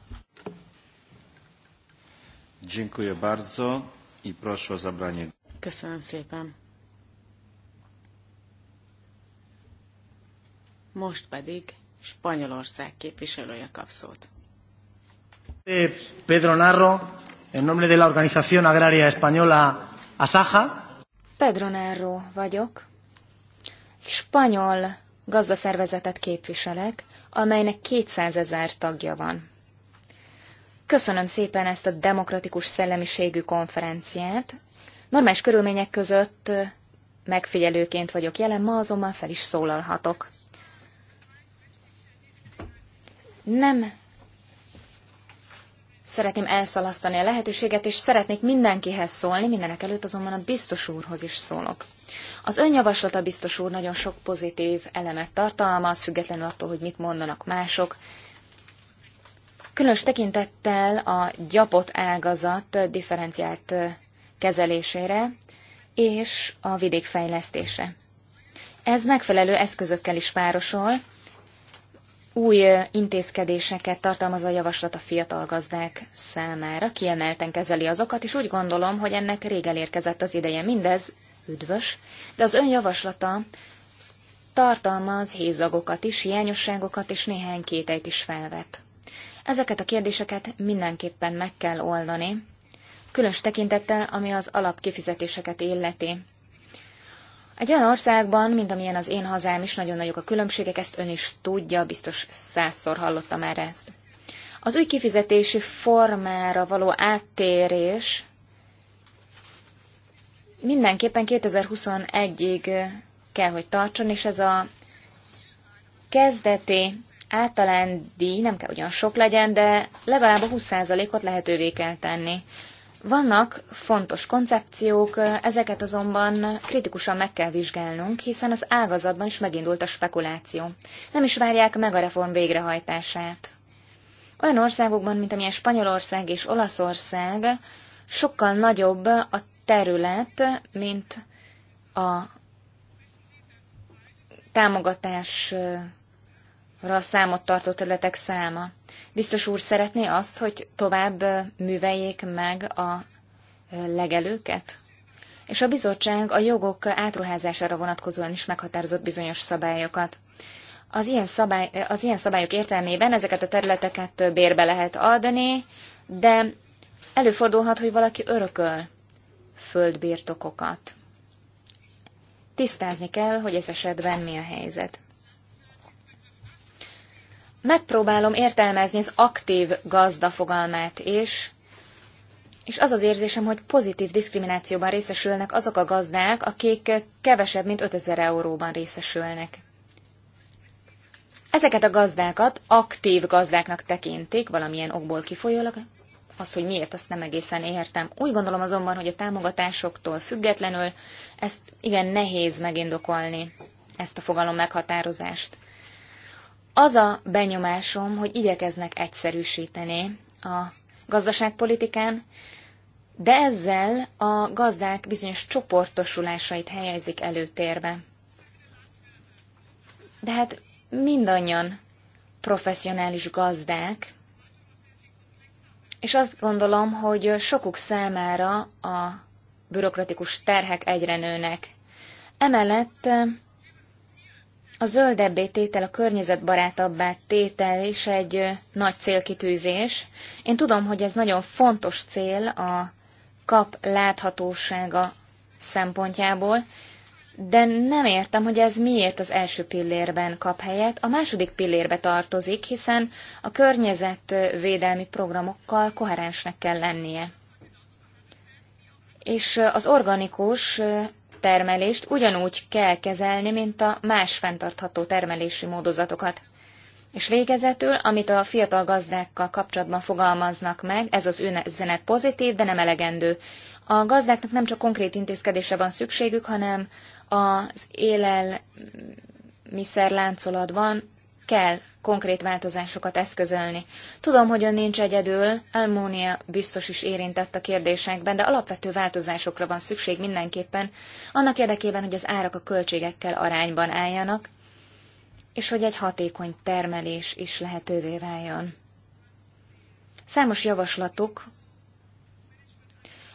Dziękuję bardzo i proszę o zabranie. Köszönöm szépen. Most pedig Spanyolország képviselője kap szót. Pedro Narro, en nombre de la Organización Agraria Española ASAJA. Pedro Narro vagyok. Spanyol gazdaszervezetet képviselek, amelynek 200 ezer tagja van. Köszönöm szépen ezt a demokratikus szellemiségű konferenciát. Normális körülmények között megfigyelőként vagyok jelen, ma azonban fel is szólalhatok. Nem szeretném elszalasztani a lehetőséget, és szeretnék mindenkihez szólni, mindenek előtt azonban a biztos úrhoz is szólok. Az önjavaslata biztos úr nagyon sok pozitív elemet tartalmaz, függetlenül attól, hogy mit mondanak mások, Különös tekintettel a gyapot ágazat differenciált kezelésére és a vidékfejlesztése. Ez megfelelő eszközökkel is párosol, új intézkedéseket tartalmaz a javaslat a fiatal gazdák számára, kiemelten kezeli azokat, és úgy gondolom, hogy ennek rég elérkezett az ideje. Mindez üdvös, de az ön javaslata tartalmaz hézagokat is, hiányosságokat és néhány kétejt is felvet. Ezeket a kérdéseket mindenképpen meg kell oldani, különös tekintettel, ami az alapkifizetéseket illeti. Egy olyan országban, mint amilyen az én hazám is, nagyon nagyok a különbségek, ezt ön is tudja, biztos százszor hallotta már ezt. Az új kifizetési formára való áttérés mindenképpen 2021-ig kell, hogy tartson, és ez a kezdeti általán díj nem kell ugyan sok legyen, de legalább a 20%-ot lehetővé kell tenni. Vannak fontos koncepciók, ezeket azonban kritikusan meg kell vizsgálnunk, hiszen az ágazatban is megindult a spekuláció. Nem is várják meg a reform végrehajtását. Olyan országokban, mint amilyen Spanyolország és Olaszország, sokkal nagyobb a terület, mint a támogatás ra számot tartó területek száma. Biztos úr szeretné azt, hogy tovább műveljék meg a legelőket? És a bizottság a jogok átruházására vonatkozóan is meghatározott bizonyos szabályokat. Az ilyen, szabály, az ilyen szabályok értelmében ezeket a területeket bérbe lehet adni, de előfordulhat, hogy valaki örököl földbirtokokat. Tisztázni kell, hogy ez esetben mi a helyzet megpróbálom értelmezni az aktív gazda fogalmát is, és az az érzésem, hogy pozitív diszkriminációban részesülnek azok a gazdák, akik kevesebb, mint 5000 euróban részesülnek. Ezeket a gazdákat aktív gazdáknak tekintik, valamilyen okból kifolyólag, azt, hogy miért, azt nem egészen értem. Úgy gondolom azonban, hogy a támogatásoktól függetlenül ezt igen nehéz megindokolni, ezt a fogalom meghatározást. Az a benyomásom, hogy igyekeznek egyszerűsíteni a gazdaságpolitikán, de ezzel a gazdák bizonyos csoportosulásait helyezik előtérbe. De hát mindannyian professzionális gazdák, és azt gondolom, hogy sokuk számára a bürokratikus terhek egyre nőnek. Emellett a zöldebbé tétel, a környezetbarátabbá tétel is egy nagy célkitűzés. Én tudom, hogy ez nagyon fontos cél a kap láthatósága szempontjából, de nem értem, hogy ez miért az első pillérben kap helyet, a második pillérbe tartozik, hiszen a környezetvédelmi programokkal koherensnek kell lennie. És az organikus termelést ugyanúgy kell kezelni, mint a más fenntartható termelési módozatokat. És végezetül, amit a fiatal gazdákkal kapcsolatban fogalmaznak meg, ez az üzenet pozitív, de nem elegendő. A gazdáknak nem csak konkrét intézkedésre van szükségük, hanem az élelmiszerláncolatban kell konkrét változásokat eszközölni. Tudom, hogy ön nincs egyedül, Elmónia biztos is érintett a kérdésekben, de alapvető változásokra van szükség mindenképpen, annak érdekében, hogy az árak a költségekkel arányban álljanak, és hogy egy hatékony termelés is lehetővé váljon. Számos javaslatuk,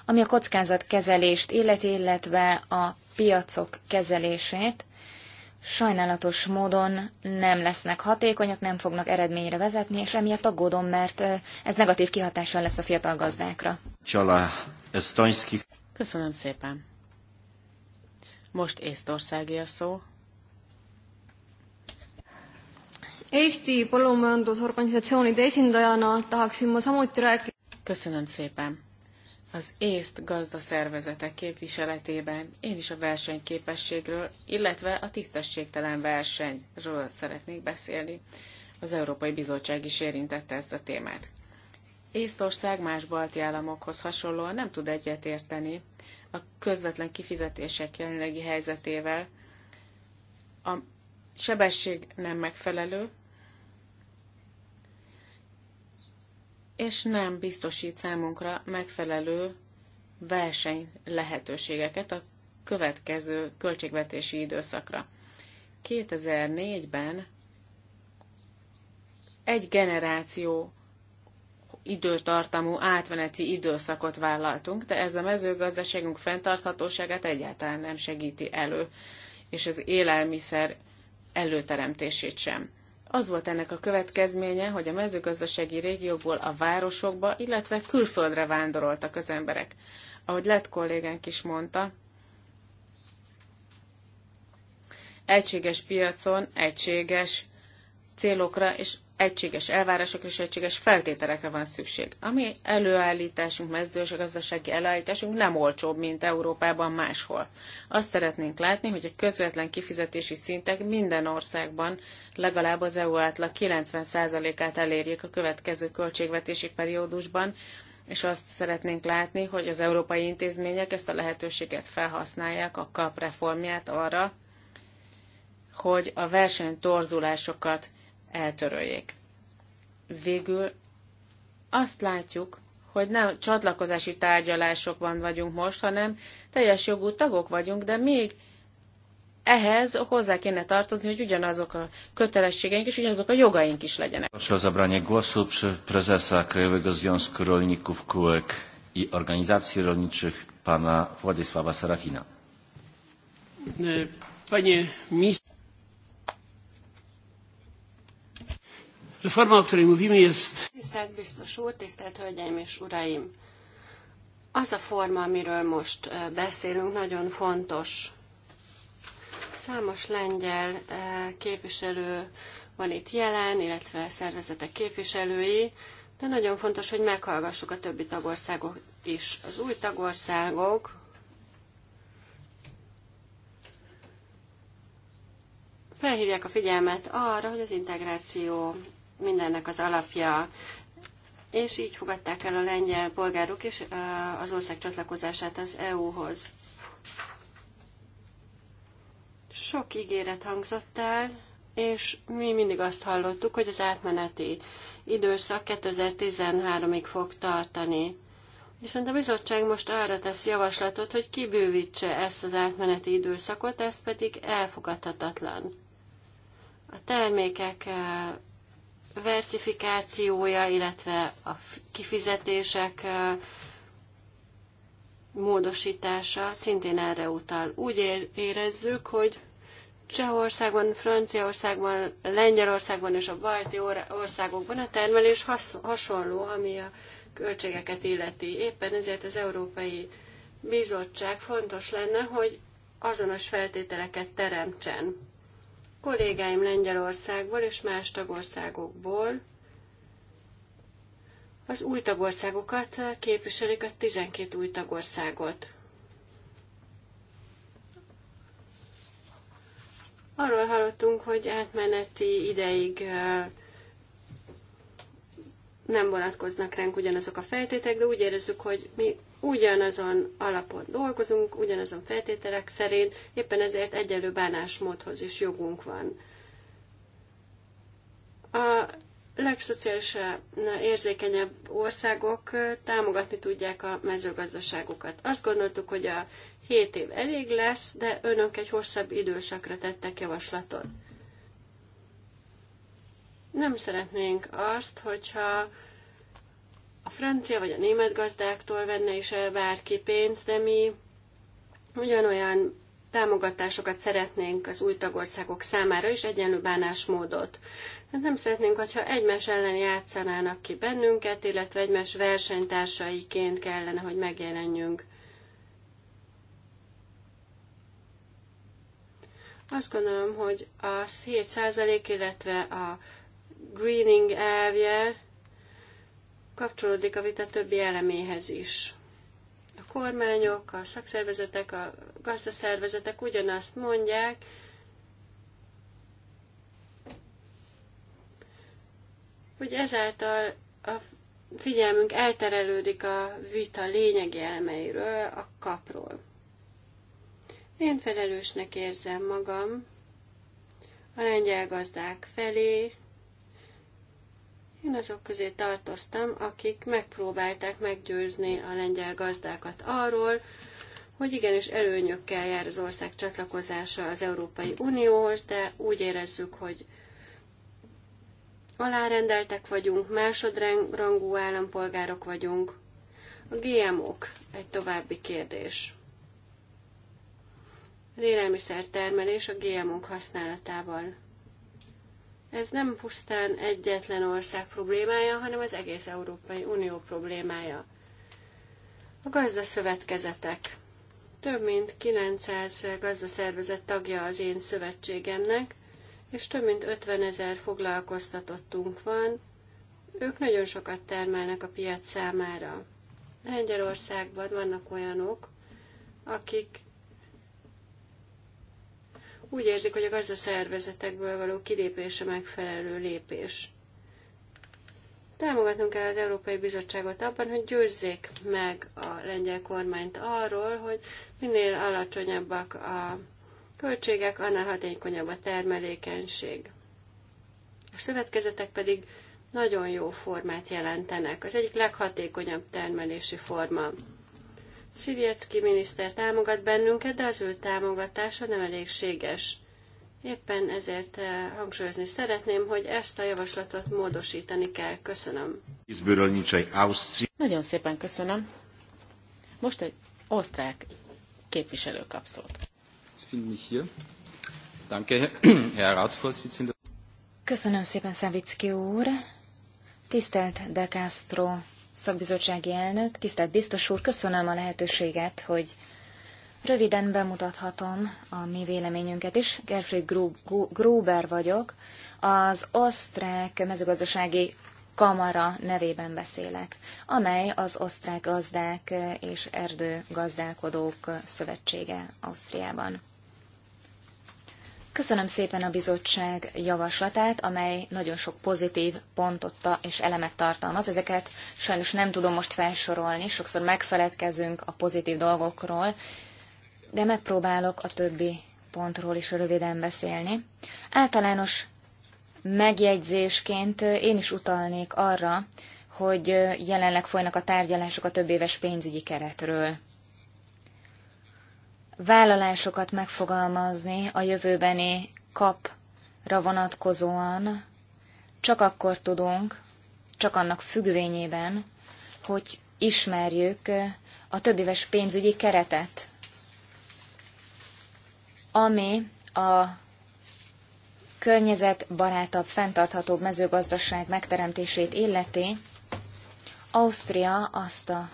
ami a kockázatkezelést illeti, illetve a piacok kezelését, sajnálatos módon nem lesznek hatékonyak, nem fognak eredményre vezetni, és emiatt aggódom, mert ez negatív kihatással lesz a fiatal gazdákra. Csala Estonyszki. Köszönöm szépen. Most Észtországi a szó. Eesti Põllumajandusorganisatsioonide esindajana tahaksin ma samuti rääkida. Köszönöm szépen az észt szervezetek képviseletében én is a versenyképességről, illetve a tisztességtelen versenyről szeretnék beszélni. Az Európai Bizottság is érintette ezt a témát. Észtország más balti államokhoz hasonlóan nem tud egyetérteni a közvetlen kifizetések jelenlegi helyzetével. A sebesség nem megfelelő, és nem biztosít számunkra megfelelő verseny lehetőségeket a következő költségvetési időszakra. 2004-ben egy generáció időtartamú átmeneti időszakot vállaltunk, de ez a mezőgazdaságunk fenntarthatóságát egyáltalán nem segíti elő, és az élelmiszer előteremtését sem. Az volt ennek a következménye, hogy a mezőgazdasági régióból a városokba, illetve külföldre vándoroltak az emberek. Ahogy lett kollégánk is mondta, egységes piacon, egységes célokra és egységes elvárásokra és egységes feltételekre van szükség. Ami előállításunk, mezdős gazdasági előállításunk nem olcsóbb, mint Európában máshol. Azt szeretnénk látni, hogy a közvetlen kifizetési szintek minden országban legalább az EU átlag 90%-át elérjék a következő költségvetési periódusban, és azt szeretnénk látni, hogy az európai intézmények ezt a lehetőséget felhasználják, a KAP reformját arra, hogy a versenytorzulásokat eltöröljék. Végül azt látjuk, hogy nem csatlakozási tárgyalásokban vagyunk most, hanem teljes jogú tagok vagyunk, de még ehhez hozzá kéne tartozni, hogy ugyanazok a kötelességeink és ugyanazok a jogaink is legyenek. Proszę o zabranie głosu przy prezesa Krajowego Związku Rolników Kółek i Organizacji Rolniczych pana Władysława Sarafina. Panie mistrz. Reforma, o której mówimy Tisztelt biztos úr, tisztelt hölgyeim és uraim! Az a forma, amiről most beszélünk, nagyon fontos. Számos lengyel képviselő van itt jelen, illetve szervezetek képviselői, de nagyon fontos, hogy meghallgassuk a többi tagországok is. Az új tagországok felhívják a figyelmet arra, hogy az integráció mindennek az alapja, és így fogadták el a lengyel polgárok is az ország csatlakozását az EU-hoz. Sok ígéret hangzott el, és mi mindig azt hallottuk, hogy az átmeneti időszak 2013-ig fog tartani. Viszont a bizottság most arra tesz javaslatot, hogy kibővítse ezt az átmeneti időszakot, ez pedig elfogadhatatlan. A termékek diversifikációja, illetve a kifizetések módosítása szintén erre utal. Úgy érezzük, hogy Csehországban, Franciaországban, Lengyelországban és a balti országokban a termelés hasonló, ami a költségeket illeti. Éppen ezért az Európai Bizottság fontos lenne, hogy azonos feltételeket teremtsen kollégáim Lengyelországból és más tagországokból az új tagországokat képviselik a 12 új tagországot. Arról hallottunk, hogy átmeneti ideig nem vonatkoznak ránk ugyanazok a feltétek, de úgy érezzük, hogy mi ugyanazon alapon dolgozunk, ugyanazon feltételek szerint, éppen ezért egyelő bánásmódhoz is jogunk van. A legszociálisan érzékenyebb országok támogatni tudják a mezőgazdaságukat. Azt gondoltuk, hogy a 7 év elég lesz, de önök egy hosszabb időszakra tettek javaslatot. Nem szeretnénk azt, hogyha a francia vagy a német gazdáktól venne is el bárki pénzt, de mi ugyanolyan támogatásokat szeretnénk az új tagországok számára is, egyenlő bánásmódot. Tehát nem szeretnénk, hogyha egymás ellen játszanának ki bennünket, illetve egymás versenytársaiként kellene, hogy megjelenjünk. Azt gondolom, hogy a 7% illetve a greening elvje kapcsolódik a vita többi eleméhez is. A kormányok, a szakszervezetek, a gazdaszervezetek ugyanazt mondják, hogy ezáltal a figyelmünk elterelődik a vita lényegi elemeiről, a kapról. Én felelősnek érzem magam a lengyel gazdák felé, én azok közé tartoztam, akik megpróbálták meggyőzni a lengyel gazdákat arról, hogy igenis előnyökkel jár az ország csatlakozása az Európai Unióhoz, de úgy érezzük, hogy alárendeltek vagyunk, másodrangú állampolgárok vagyunk. A GMO-k egy további kérdés. Az élelmiszer termelés a GMO-k használatával ez nem pusztán egyetlen ország problémája, hanem az egész Európai Unió problémája. A gazdaszövetkezetek. Több mint 900 gazdaszervezet tagja az én szövetségemnek, és több mint 50 ezer foglalkoztatottunk van. Ők nagyon sokat termelnek a piac számára. Lengyelországban vannak olyanok, akik úgy érzik, hogy a gazdaszervezetekből való kilépés a megfelelő lépés. Támogatnunk kell az Európai Bizottságot abban, hogy győzzék meg a lengyel kormányt arról, hogy minél alacsonyabbak a költségek, annál hatékonyabb a termelékenység. A szövetkezetek pedig nagyon jó formát jelentenek. Az egyik leghatékonyabb termelési forma. Szivjecki miniszter támogat bennünket, de az ő támogatása nem elégséges. Éppen ezért eh, hangsúlyozni szeretném, hogy ezt a javaslatot módosítani kell. Köszönöm. Nagyon szépen köszönöm. Most egy osztrák képviselő kap szót. <clears throat> Köszönöm szépen, Szavicki úr. Tisztelt De Castro szakbizottsági elnök, tisztelt biztos úr, köszönöm a lehetőséget, hogy röviden bemutathatom a mi véleményünket is. Gerfried Gruber vagyok, az osztrák mezőgazdasági kamara nevében beszélek, amely az osztrák gazdák és erdőgazdálkodók szövetsége Ausztriában. Köszönöm szépen a bizottság javaslatát, amely nagyon sok pozitív pontot és elemet tartalmaz. Ezeket sajnos nem tudom most felsorolni, sokszor megfeledkezünk a pozitív dolgokról, de megpróbálok a többi pontról is röviden beszélni. Általános megjegyzésként én is utalnék arra, hogy jelenleg folynak a tárgyalások a többéves pénzügyi keretről vállalásokat megfogalmazni a jövőbeni kapra vonatkozóan, csak akkor tudunk, csak annak függvényében, hogy ismerjük a többéves pénzügyi keretet, ami a környezetbarátabb, fenntarthatóbb mezőgazdaság megteremtését illeti, Ausztria azt a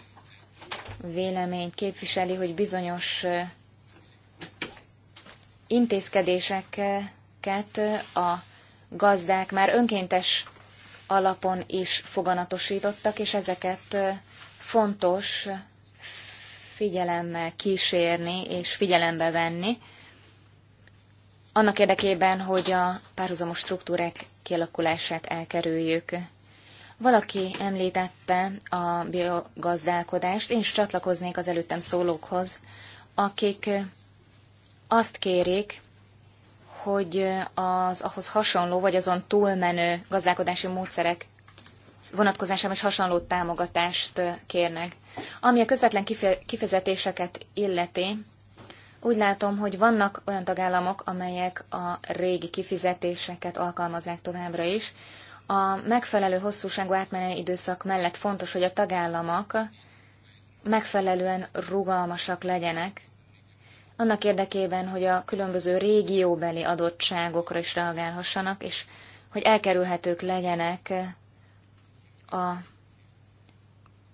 véleményt képviseli, hogy bizonyos intézkedéseket a gazdák már önkéntes alapon is foganatosítottak, és ezeket fontos figyelemmel kísérni és figyelembe venni, annak érdekében, hogy a párhuzamos struktúrák kialakulását elkerüljük. Valaki említette a biogazdálkodást, én is csatlakoznék az előttem szólókhoz, akik azt kérik, hogy az ahhoz hasonló, vagy azon túlmenő gazdálkodási módszerek vonatkozásában is hasonló támogatást kérnek. Ami a közvetlen kifizetéseket illeti, úgy látom, hogy vannak olyan tagállamok, amelyek a régi kifizetéseket alkalmazzák továbbra is. A megfelelő hosszúságú átmeneti időszak mellett fontos, hogy a tagállamok megfelelően rugalmasak legyenek annak érdekében, hogy a különböző régióbeli adottságokra is reagálhassanak, és hogy elkerülhetők legyenek a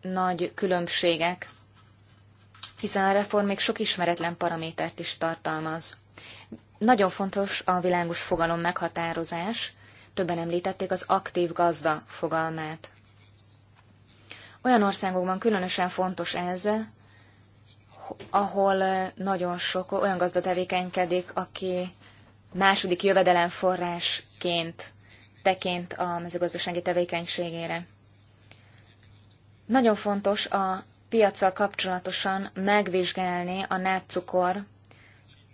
nagy különbségek, hiszen a reform még sok ismeretlen paramétert is tartalmaz. Nagyon fontos a világos fogalom meghatározás, többen említették az aktív gazda fogalmát. Olyan országokban különösen fontos ez, ahol eh, nagyon sok olyan gazda tevékenykedik, aki második jövedelemforrásként tekint a mezőgazdasági tevékenységére. Nagyon fontos a piaccal kapcsolatosan megvizsgálni a nátcukor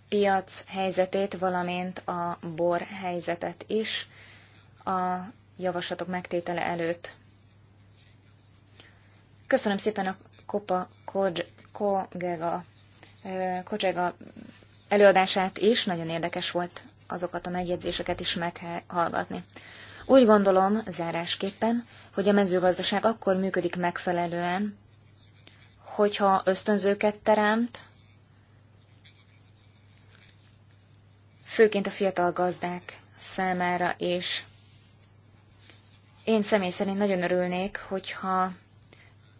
piac helyzetét, valamint a bor helyzetet is a javaslatok megtétele előtt. Köszönöm szépen a Kopa Kod Kogega, Kocsega előadását is, nagyon érdekes volt azokat a megjegyzéseket is meghallgatni. Úgy gondolom, zárásképpen, hogy a mezőgazdaság akkor működik megfelelően, hogyha ösztönzőket teremt, főként a fiatal gazdák számára, és én személy szerint nagyon örülnék, hogyha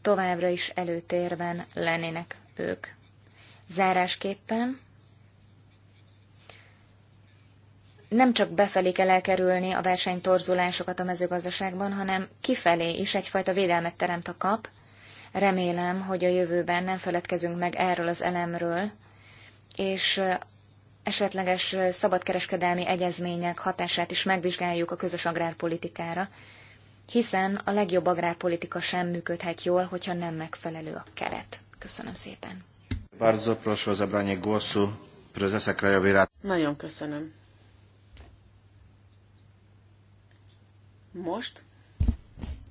továbbra is előtérben lennének ők. Zárásképpen nem csak befelé kell elkerülni a versenytorzulásokat a mezőgazdaságban, hanem kifelé is egyfajta védelmet teremt a kap. Remélem, hogy a jövőben nem feledkezünk meg erről az elemről, és esetleges szabadkereskedelmi egyezmények hatását is megvizsgáljuk a közös agrárpolitikára, hiszen a legjobb agrárpolitika sem működhet jól, hogyha nem megfelelő a keret. Köszönöm szépen. Bardzo proszę o zabranie głosu prezesa Krajowej Rady. Nagyon köszönöm. Most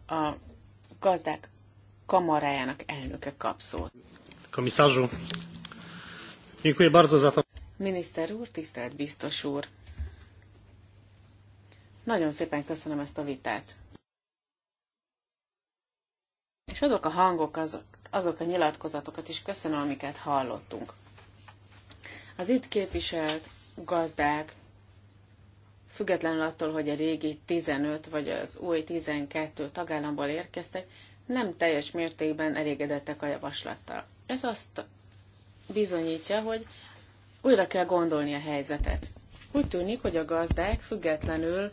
a gazdák kamarájának elnöke kap szót. Komisarzu, dziękuję bardzo za to. Miniszter úr, tisztelt biztos úr! Nagyon szépen köszönöm ezt a vitát. És azok a hangok, azok, azok a nyilatkozatokat is köszönöm, amiket hallottunk. Az itt képviselt gazdák, függetlenül attól, hogy a régi 15 vagy az új 12 tagállamból érkeztek, nem teljes mértékben elégedettek a javaslattal. Ez azt bizonyítja, hogy újra kell gondolni a helyzetet. Úgy tűnik, hogy a gazdák függetlenül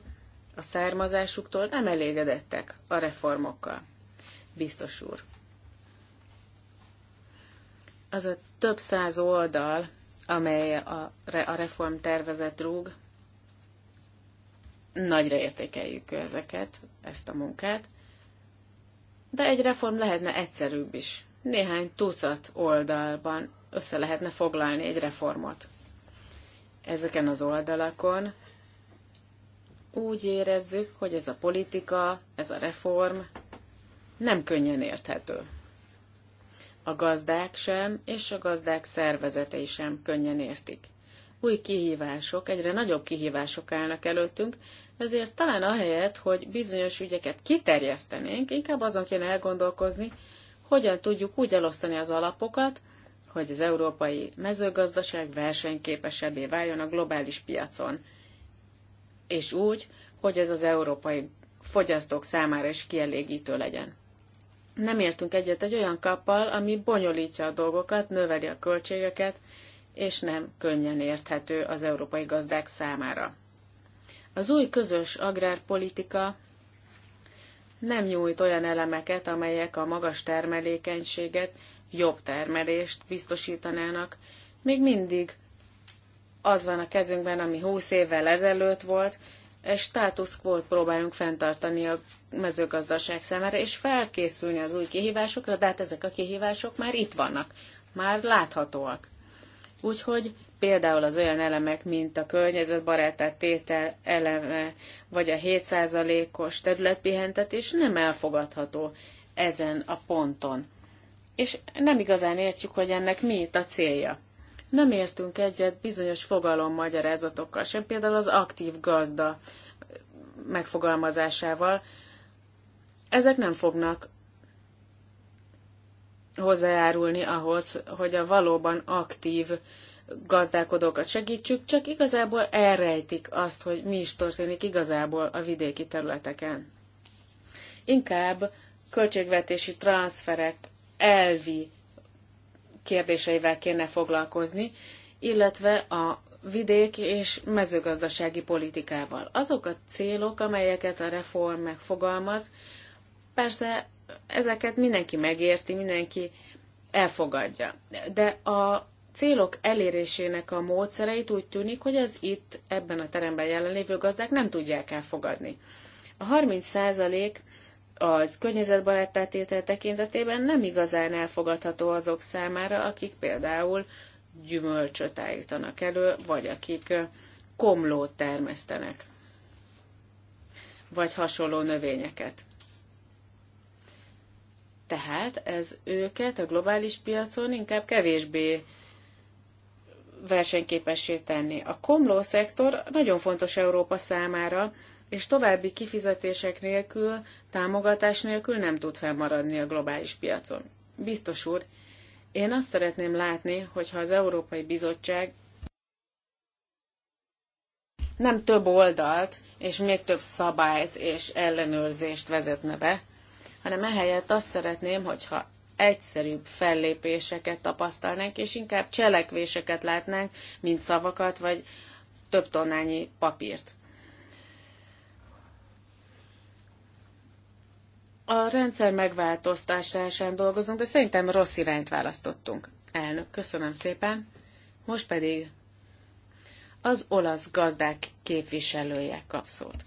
a származásuktól nem elégedettek a reformokkal biztos úr. Az a több száz oldal, amely a, a tervezet rúg, nagyra értékeljük ezeket, ezt a munkát, de egy reform lehetne egyszerűbb is. Néhány tucat oldalban össze lehetne foglalni egy reformot. Ezeken az oldalakon úgy érezzük, hogy ez a politika, ez a reform nem könnyen érthető. A gazdák sem, és a gazdák szervezetei sem könnyen értik. Új kihívások, egyre nagyobb kihívások állnak előttünk, ezért talán ahelyett, hogy bizonyos ügyeket kiterjesztenénk, inkább azon kéne elgondolkozni, hogyan tudjuk úgy elosztani az alapokat, hogy az európai mezőgazdaság versenyképesebbé váljon a globális piacon, és úgy, hogy ez az európai fogyasztók számára is kielégítő legyen nem értünk egyet egy olyan kappal, ami bonyolítja a dolgokat, növeli a költségeket, és nem könnyen érthető az európai gazdák számára. Az új közös agrárpolitika nem nyújt olyan elemeket, amelyek a magas termelékenységet, jobb termelést biztosítanának. Még mindig az van a kezünkben, ami húsz évvel ezelőtt volt, E státusz quo próbálunk fenntartani a mezőgazdaság szemére, és felkészülni az új kihívásokra, de hát ezek a kihívások már itt vannak, már láthatóak. Úgyhogy például az olyan elemek, mint a környezetbarát tétel eleme, vagy a 7%-os területpihentetés nem elfogadható ezen a ponton. És nem igazán értjük, hogy ennek mi itt a célja. Nem értünk egyet bizonyos fogalommagyarázatokkal sem, például az aktív gazda megfogalmazásával. Ezek nem fognak hozzájárulni ahhoz, hogy a valóban aktív gazdálkodókat segítsük, csak igazából elrejtik azt, hogy mi is történik igazából a vidéki területeken. Inkább költségvetési transferek elvi kérdéseivel kéne foglalkozni, illetve a vidék és mezőgazdasági politikával. Azok a célok, amelyeket a reform megfogalmaz, persze ezeket mindenki megérti, mindenki elfogadja. De a célok elérésének a módszereit úgy tűnik, hogy az itt, ebben a teremben jelenlévő gazdák nem tudják elfogadni. A 30 százalék az környezetbarát tétel tekintetében nem igazán elfogadható azok számára, akik például gyümölcsöt állítanak elő, vagy akik komlót termesztenek, vagy hasonló növényeket. Tehát ez őket a globális piacon inkább kevésbé versenyképessé tenni. A komló szektor nagyon fontos Európa számára, és további kifizetések nélkül, támogatás nélkül nem tud felmaradni a globális piacon. Biztos úr, én azt szeretném látni, hogyha az Európai Bizottság nem több oldalt, és még több szabályt és ellenőrzést vezetne be, hanem ehelyett azt szeretném, hogyha egyszerűbb fellépéseket tapasztalnánk, és inkább cselekvéseket látnánk, mint szavakat, vagy több tonnányi papírt. a rendszer megváltoztatásán dolgozunk, de szerintem rossz irányt választottunk. Elnök, köszönöm szépen. Most pedig az olasz gazdák képviselője kap szót.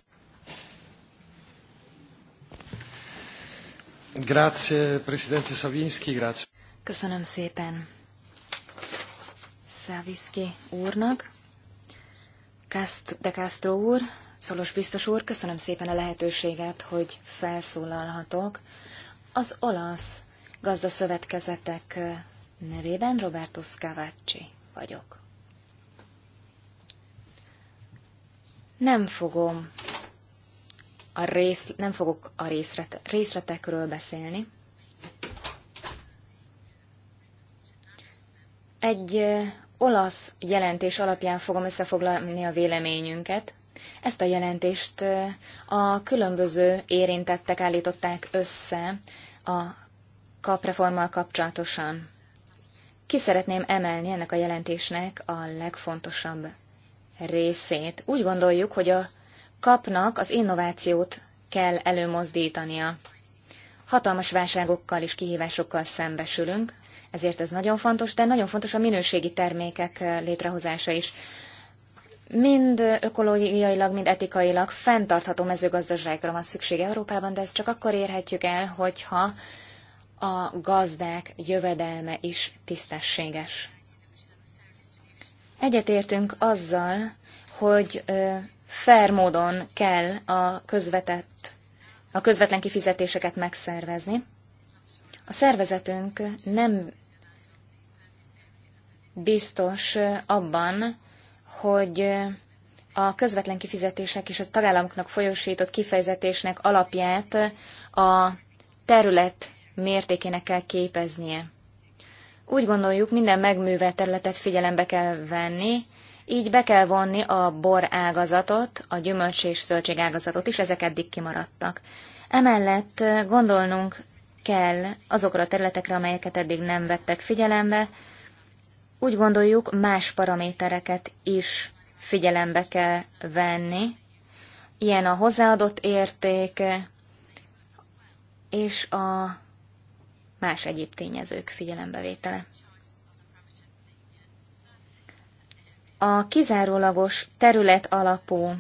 Grazie, Presidente Savinski, grazie. Köszönöm szépen Szavinszki úrnak, de Castro úr, Szolos biztos úr, köszönöm szépen a lehetőséget, hogy felszólalhatok. Az olasz gazdaszövetkezetek nevében Roberto Scavacci vagyok. Nem fogom a rész, nem fogok a részlet, részletekről beszélni. Egy olasz jelentés alapján fogom összefoglalni a véleményünket, ezt a jelentést a különböző érintettek állították össze a kapreformmal kapcsolatosan. Ki szeretném emelni ennek a jelentésnek a legfontosabb részét. Úgy gondoljuk, hogy a kapnak az innovációt kell előmozdítania. Hatalmas válságokkal és kihívásokkal szembesülünk, ezért ez nagyon fontos, de nagyon fontos a minőségi termékek létrehozása is mind ökológiailag, mind etikailag fenntartható mezőgazdaságra van szükség Európában, de ezt csak akkor érhetjük el, hogyha a gazdák jövedelme is tisztességes. Egyetértünk azzal, hogy fair módon kell a közvetett, a közvetlen kifizetéseket megszervezni. A szervezetünk nem biztos abban, hogy a közvetlen kifizetések és a tagállamoknak folyósított kifejezetésnek alapját a terület mértékének kell képeznie. Úgy gondoljuk, minden megművelt területet figyelembe kell venni, így be kell vonni a bor ágazatot, a gyümölcs és zöldség ágazatot is, ezek eddig kimaradtak. Emellett gondolnunk kell azokra a területekre, amelyeket eddig nem vettek figyelembe, úgy gondoljuk, más paramétereket is figyelembe kell venni, ilyen a hozzáadott érték és a más egyéb tényezők figyelembevétele. A kizárólagos terület alapú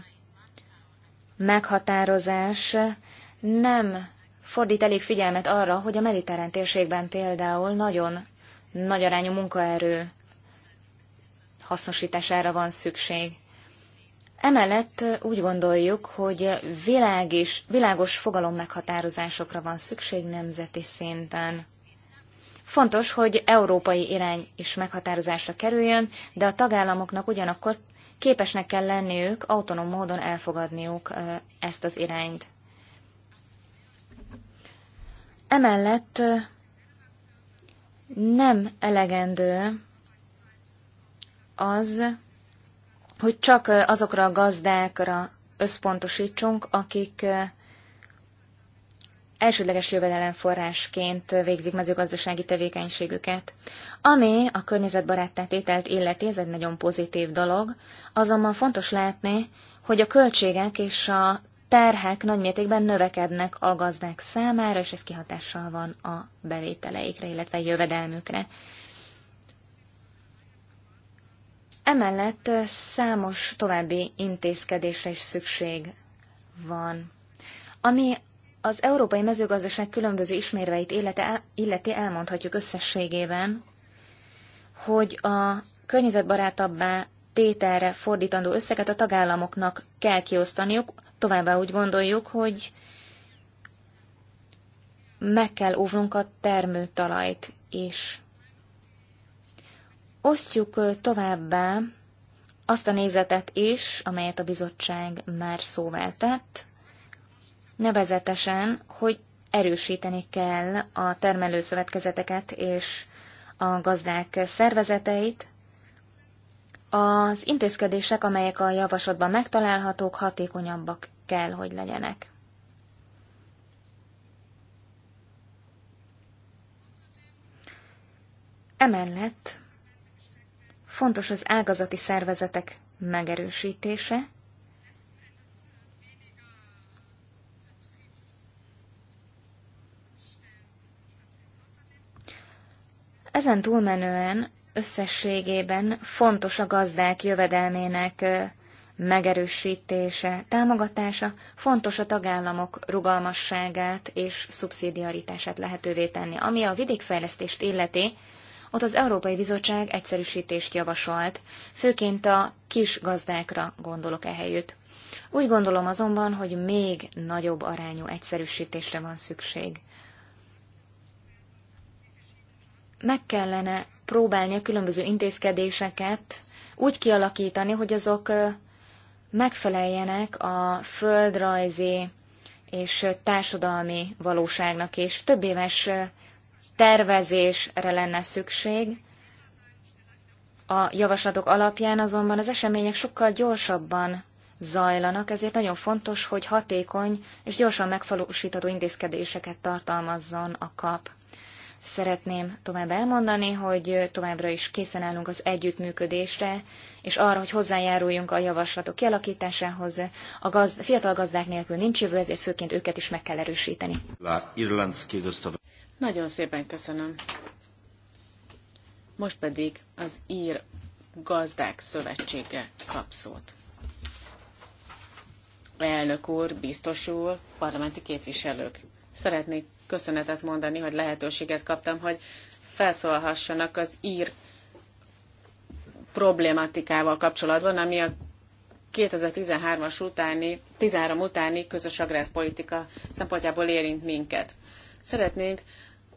meghatározás nem fordít elég figyelmet arra, hogy a mediterrán térségben például nagyon nagy arányú munkaerő hasznosítására van szükség. Emellett úgy gondoljuk, hogy világ és, világos fogalom meghatározásokra van szükség nemzeti szinten. Fontos, hogy európai irány is meghatározásra kerüljön, de a tagállamoknak ugyanakkor képesnek kell lenniük autonóm módon elfogadniuk ezt az irányt. Emellett nem elegendő az, hogy csak azokra a gazdákra összpontosítsunk, akik elsődleges jövedelemforrásként végzik mezőgazdasági tevékenységüket. Ami a környezetbarát tételt illeti, ez egy nagyon pozitív dolog, azonban fontos látni, hogy a költségek és a terhek nagymértékben növekednek a gazdák számára, és ez kihatással van a bevételeikre, illetve a jövedelmükre. Emellett számos további intézkedésre is szükség van. Ami az európai mezőgazdaság különböző ismérveit illeti elmondhatjuk összességében, hogy a környezetbarátabbá tételre fordítandó összeget a tagállamoknak kell kiosztaniuk, továbbá úgy gondoljuk, hogy meg kell óvnunk a termőtalajt is. Osztjuk továbbá azt a nézetet is, amelyet a bizottság már szóvá tett, nevezetesen, hogy erősíteni kell a termelőszövetkezeteket és a gazdák szervezeteit. Az intézkedések, amelyek a javaslatban megtalálhatók, hatékonyabbak kell, hogy legyenek. Emellett Fontos az ágazati szervezetek megerősítése, Ezen túlmenően összességében fontos a gazdák jövedelmének megerősítése, támogatása, fontos a tagállamok rugalmasságát és szubszidiaritását lehetővé tenni. Ami a vidékfejlesztést illeti, ott az Európai Bizottság egyszerűsítést javasolt, főként a kis gazdákra gondolok ehelyütt. Úgy gondolom azonban, hogy még nagyobb arányú egyszerűsítésre van szükség. Meg kellene próbálni a különböző intézkedéseket úgy kialakítani, hogy azok megfeleljenek a földrajzi és társadalmi valóságnak, és több éves tervezésre lenne szükség. A javaslatok alapján azonban az események sokkal gyorsabban zajlanak, ezért nagyon fontos, hogy hatékony és gyorsan megvalósítható intézkedéseket tartalmazzon a kap. Szeretném tovább elmondani, hogy továbbra is készen állunk az együttműködésre, és arra, hogy hozzájáruljunk a javaslatok kialakításához. A gazd, fiatal gazdák nélkül nincs jövő, ezért főként őket is meg kell erősíteni. Nagyon szépen köszönöm. Most pedig az Ír Gazdák Szövetsége kap szót. Elnök úr, biztos úr, parlamenti képviselők. Szeretnék köszönetet mondani, hogy lehetőséget kaptam, hogy felszólhassanak az ír problématikával kapcsolatban, ami a 2013-as utáni, 13 utáni közös agrárpolitika szempontjából érint minket. Szeretnénk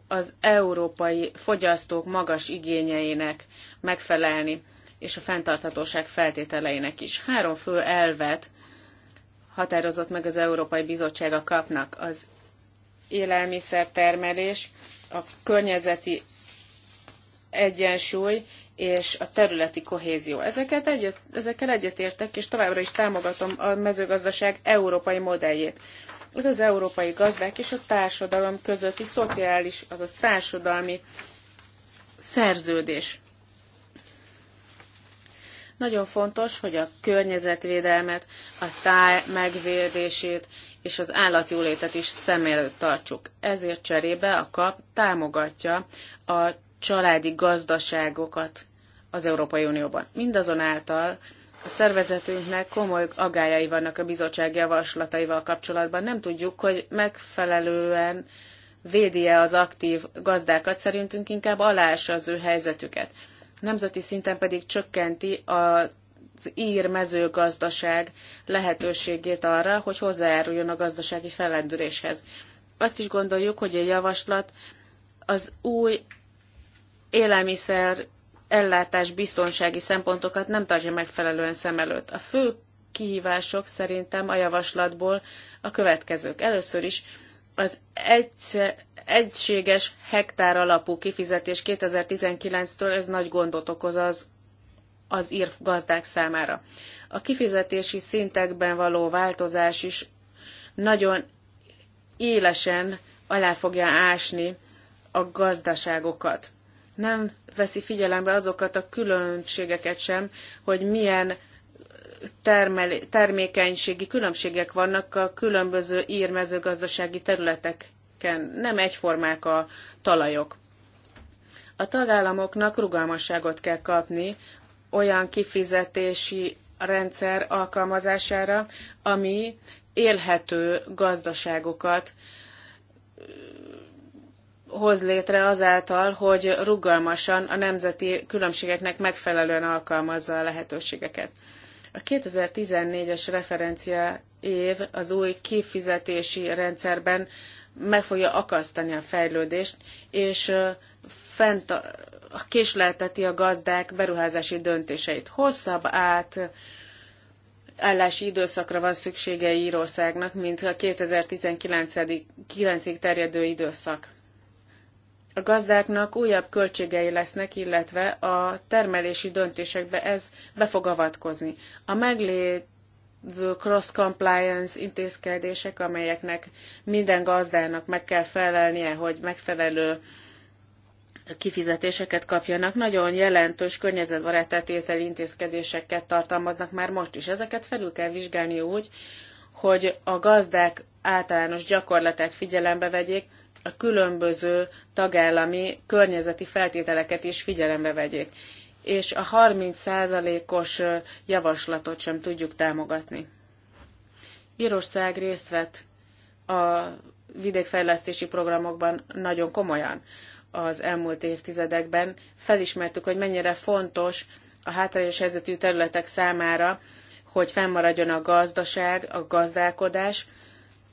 az európai fogyasztók magas igényeinek megfelelni, és a fenntarthatóság feltételeinek is. Három fő elvet határozott meg az Európai Bizottság a kapnak. Az élelmiszertermelés, a környezeti egyensúly és a területi kohézió. Ezeket egyet, ezekkel egyetértek, és továbbra is támogatom a mezőgazdaság európai modelljét az az európai gazdák és a társadalom közötti szociális, azaz társadalmi szerződés. Nagyon fontos, hogy a környezetvédelmet, a táj megvédését és az állatjólétet is szem előtt tartsuk. Ezért cserébe a KAP támogatja a családi gazdaságokat az Európai Unióban. Mindazonáltal a szervezetünknek komoly agályai vannak a bizottság javaslataival kapcsolatban. Nem tudjuk, hogy megfelelően védi-e az aktív gazdákat, szerintünk inkább aláássa az ő helyzetüket. Nemzeti szinten pedig csökkenti a az ír mezőgazdaság lehetőségét arra, hogy hozzájáruljon a gazdasági fellendüléshez. Azt is gondoljuk, hogy a javaslat az új élelmiszer ellátás biztonsági szempontokat nem tartja megfelelően szem előtt. A fő kihívások szerintem a javaslatból a következők. Először is az egy, egységes hektár alapú kifizetés 2019-től ez nagy gondot okoz az, az ír gazdák számára. A kifizetési szintekben való változás is nagyon élesen alá fogja ásni a gazdaságokat nem veszi figyelembe azokat a különbségeket sem, hogy milyen termel, termékenységi különbségek vannak a különböző ír mezőgazdasági területeken. Nem egyformák a talajok. A tagállamoknak rugalmasságot kell kapni olyan kifizetési rendszer alkalmazására, ami élhető gazdaságokat hoz létre azáltal, hogy rugalmasan a nemzeti különbségeknek megfelelően alkalmazza a lehetőségeket. A 2014-es referencia év az új kifizetési rendszerben meg fogja akasztani a fejlődést, és fent a, késlelteti a gazdák beruházási döntéseit. Hosszabb át állási időszakra van szüksége Írországnak, mint a 2019-ig terjedő időszak a gazdáknak újabb költségei lesznek, illetve a termelési döntésekbe ez be fog avatkozni. A meglévő cross-compliance intézkedések, amelyeknek minden gazdának meg kell felelnie, hogy megfelelő kifizetéseket kapjanak, nagyon jelentős tételi intézkedéseket tartalmaznak már most is. Ezeket felül kell vizsgálni úgy, hogy a gazdák általános gyakorlatát figyelembe vegyék, a különböző tagállami környezeti feltételeket is figyelembe vegyék. És a 30%-os javaslatot sem tudjuk támogatni. Írország részt vett a vidékfejlesztési programokban nagyon komolyan az elmúlt évtizedekben. Felismertük, hogy mennyire fontos a hátrányos helyzetű területek számára, hogy fennmaradjon a gazdaság, a gazdálkodás,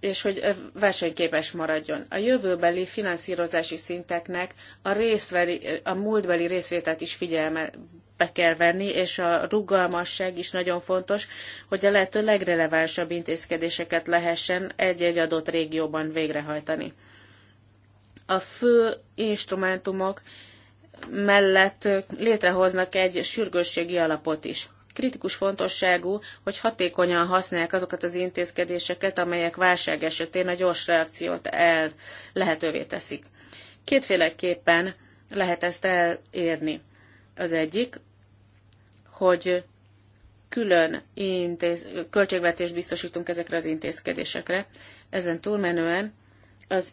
és hogy versenyképes maradjon. A jövőbeli finanszírozási szinteknek a, részveri, a múltbeli részvételt is figyelme be kell venni, és a rugalmasság is nagyon fontos, hogy a lehető legrelevánsabb intézkedéseket lehessen egy-egy adott régióban végrehajtani. A fő instrumentumok mellett létrehoznak egy sürgősségi alapot is kritikus fontosságú, hogy hatékonyan használják azokat az intézkedéseket, amelyek válság esetén a gyors reakciót el lehetővé teszik. Kétféleképpen lehet ezt elérni. Az egyik, hogy külön intéz, költségvetést biztosítunk ezekre az intézkedésekre. Ezen túlmenően az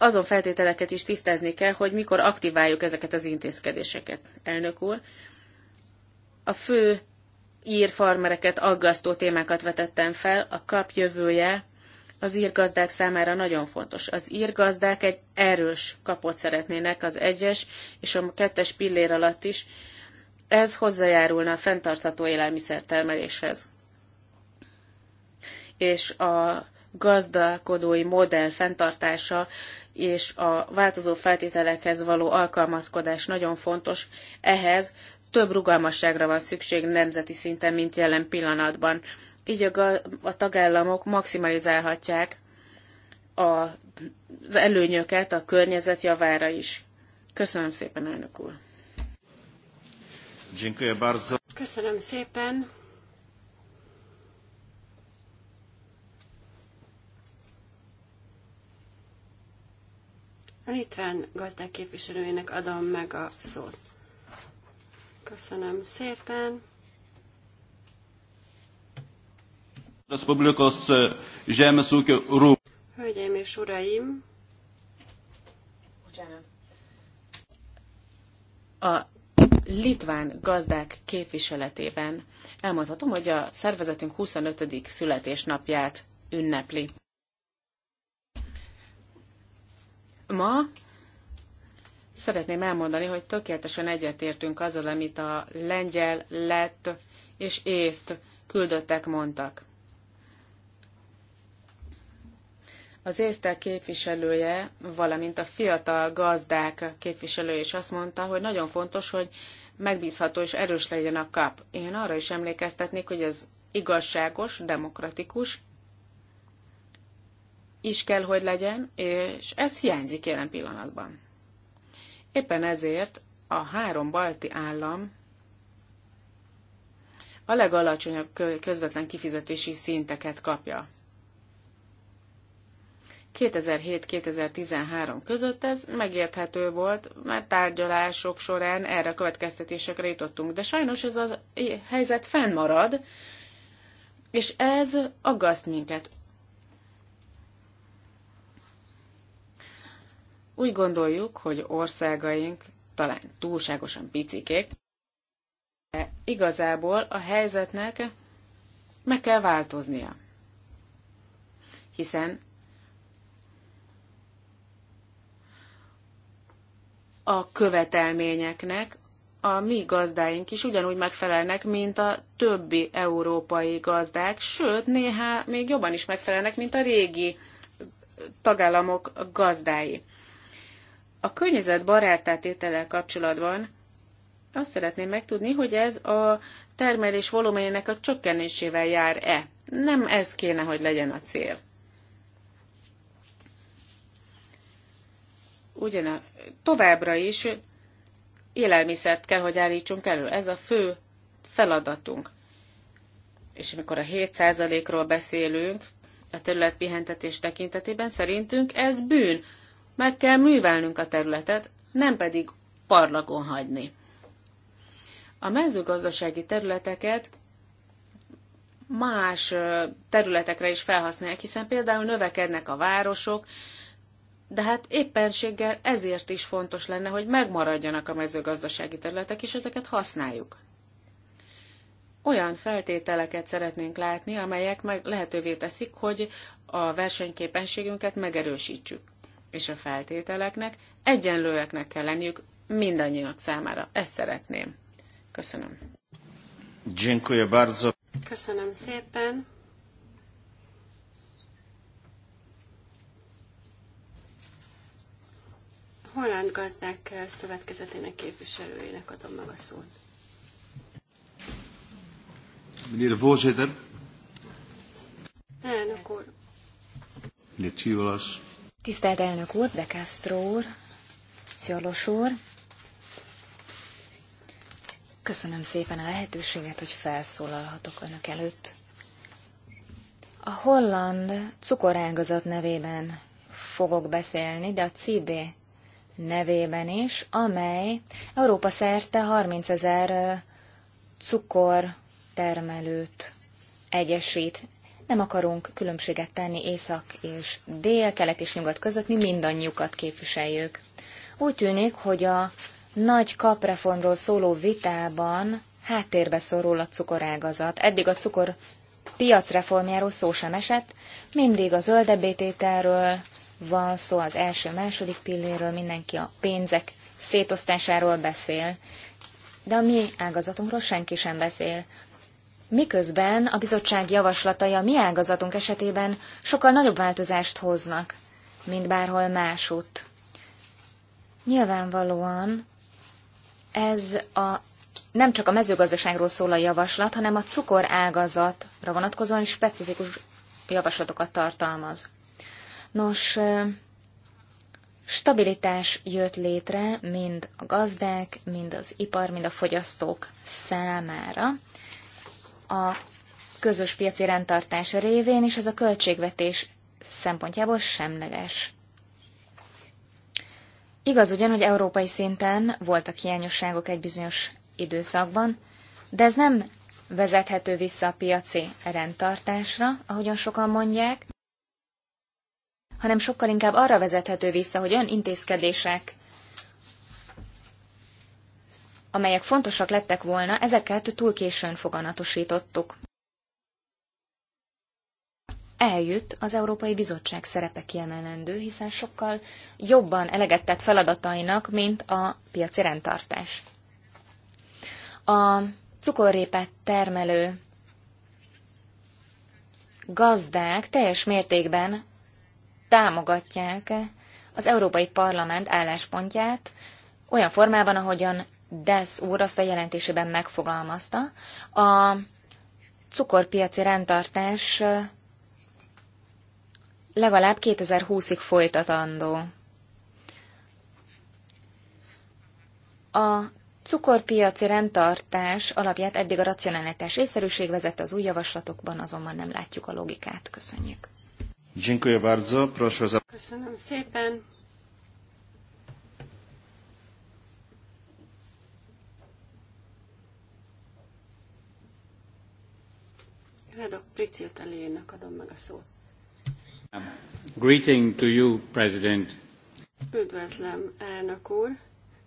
azon feltételeket is tisztázni kell, hogy mikor aktiváljuk ezeket az intézkedéseket. Elnök úr, a fő ír farmereket aggasztó témákat vetettem fel, a kap jövője az írgazdák számára nagyon fontos. Az írgazdák egy erős kapot szeretnének az egyes és a kettes pillér alatt is. Ez hozzájárulna a fenntartható élelmiszertermeléshez. És a gazdálkodói modell fenntartása és a változó feltételekhez való alkalmazkodás nagyon fontos. Ehhez több rugalmasságra van szükség nemzeti szinten, mint jelen pillanatban. Így a, a tagállamok maximalizálhatják a, az előnyöket a környezet javára is. Köszönöm szépen, elnök úr! Köszönöm szépen! A litván gazdák képviselőjének adom meg a szót. Köszönöm szépen. Eh, Hölgyeim és uraim! A litván gazdák képviseletében elmondhatom, hogy a szervezetünk 25. születésnapját ünnepli. Ma Szeretném elmondani, hogy tökéletesen egyetértünk azzal, amit a lengyel, lett és észt küldöttek mondtak. Az észtel képviselője, valamint a fiatal gazdák képviselője is azt mondta, hogy nagyon fontos, hogy megbízható és erős legyen a kap. Én arra is emlékeztetnék, hogy ez igazságos, demokratikus is kell, hogy legyen, és ez hiányzik jelen pillanatban. Éppen ezért a három balti állam a legalacsonyabb közvetlen kifizetési szinteket kapja. 2007-2013 között ez megérthető volt, mert tárgyalások során erre a következtetésekre jutottunk, de sajnos ez a helyzet fennmarad, és ez aggaszt minket. Úgy gondoljuk, hogy országaink talán túlságosan picikék, de igazából a helyzetnek meg kell változnia. Hiszen a követelményeknek a mi gazdáink is ugyanúgy megfelelnek, mint a többi európai gazdák, sőt, néha még jobban is megfelelnek, mint a régi tagállamok gazdái. A környezet baráttátétellel kapcsolatban azt szeretném megtudni, hogy ez a termelés volumenének a csökkenésével jár-e. Nem ez kéne, hogy legyen a cél. Ugyan továbbra is élelmiszert kell, hogy állítsunk elő. Ez a fő feladatunk. És amikor a 7%-ról beszélünk, a terület pihentetés tekintetében szerintünk ez bűn, meg kell művelnünk a területet, nem pedig parlagon hagyni. A mezőgazdasági területeket más területekre is felhasználják, hiszen például növekednek a városok, de hát éppenséggel ezért is fontos lenne, hogy megmaradjanak a mezőgazdasági területek, és ezeket használjuk. Olyan feltételeket szeretnénk látni, amelyek meg lehetővé teszik, hogy a versenyképességünket megerősítsük és a feltételeknek egyenlőeknek kell lenniük mindannyiak számára. Ezt szeretném. Köszönöm. Dziękuję bardzo. Köszönöm szépen. Holland Gazdák Szövetkezetének képviselőjének adom meg a szót. Meneer de voorzitter. Elnök úr. Meneer Tisztelt elnök úr, de Castro úr, Szjolos úr, köszönöm szépen a lehetőséget, hogy felszólalhatok önök előtt. A holland cukorágazat nevében fogok beszélni, de a CB nevében is, amely Európa szerte 30 ezer cukortermelőt egyesít. Nem akarunk különbséget tenni észak és dél, kelet és nyugat között, mi mindannyiukat képviseljük. Úgy tűnik, hogy a nagy kapreformról szóló vitában háttérbe szorul a cukorágazat. Eddig a cukor piacreformjáról szó sem esett, mindig a zöldebbétételről van szó, az első-második pilléről mindenki a pénzek szétosztásáról beszél, de a mi ágazatunkról senki sem beszél miközben a bizottság javaslatai a mi ágazatunk esetében sokkal nagyobb változást hoznak, mint bárhol másutt. Nyilvánvalóan ez a nem csak a mezőgazdaságról szól a javaslat, hanem a cukor ágazatra vonatkozóan is specifikus javaslatokat tartalmaz. Nos, stabilitás jött létre mind a gazdák, mind az ipar, mind a fogyasztók számára, a közös piaci rendtartás révén, és ez a költségvetés szempontjából semleges. Igaz ugyan, hogy európai szinten voltak hiányosságok egy bizonyos időszakban, de ez nem vezethető vissza a piaci rendtartásra, ahogyan sokan mondják, hanem sokkal inkább arra vezethető vissza, hogy olyan intézkedések amelyek fontosak lettek volna, ezeket túl későn foganatosítottuk. Eljött az Európai Bizottság szerepe kiemelendő, hiszen sokkal jobban elegettett feladatainak, mint a piaci rendtartás. A cukorrépet termelő gazdák teljes mértékben támogatják az Európai Parlament álláspontját olyan formában, ahogyan Dess úr azt a jelentésében megfogalmazta, a cukorpiaci rendtartás legalább 2020-ig folytatandó. A cukorpiaci rendtartás alapját eddig a racionálitás észszerűség vezette az új javaslatokban, azonban nem látjuk a logikát. Köszönjük. Köszönöm szépen. Redok Priciot elének adom meg a szót. Um, greeting to you, President. Üdvözlöm, elnök úr.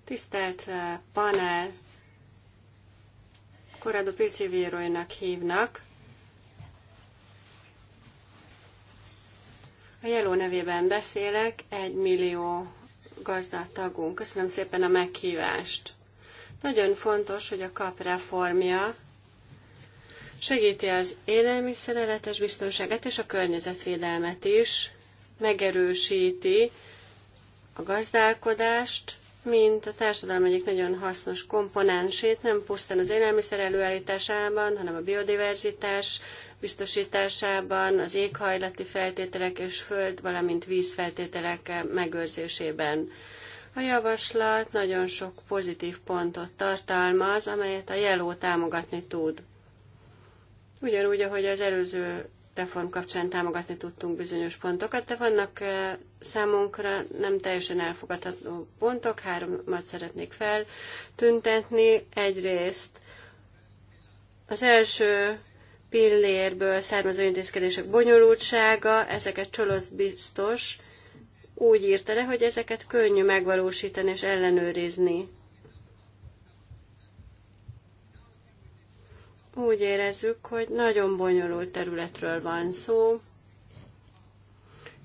Tisztelt uh, panel, Corrado Pilcivíróinak hívnak. A Jeló nevében beszélek, egy millió tagunk. Köszönöm szépen a meghívást. Nagyon fontos, hogy a kap reformja Segíti az élelmiszereletes biztonságát és a környezetvédelmet is, megerősíti a gazdálkodást, mint a társadalom egyik nagyon hasznos komponensét, nem pusztán az élelmiszer előállításában, hanem a biodiverzitás biztosításában, az éghajlati feltételek és föld, valamint vízfeltételek megőrzésében. A javaslat nagyon sok pozitív pontot tartalmaz, amelyet a jeló támogatni tud. Ugyanúgy, ahogy az előző reform kapcsán támogatni tudtunk bizonyos pontokat, de vannak eh, számunkra nem teljesen elfogadható pontok, háromat szeretnék feltüntetni. Egyrészt az első pillérből származó intézkedések bonyolultsága, ezeket Csolosz biztos úgy írta le, hogy ezeket könnyű megvalósítani és ellenőrizni. úgy érezzük, hogy nagyon bonyolult területről van szó,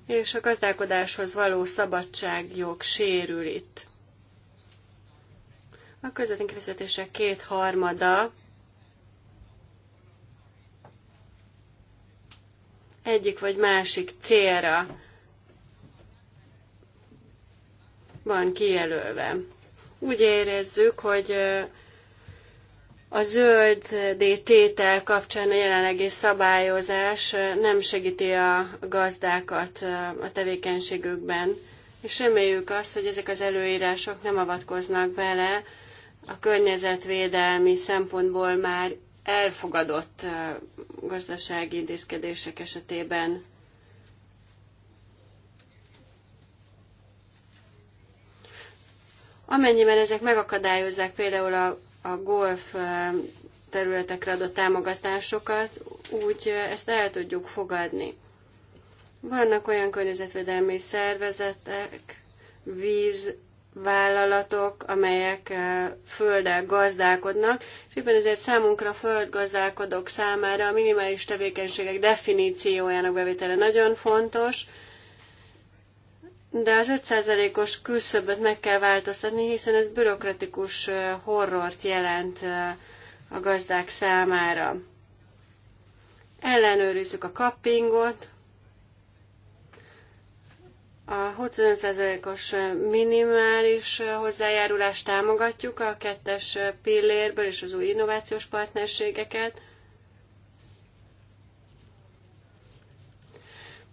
és a gazdálkodáshoz való szabadságjog sérül itt. A közvetlen kifizetések kétharmada egyik vagy másik célra van kijelölve. Úgy érezzük, hogy a zöld tétel kapcsán a jelenlegi szabályozás nem segíti a gazdákat a tevékenységükben, és reméljük azt, hogy ezek az előírások nem avatkoznak bele a környezetvédelmi szempontból már elfogadott gazdasági intézkedések esetében. Amennyiben ezek megakadályozzák például a a golf területekre adott támogatásokat, úgy ezt el tudjuk fogadni. Vannak olyan környezetvédelmi szervezetek, vízvállalatok, amelyek földdel gazdálkodnak, és éppen ezért számunkra földgazdálkodók számára a minimális tevékenységek definíciójának bevétele nagyon fontos, de az 5%-os külszöböt meg kell változtatni, hiszen ez bürokratikus horrort jelent a gazdák számára. Ellenőrizzük a kappingot, a 25%-os minimális hozzájárulást támogatjuk a kettes pillérből és az új innovációs partnerségeket.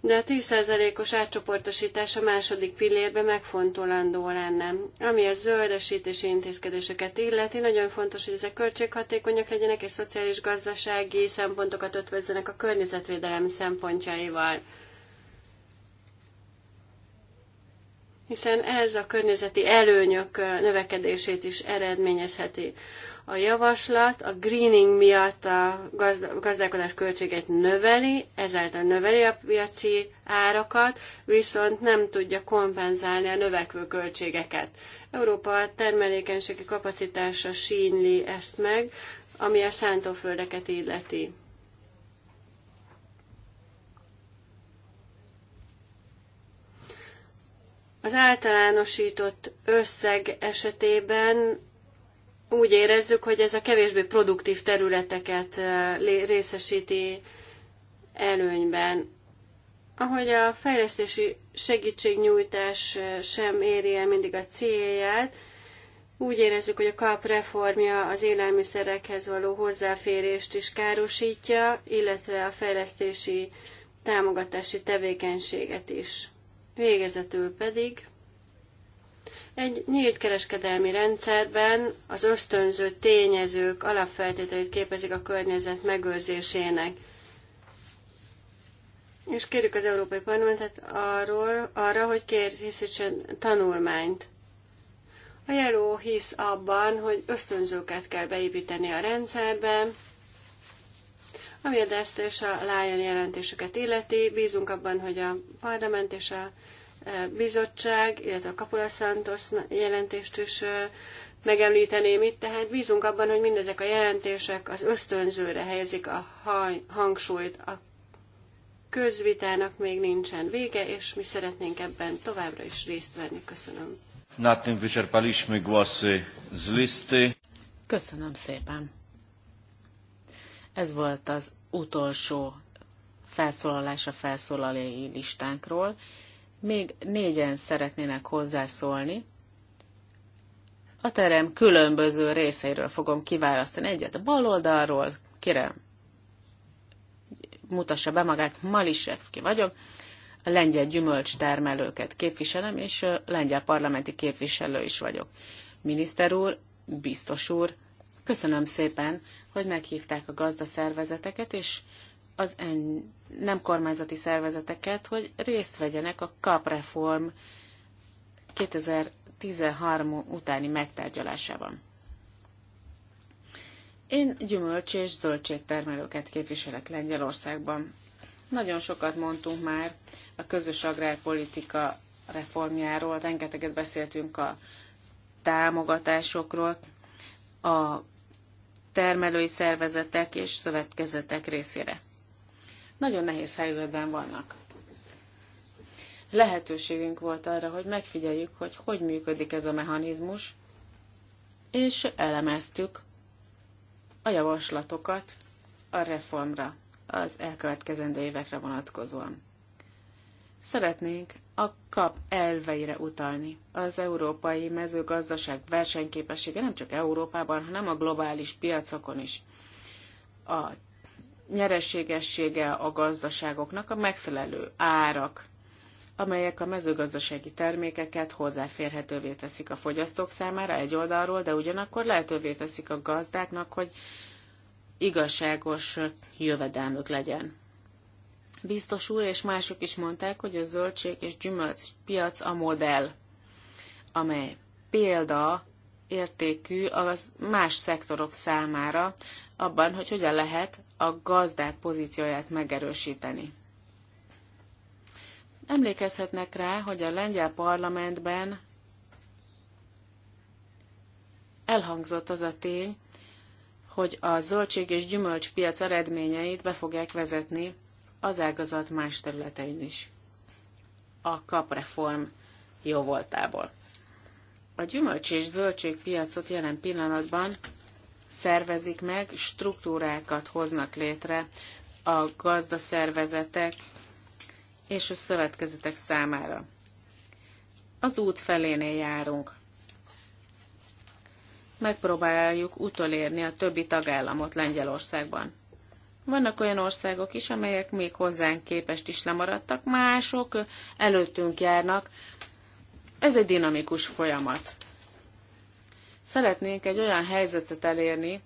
de a 10%-os átcsoportosítás a második pillérbe megfontolandó lenne. Ami a zöldesítési intézkedéseket illeti, nagyon fontos, hogy ezek költséghatékonyak legyenek, és szociális-gazdasági szempontokat ötvözzenek a környezetvédelem szempontjaival. hiszen ez a környezeti előnyök növekedését is eredményezheti. A javaslat a greening miatt a gazdálkodás költségeit növeli, ezáltal növeli a piaci árakat, viszont nem tudja kompenzálni a növekvő költségeket. Európa termelékenységi kapacitása sínli ezt meg, ami a szántóföldeket illeti. Az általánosított összeg esetében úgy érezzük, hogy ez a kevésbé produktív területeket eh, részesíti előnyben. Ahogy a fejlesztési segítségnyújtás eh, sem éri el mindig a célját, úgy érezzük, hogy a kap reformja az élelmiszerekhez való hozzáférést is károsítja, illetve a fejlesztési támogatási tevékenységet is. Végezetül pedig egy nyílt kereskedelmi rendszerben az ösztönző tényezők alapfeltételét képezik a környezet megőrzésének. És kérjük az Európai Parlamentet arról, arra, hogy készítsen tanulmányt. A Jeló hisz abban, hogy ösztönzőket kell beépíteni a rendszerbe, ami a DESZT és a Lion jelentésüket illeti. Bízunk abban, hogy a parlament és a bizottság, illetve a Kapula Santos jelentést is megemlíteném itt, tehát bízunk abban, hogy mindezek a jelentések az ösztönzőre helyezik a hangsúlyt. A közvitának még nincsen vége, és mi szeretnénk ebben továbbra is részt venni. Köszönöm. Na Köszönöm szépen. Ez volt az utolsó felszólalás a felszólalói listánkról. Még négyen szeretnének hozzászólni. A terem különböző részeiről fogom kiválasztani egyet a bal oldalról. Kérem, mutassa be magát, Malisevski vagyok. A lengyel gyümölcstermelőket képviselem, és lengyel parlamenti képviselő is vagyok. Miniszter úr, biztos úr, köszönöm szépen, hogy meghívták a gazdaszervezeteket, és az nem kormányzati szervezeteket, hogy részt vegyenek a kapreform 2013 utáni megtárgyalásában. Én gyümölcs és zöldségtermelőket képviselek Lengyelországban. Nagyon sokat mondtunk már a közös agrárpolitika reformjáról, rengeteget beszéltünk a támogatásokról, a termelői szervezetek és szövetkezetek részére nagyon nehéz helyzetben vannak. Lehetőségünk volt arra, hogy megfigyeljük, hogy hogy működik ez a mechanizmus, és elemeztük a javaslatokat a reformra, az elkövetkezendő évekre vonatkozóan. Szeretnénk a kap elveire utalni. Az európai mezőgazdaság versenyképessége nem csak Európában, hanem a globális piacokon is. A nyereségessége a gazdaságoknak a megfelelő árak, amelyek a mezőgazdasági termékeket hozzáférhetővé teszik a fogyasztók számára egy oldalról, de ugyanakkor lehetővé teszik a gazdáknak, hogy igazságos jövedelmük legyen. Biztos úr és mások is mondták, hogy a zöldség és gyümölcs piac a modell, amely példa értékű az más szektorok számára, abban, hogy hogyan lehet a gazdák pozícióját megerősíteni. Emlékezhetnek rá, hogy a lengyel parlamentben elhangzott az a tény, hogy a zöldség és gyümölcspiac eredményeit be fogják vezetni az ágazat más területein is. A kapreform jó voltából. A gyümölcs és zöldségpiacot jelen pillanatban szervezik meg, struktúrákat hoznak létre a gazdaszervezetek és a szövetkezetek számára. Az út felénél járunk. Megpróbáljuk utolérni a többi tagállamot Lengyelországban. Vannak olyan országok is, amelyek még hozzánk képest is lemaradtak, mások előttünk járnak. Ez egy dinamikus folyamat. Szeretnénk egy olyan helyzetet elérni,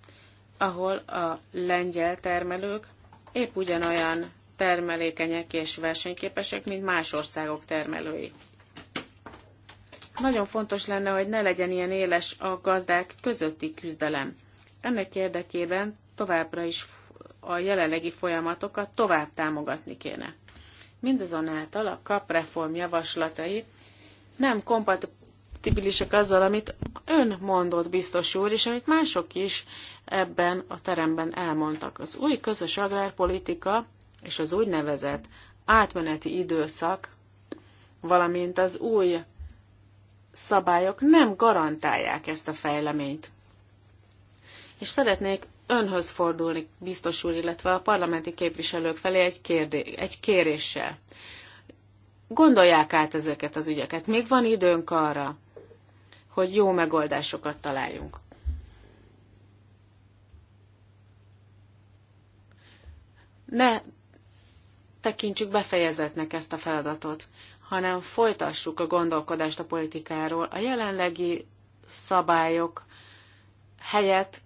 ahol a lengyel termelők épp ugyanolyan termelékenyek és versenyképesek, mint más országok termelői. Nagyon fontos lenne, hogy ne legyen ilyen éles a gazdák közötti küzdelem. Ennek érdekében továbbra is a jelenlegi folyamatokat tovább támogatni kéne. Mindazonáltal a kapreform javaslatai nem kompatibilis kompatibilisek azzal, amit ön mondott, biztos úr, és amit mások is ebben a teremben elmondtak. Az új közös agrárpolitika és az úgynevezett átmeneti időszak, valamint az új szabályok nem garantálják ezt a fejleményt. És szeretnék önhöz fordulni, biztos úr, illetve a parlamenti képviselők felé egy, kérdé- egy kéréssel gondolják át ezeket az ügyeket. Még van időnk arra, hogy jó megoldásokat találjunk. Ne tekintsük befejezetnek ezt a feladatot, hanem folytassuk a gondolkodást a politikáról. A jelenlegi szabályok helyett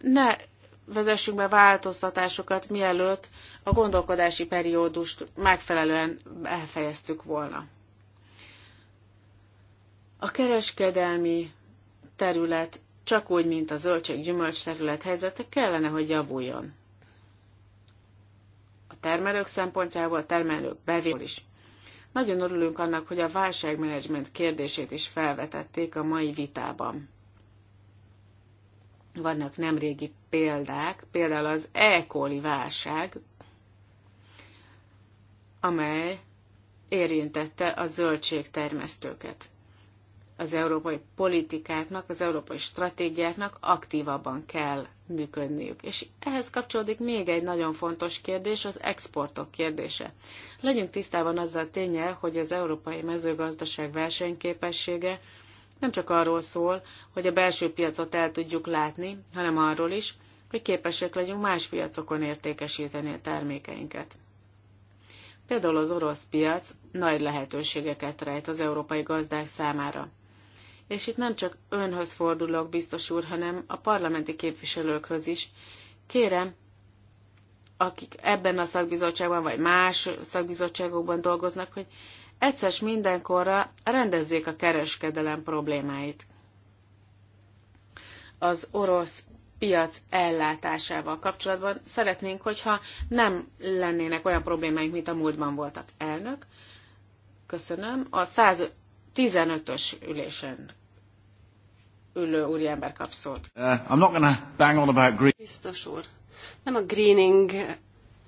ne vezessünk be változtatásokat, mielőtt a gondolkodási periódust megfelelően elfejeztük volna. A kereskedelmi terület, csak úgy, mint a zöldség-gyümölcs terület helyzete kellene, hogy javuljon. A termelők szempontjából, a termelők bevétel is. Nagyon örülünk annak, hogy a válságmenedzsment kérdését is felvetették a mai vitában. Vannak nemrégi példák, például az e válság, amely érintette a zöldségtermesztőket az európai politikáknak, az európai stratégiáknak aktívabban kell működniük. És ehhez kapcsolódik még egy nagyon fontos kérdés, az exportok kérdése. Legyünk tisztában azzal a tényel, hogy az európai mezőgazdaság versenyképessége nem csak arról szól, hogy a belső piacot el tudjuk látni, hanem arról is, hogy képesek legyünk más piacokon értékesíteni a termékeinket. Például az orosz piac nagy lehetőségeket rejt az európai gazdák számára és itt nem csak önhöz fordulok, biztos úr, hanem a parlamenti képviselőkhöz is. Kérem, akik ebben a szakbizottságban, vagy más szakbizottságokban dolgoznak, hogy egyszer mindenkorra rendezzék a kereskedelem problémáit. Az orosz piac ellátásával kapcsolatban szeretnénk, hogyha nem lennének olyan problémáink, mint a múltban voltak. Elnök, köszönöm. A 100, 15-ös ülésen ülő úriember kap szót. Uh, I'm not gonna bang on about green. Biztos úr. Nem a Greening,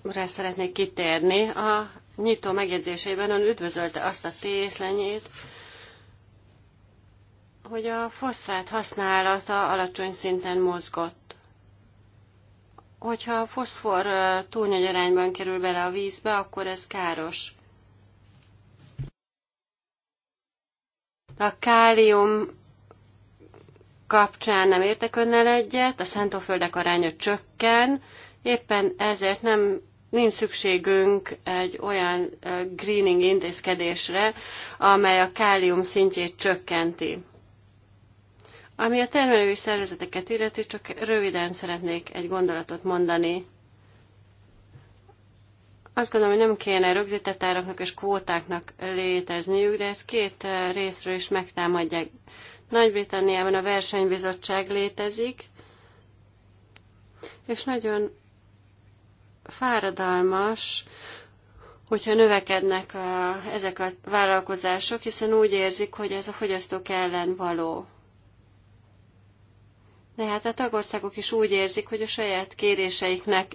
rá szeretnék kitérni. A nyitó megjegyzéseiben ön üdvözölte azt a tészlenyét, hogy a foszfát használata alacsony szinten mozgott. Hogyha a foszfor uh, túlnyagy arányban kerül bele a vízbe, akkor ez káros. a kálium kapcsán nem értek önnel egyet, a szántóföldek aránya csökken, éppen ezért nem nincs szükségünk egy olyan greening intézkedésre, amely a kálium szintjét csökkenti. Ami a termelői szervezeteket illeti, csak röviden szeretnék egy gondolatot mondani. Azt gondolom, hogy nem kéne rögzített áraknak és kvótáknak létezniük, de ezt két eh, részről is megtámadják. Nagy-Britanniában a versenybizottság létezik, és nagyon fáradalmas, hogyha növekednek a, ezek a vállalkozások, hiszen úgy érzik, hogy ez a fogyasztók ellen való. De hát a tagországok is úgy érzik, hogy a saját kéréseiknek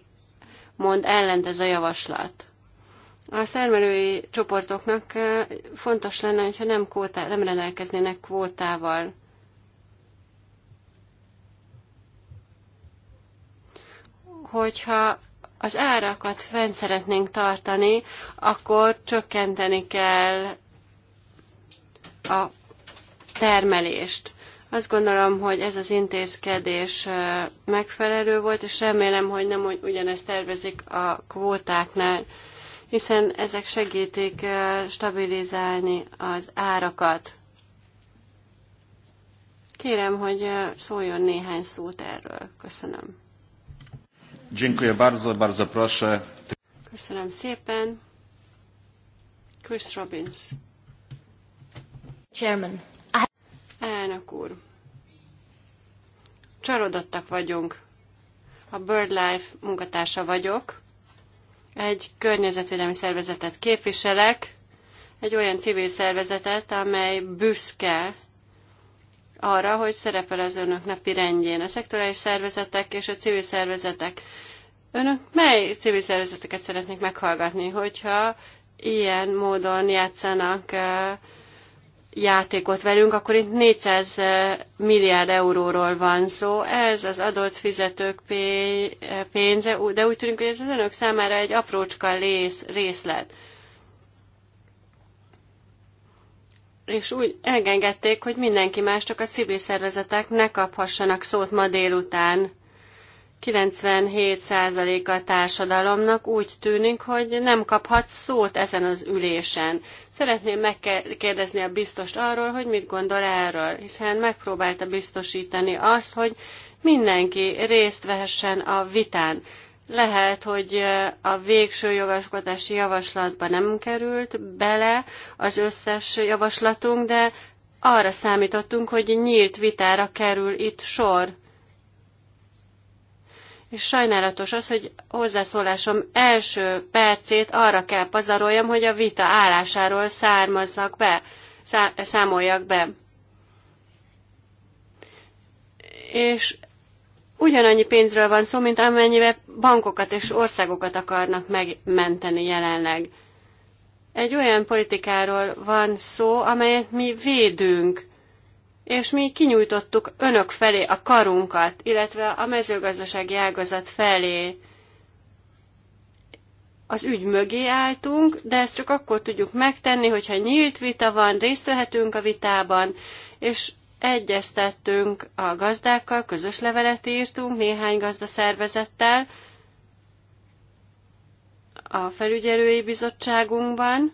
mond ellent ez a javaslat. A szermelői csoportoknak eh, fontos lenne, hogyha nem, kvótá, nem rendelkeznének kvótával. Hogyha az árakat fent szeretnénk tartani, akkor csökkenteni kell a termelést. Azt gondolom, hogy ez az intézkedés megfelelő volt, és remélem, hogy nem ugyanezt tervezik a kvótáknál, hiszen ezek segítik stabilizálni az árakat. Kérem, hogy szóljon néhány szót erről. Köszönöm. Dziękuję bardzo, bardzo proszę. Köszönöm szépen. Chris Robbins. Chairman. Elnök úr, csalódottak vagyunk. A BirdLife munkatársa vagyok. Egy környezetvédelmi szervezetet képviselek, egy olyan civil szervezetet, amely büszke arra, hogy szerepel az önök napi rendjén. A szektorális szervezetek és a civil szervezetek. Önök mely civil szervezeteket szeretnék meghallgatni, hogyha ilyen módon játszanak uh, játékot velünk, akkor itt 400 eh, milliárd euróról van szó. Ez az adott fizetők eh, pénze, de úgy tűnik, hogy ez az önök számára egy aprócska rész, részlet. És úgy engedték, hogy mindenki más, csak a civil szervezetek ne kaphassanak szót ma délután. 97% a társadalomnak úgy tűnik, hogy nem kaphat szót ezen az ülésen. Szeretném megkérdezni a biztost arról, hogy mit gondol erről, hiszen megpróbálta biztosítani azt, hogy mindenki részt vehessen a vitán. Lehet, hogy a végső jogaskotási javaslatba nem került bele az összes javaslatunk, de arra számítottunk, hogy nyílt vitára kerül itt sor. És sajnálatos az, hogy hozzászólásom első percét arra kell pazaroljam, hogy a vita állásáról származzak be, szá- számoljak be. És ugyanannyi pénzről van szó, mint amennyivel bankokat és országokat akarnak megmenteni jelenleg. Egy olyan politikáról van szó, amelyet mi védünk és mi kinyújtottuk önök felé a karunkat, illetve a mezőgazdasági ágazat felé az ügy mögé álltunk, de ezt csak akkor tudjuk megtenni, hogyha nyílt vita van, részt vehetünk a vitában, és egyeztettünk a gazdákkal, közös levelet írtunk néhány gazdaszervezettel a felügyelői bizottságunkban,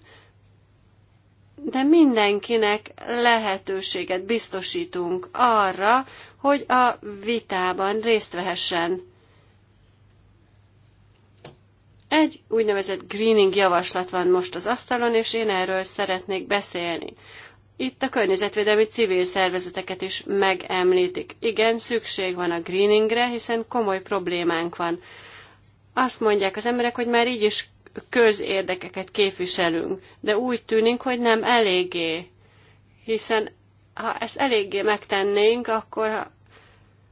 de mindenkinek lehetőséget biztosítunk arra, hogy a vitában részt vehessen. Egy úgynevezett greening javaslat van most az asztalon, és én erről szeretnék beszélni. Itt a környezetvédelmi civil szervezeteket is megemlítik. Igen, szükség van a greeningre, hiszen komoly problémánk van. Azt mondják az emberek, hogy már így is közérdekeket képviselünk, de úgy tűnik, hogy nem eléggé, hiszen ha ezt eléggé megtennénk, akkor ha,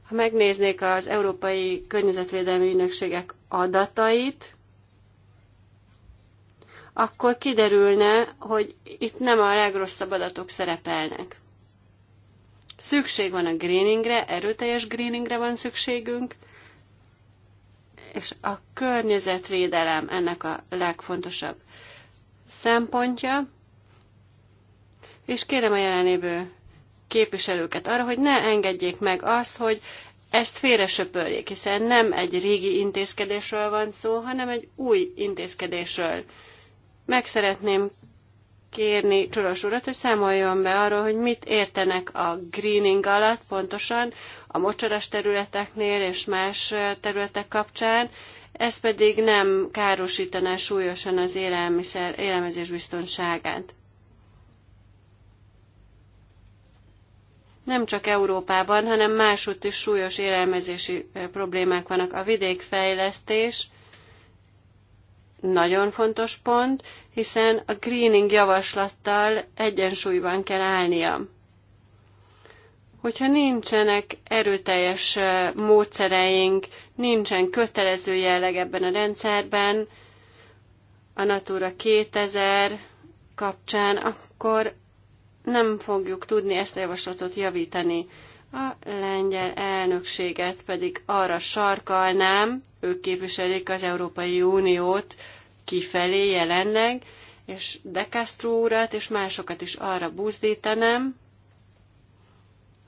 ha megnéznék az európai környezetvédelmi ügynökségek adatait, akkor kiderülne, hogy itt nem a legrosszabb adatok szerepelnek. Szükség van a greeningre, erőteljes greeningre van szükségünk, és a környezetvédelem ennek a legfontosabb szempontja, és kérem a jelenéből képviselőket arra, hogy ne engedjék meg azt, hogy ezt félre söpörjék, hiszen nem egy régi intézkedésről van szó, hanem egy új intézkedésről. Meg szeretném kérni Csoros urat, hogy számoljon be arról, hogy mit értenek a greening alatt pontosan a mocsaras területeknél és más területek kapcsán, ez pedig nem károsítaná súlyosan az élelmiszer, élelmezés biztonságát. Nem csak Európában, hanem máshogy is súlyos élelmezési problémák vannak. A vidékfejlesztés nagyon fontos pont, hiszen a greening javaslattal egyensúlyban kell állnia. Hogyha nincsenek erőteljes módszereink, nincsen kötelező jelleg ebben a rendszerben, a Natura 2000 kapcsán, akkor nem fogjuk tudni ezt a javaslatot javítani. A lengyel elnökséget pedig arra sarkalnám, ők képviselik az Európai Uniót, kifelé jelenleg, és De Castro urat és másokat is arra buzdítanám,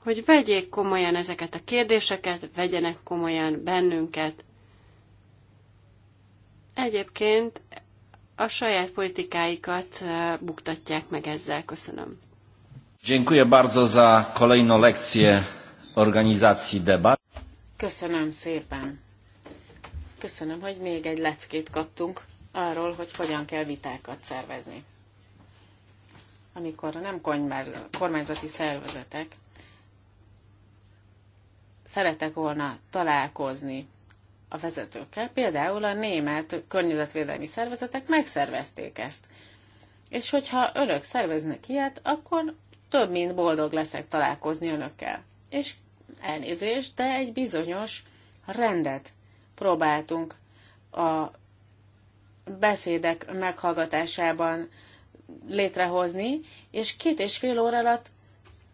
hogy vegyék komolyan ezeket a kérdéseket, vegyenek komolyan bennünket. Egyébként a saját politikáikat eh, buktatják meg ezzel. Köszönöm. Dziękuję bardzo za kolejną lekcję organizacji debat. Köszönöm szépen. Köszönöm, hogy még egy leckét kaptunk arról, hogy hogyan kell vitákat szervezni. Amikor nem kormányzati szervezetek szeretek volna találkozni a vezetőkkel, például a német környezetvédelmi szervezetek megszervezték ezt. És hogyha önök szerveznek ilyet, akkor több mint boldog leszek találkozni önökkel. És elnézést, de egy bizonyos rendet próbáltunk a beszédek meghallgatásában létrehozni, és két és fél óra alatt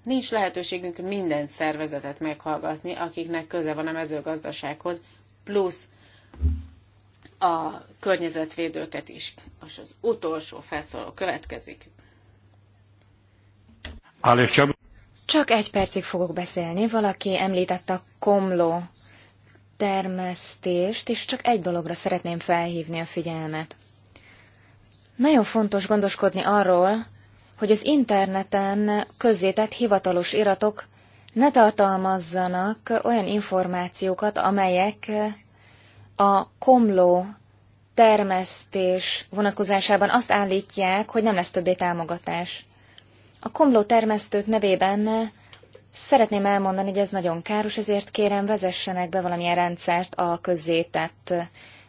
nincs lehetőségünk minden szervezetet meghallgatni, akiknek köze van a mezőgazdasághoz, plusz a környezetvédőket is. Most az utolsó felszóló következik. Csak egy percig fogok beszélni. Valaki említette a komló termesztést, és csak egy dologra szeretném felhívni a figyelmet. Nagyon fontos gondoskodni arról, hogy az interneten közzétett hivatalos iratok ne tartalmazzanak olyan információkat, amelyek a komló termesztés vonatkozásában azt állítják, hogy nem lesz többé támogatás. A komló termesztők nevében Szeretném elmondani, hogy ez nagyon káros, ezért kérem, vezessenek be valamilyen rendszert a közzétett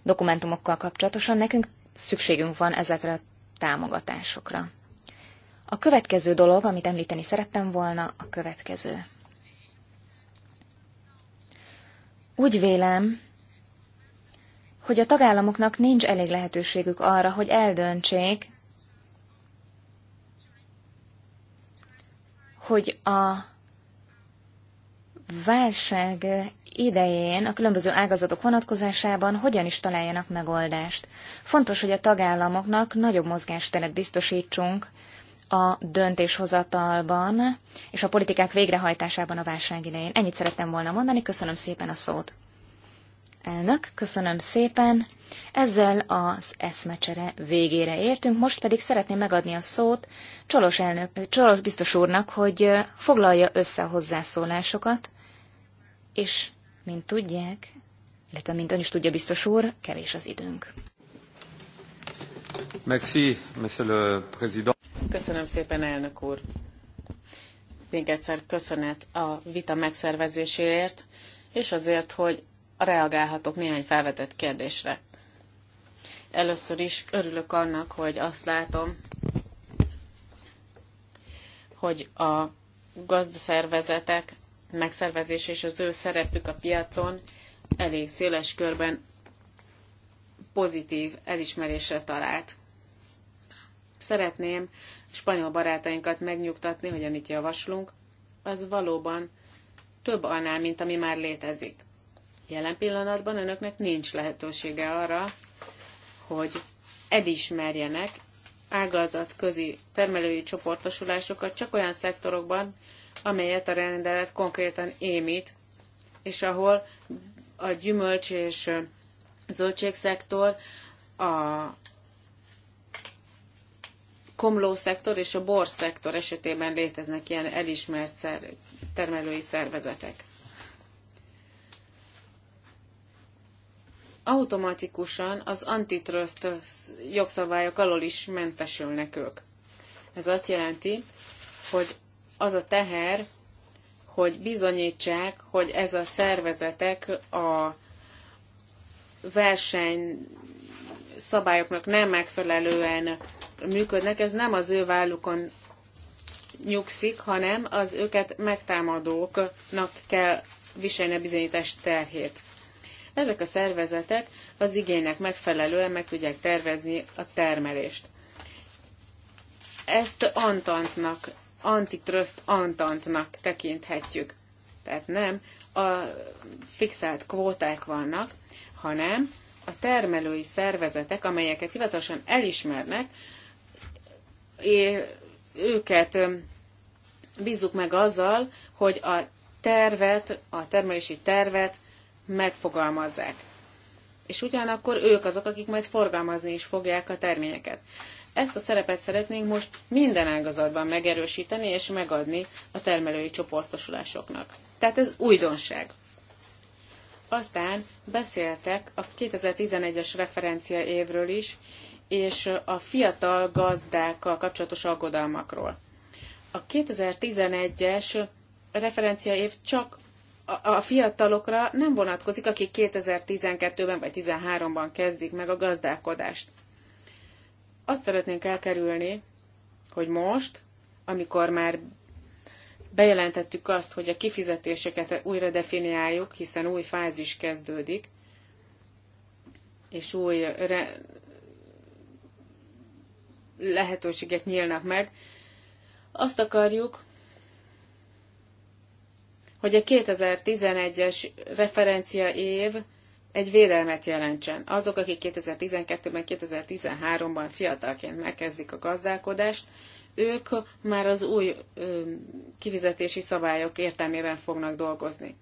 dokumentumokkal kapcsolatosan. Nekünk szükségünk van ezekre a támogatásokra. A következő dolog, amit említeni szerettem volna, a következő. Úgy vélem, hogy a tagállamoknak nincs elég lehetőségük arra, hogy eldöntsék, hogy a válság idején a különböző ágazatok vonatkozásában hogyan is találjanak megoldást. Fontos, hogy a tagállamoknak nagyobb mozgásteret biztosítsunk a döntéshozatalban és a politikák végrehajtásában a válság idején. Ennyit szerettem volna mondani, köszönöm szépen a szót. Elnök, köszönöm szépen. Ezzel az eszmecsere végére értünk, most pedig szeretném megadni a szót Csolos, elnök, Csolos biztos úrnak, hogy foglalja össze a hozzászólásokat, és, mint tudják, illetve mint ön is tudja, biztos úr, kevés az időnk. Merci, monsieur le président. Köszönöm szépen, elnök úr. Még egyszer köszönet a vita megszervezéséért, és azért, hogy reagálhatok néhány felvetett kérdésre. Először is örülök annak, hogy azt látom, hogy a gazdaszervezetek megszervezés és az ő szerepük a piacon elég széles körben pozitív elismerésre talált. Szeretném spanyol barátainkat megnyugtatni, hogy amit javaslunk, az valóban több annál, mint ami már létezik. Jelen pillanatban önöknek nincs lehetősége arra, hogy elismerjenek ágazat közi termelői csoportosulásokat csak olyan szektorokban, amelyet a rendelet konkrétan émít, és ahol a gyümölcs és zöldségszektor, a komlószektor és a borszektor esetében léteznek ilyen elismert szer- termelői szervezetek. Automatikusan az antitrust jogszabályok alól is mentesülnek ők. Ez azt jelenti, hogy az a teher, hogy bizonyítsák, hogy ez a szervezetek a verseny szabályoknak nem megfelelően működnek, ez nem az ő vállukon nyugszik, hanem az őket megtámadóknak kell viselni a bizonyítás terhét. Ezek a szervezetek az igénynek megfelelően meg tudják tervezni a termelést. Ezt Antantnak antitrust antantnak tekinthetjük. Tehát nem a fixált kvóták vannak, hanem a termelői szervezetek, amelyeket hivatalosan elismernek, és őket bízzuk meg azzal, hogy a tervet, a termelési tervet megfogalmazzák. És ugyanakkor ők azok, akik majd forgalmazni is fogják a terményeket. Ezt a szerepet szeretnénk most minden ágazatban megerősíteni és megadni a termelői csoportosulásoknak. Tehát ez újdonság. Aztán beszéltek a 2011-es referencia évről is, és a fiatal gazdákkal kapcsolatos aggodalmakról. A 2011-es referencia év csak a fiatalokra nem vonatkozik, akik 2012-ben vagy 2013-ban kezdik meg a gazdálkodást. Azt szeretnénk elkerülni, hogy most, amikor már bejelentettük azt, hogy a kifizetéseket újra definiáljuk, hiszen új fázis kezdődik, és új re- lehetőségek nyílnak meg. Azt akarjuk, hogy a 2011-es referencia év egy védelmet jelentsen. Azok, akik 2012-ben, 2013-ban fiatalként megkezdik a gazdálkodást, ők már az új ö, kifizetési szabályok értelmében fognak dolgozni.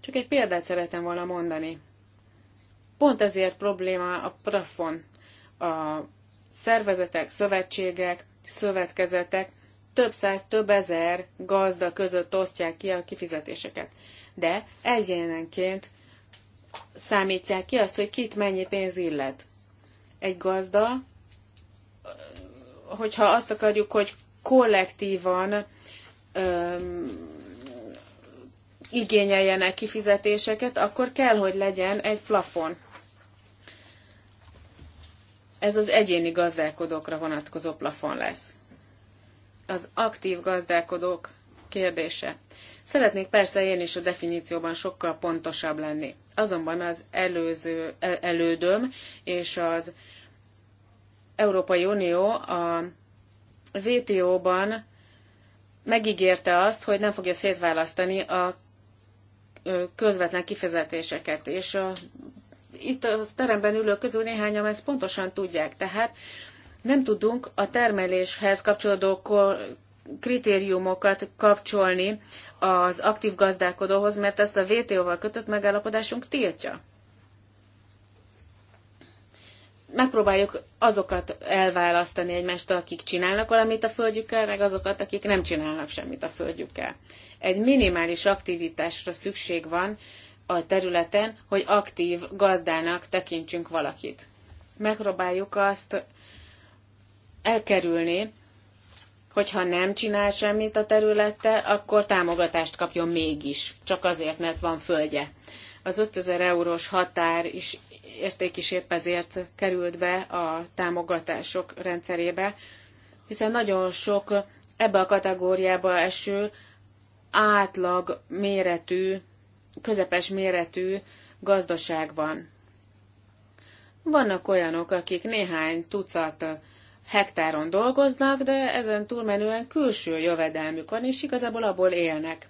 Csak egy példát szeretem volna mondani. Pont ezért probléma a prafon. A szervezetek, szövetségek, szövetkezetek több száz, több ezer gazda között osztják ki a kifizetéseket. De egyénenként számítják ki azt, hogy kit mennyi pénz illet. Egy gazda, hogyha azt akarjuk, hogy kollektívan öm, igényeljenek kifizetéseket, akkor kell, hogy legyen egy plafon. Ez az egyéni gazdálkodókra vonatkozó plafon lesz. Az aktív gazdálkodók kérdése. Szeretnék persze én is a definícióban sokkal pontosabb lenni. Azonban az előző, e- elődöm és az Európai Unió a WTO-ban megígérte azt, hogy nem fogja szétválasztani a közvetlen kifizetéseket, és a, itt a teremben ülők közül néhányan ezt pontosan tudják, tehát nem tudunk a termeléshez kapcsolódó kritériumokat kapcsolni az aktív gazdálkodóhoz, mert ezt a VTO-val kötött megállapodásunk tiltja. Megpróbáljuk azokat elválasztani egymástól, akik csinálnak valamit a földjükkel, meg azokat, akik nem csinálnak semmit a földjükkel. Egy minimális aktivitásra szükség van a területen, hogy aktív gazdának tekintsünk valakit. Megpróbáljuk azt elkerülni, hogyha nem csinál semmit a területtel, akkor támogatást kapjon mégis, csak azért, mert van földje. Az 5000 eurós határ is érték is épp ezért került be a támogatások rendszerébe, hiszen nagyon sok ebbe a kategóriába eső átlag méretű, közepes méretű gazdaság van. Vannak olyanok, akik néhány tucat hektáron dolgoznak, de ezen túlmenően külső jövedelmük van, és igazából abból élnek.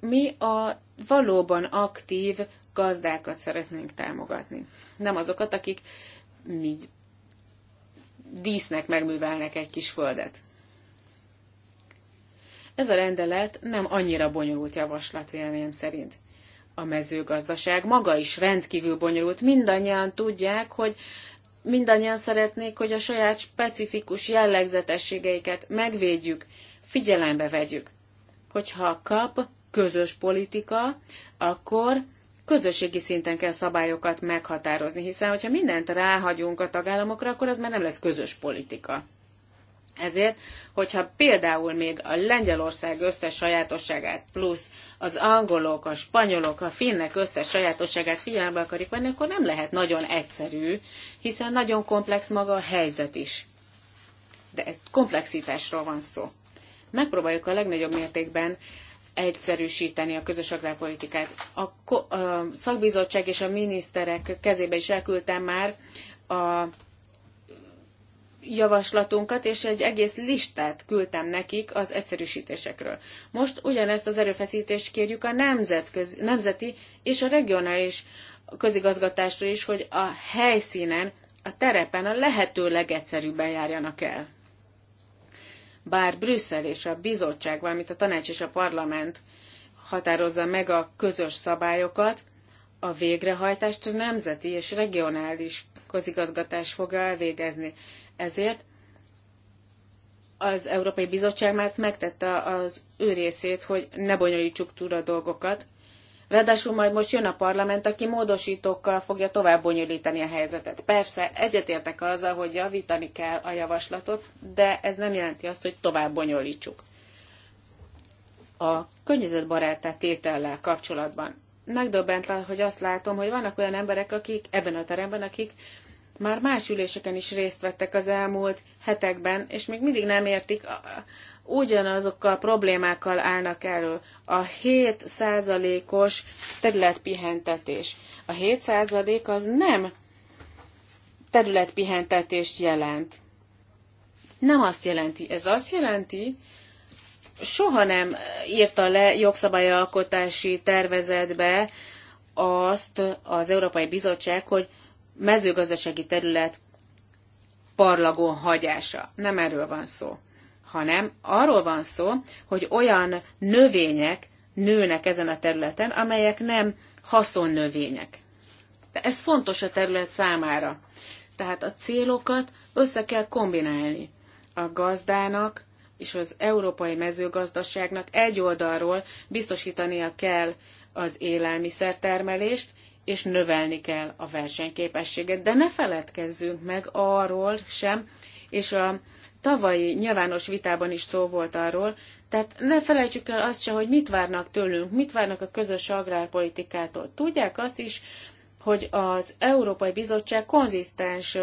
Mi a valóban aktív gazdákat szeretnénk támogatni. Nem azokat, akik mi dísznek megművelnek egy kis földet. Ez a rendelet nem annyira bonyolult javaslat véleményem szerint. A mezőgazdaság maga is rendkívül bonyolult. Mindannyian tudják, hogy mindannyian szeretnék, hogy a saját specifikus jellegzetességeiket megvédjük, figyelembe vegyük. Hogyha kap közös politika, akkor közösségi szinten kell szabályokat meghatározni, hiszen hogyha mindent ráhagyunk a tagállamokra, akkor az már nem lesz közös politika. Ezért, hogyha például még a Lengyelország összes sajátosságát plusz az angolok, a spanyolok, a finnek összes sajátosságát figyelembe akarjuk venni, akkor nem lehet nagyon egyszerű, hiszen nagyon komplex maga a helyzet is. De ez komplexitásról van szó. Megpróbáljuk a legnagyobb mértékben egyszerűsíteni a közös agrárpolitikát. A, szakbizottság és a miniszterek kezébe is elküldtem már a javaslatunkat, és egy egész listát küldtem nekik az egyszerűsítésekről. Most ugyanezt az erőfeszítést kérjük a nemzetközi, nemzeti és a regionális közigazgatásra is, hogy a helyszínen, a terepen a lehető legegyszerűbben járjanak el. Bár Brüsszel és a bizottság, valamint a tanács és a parlament határozza meg a közös szabályokat, a végrehajtást a nemzeti és regionális közigazgatás fog elvégezni. Ezért az Európai Bizottság már megtette az ő részét, hogy ne bonyolítsuk túl a dolgokat. Ráadásul majd most jön a parlament, aki módosítókkal fogja tovább bonyolítani a helyzetet. Persze, egyetértek azzal, hogy javítani kell a javaslatot, de ez nem jelenti azt, hogy tovább bonyolítsuk. A környezetbarátá tétellel kapcsolatban megdöbbent, hogy azt látom, hogy vannak olyan emberek, akik ebben a teremben, akik már más üléseken is részt vettek az elmúlt hetekben, és még mindig nem értik, ugyanazokkal a problémákkal állnak elő. A 7%-os területpihentetés. A 7% az nem területpihentetést jelent. Nem azt jelenti. Ez azt jelenti, soha nem írta le jogszabályalkotási tervezetbe azt az Európai Bizottság, hogy mezőgazdasági terület parlagon hagyása. Nem erről van szó, hanem arról van szó, hogy olyan növények nőnek ezen a területen, amelyek nem haszonnövények. De ez fontos a terület számára. Tehát a célokat össze kell kombinálni. A gazdának és az európai mezőgazdaságnak egy oldalról biztosítania kell az élelmiszertermelést, és növelni kell a versenyképességet. De ne feledkezzünk meg arról sem, és a tavalyi nyilvános vitában is szó volt arról, tehát ne felejtsük el azt se, hogy mit várnak tőlünk, mit várnak a közös agrárpolitikától. Tudják azt is, hogy az Európai Bizottság konzisztens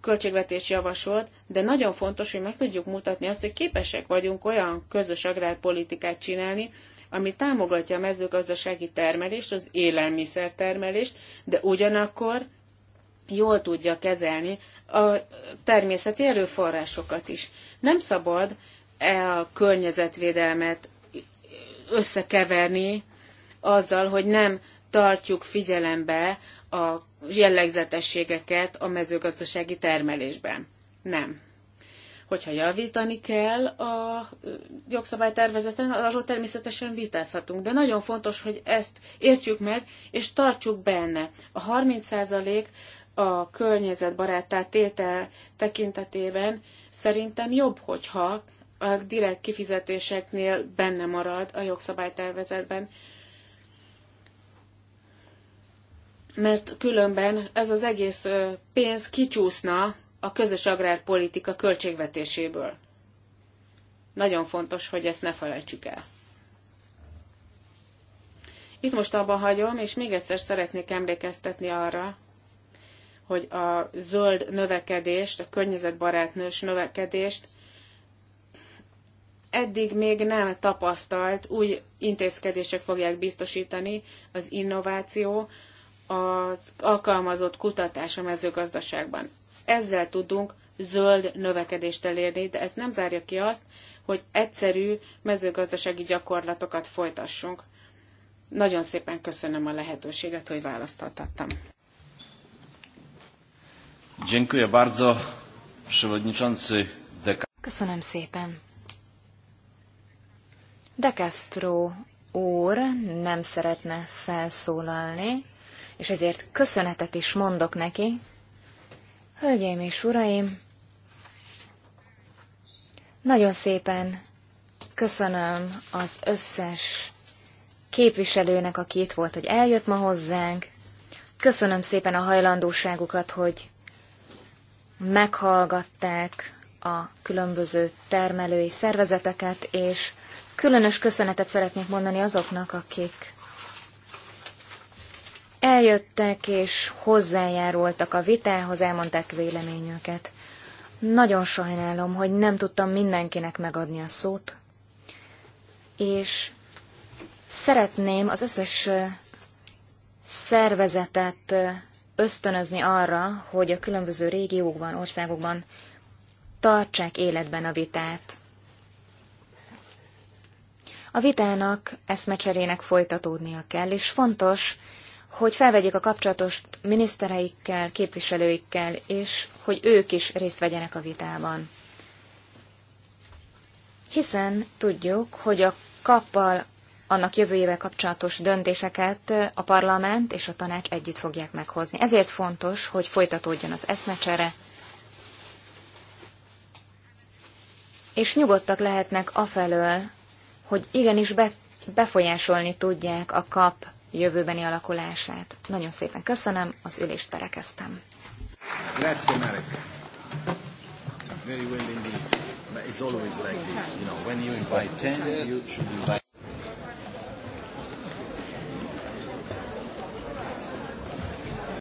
költségvetés javasolt, de nagyon fontos, hogy meg tudjuk mutatni azt, hogy képesek vagyunk olyan közös agrárpolitikát csinálni, ami támogatja a mezőgazdasági termelést, az élelmiszertermelést, de ugyanakkor jól tudja kezelni a természeti erőforrásokat is. Nem szabad e a környezetvédelmet összekeverni azzal, hogy nem tartjuk figyelembe a jellegzetességeket a mezőgazdasági termelésben. Nem. Hogyha javítani kell a jogszabálytervezeten, arról természetesen vitázhatunk. De nagyon fontos, hogy ezt értsük meg, és tartsuk benne. A 30% a környezetbaráttá tétel tekintetében szerintem jobb, hogyha a direkt kifizetéseknél benne marad a jogszabálytervezetben. Mert különben ez az egész pénz kicsúszna a közös agrárpolitika költségvetéséből. Nagyon fontos, hogy ezt ne felejtsük el. Itt most abba hagyom, és még egyszer szeretnék emlékeztetni arra, hogy a zöld növekedést, a környezetbarátnős növekedést eddig még nem tapasztalt új intézkedések fogják biztosítani az innováció, az alkalmazott kutatás a mezőgazdaságban ezzel tudunk zöld növekedést elérni, de ez nem zárja ki azt, hogy egyszerű mezőgazdasági gyakorlatokat folytassunk. Nagyon szépen köszönöm a lehetőséget, hogy választottam. Köszönöm szépen. De Castro úr nem szeretne felszólalni, és ezért köszönetet is mondok neki, Hölgyeim és uraim, nagyon szépen köszönöm az összes képviselőnek, aki itt volt, hogy eljött ma hozzánk. Köszönöm szépen a hajlandóságukat, hogy meghallgatták a különböző termelői szervezeteket, és különös köszönetet szeretnék mondani azoknak, akik eljöttek és hozzájárultak a vitához, elmondták véleményüket. Nagyon sajnálom, hogy nem tudtam mindenkinek megadni a szót, és szeretném az összes szervezetet ösztönözni arra, hogy a különböző régiókban, országokban tartsák életben a vitát. A vitának, eszmecserének folytatódnia kell, és fontos, hogy felvegyék a kapcsolatost minisztereikkel, képviselőikkel, és hogy ők is részt vegyenek a vitában. Hiszen tudjuk, hogy a kappal annak jövőjével kapcsolatos döntéseket a parlament és a tanács együtt fogják meghozni. Ezért fontos, hogy folytatódjon az eszmecsere, és nyugodtak lehetnek afelől, hogy igenis be, befolyásolni tudják a kap jövőbeni alakulását. Nagyon szépen köszönöm, az ülést berekeztem. Grazie Marek. Very well indeed. But it's always like this, you know, when you invite 10, you should invite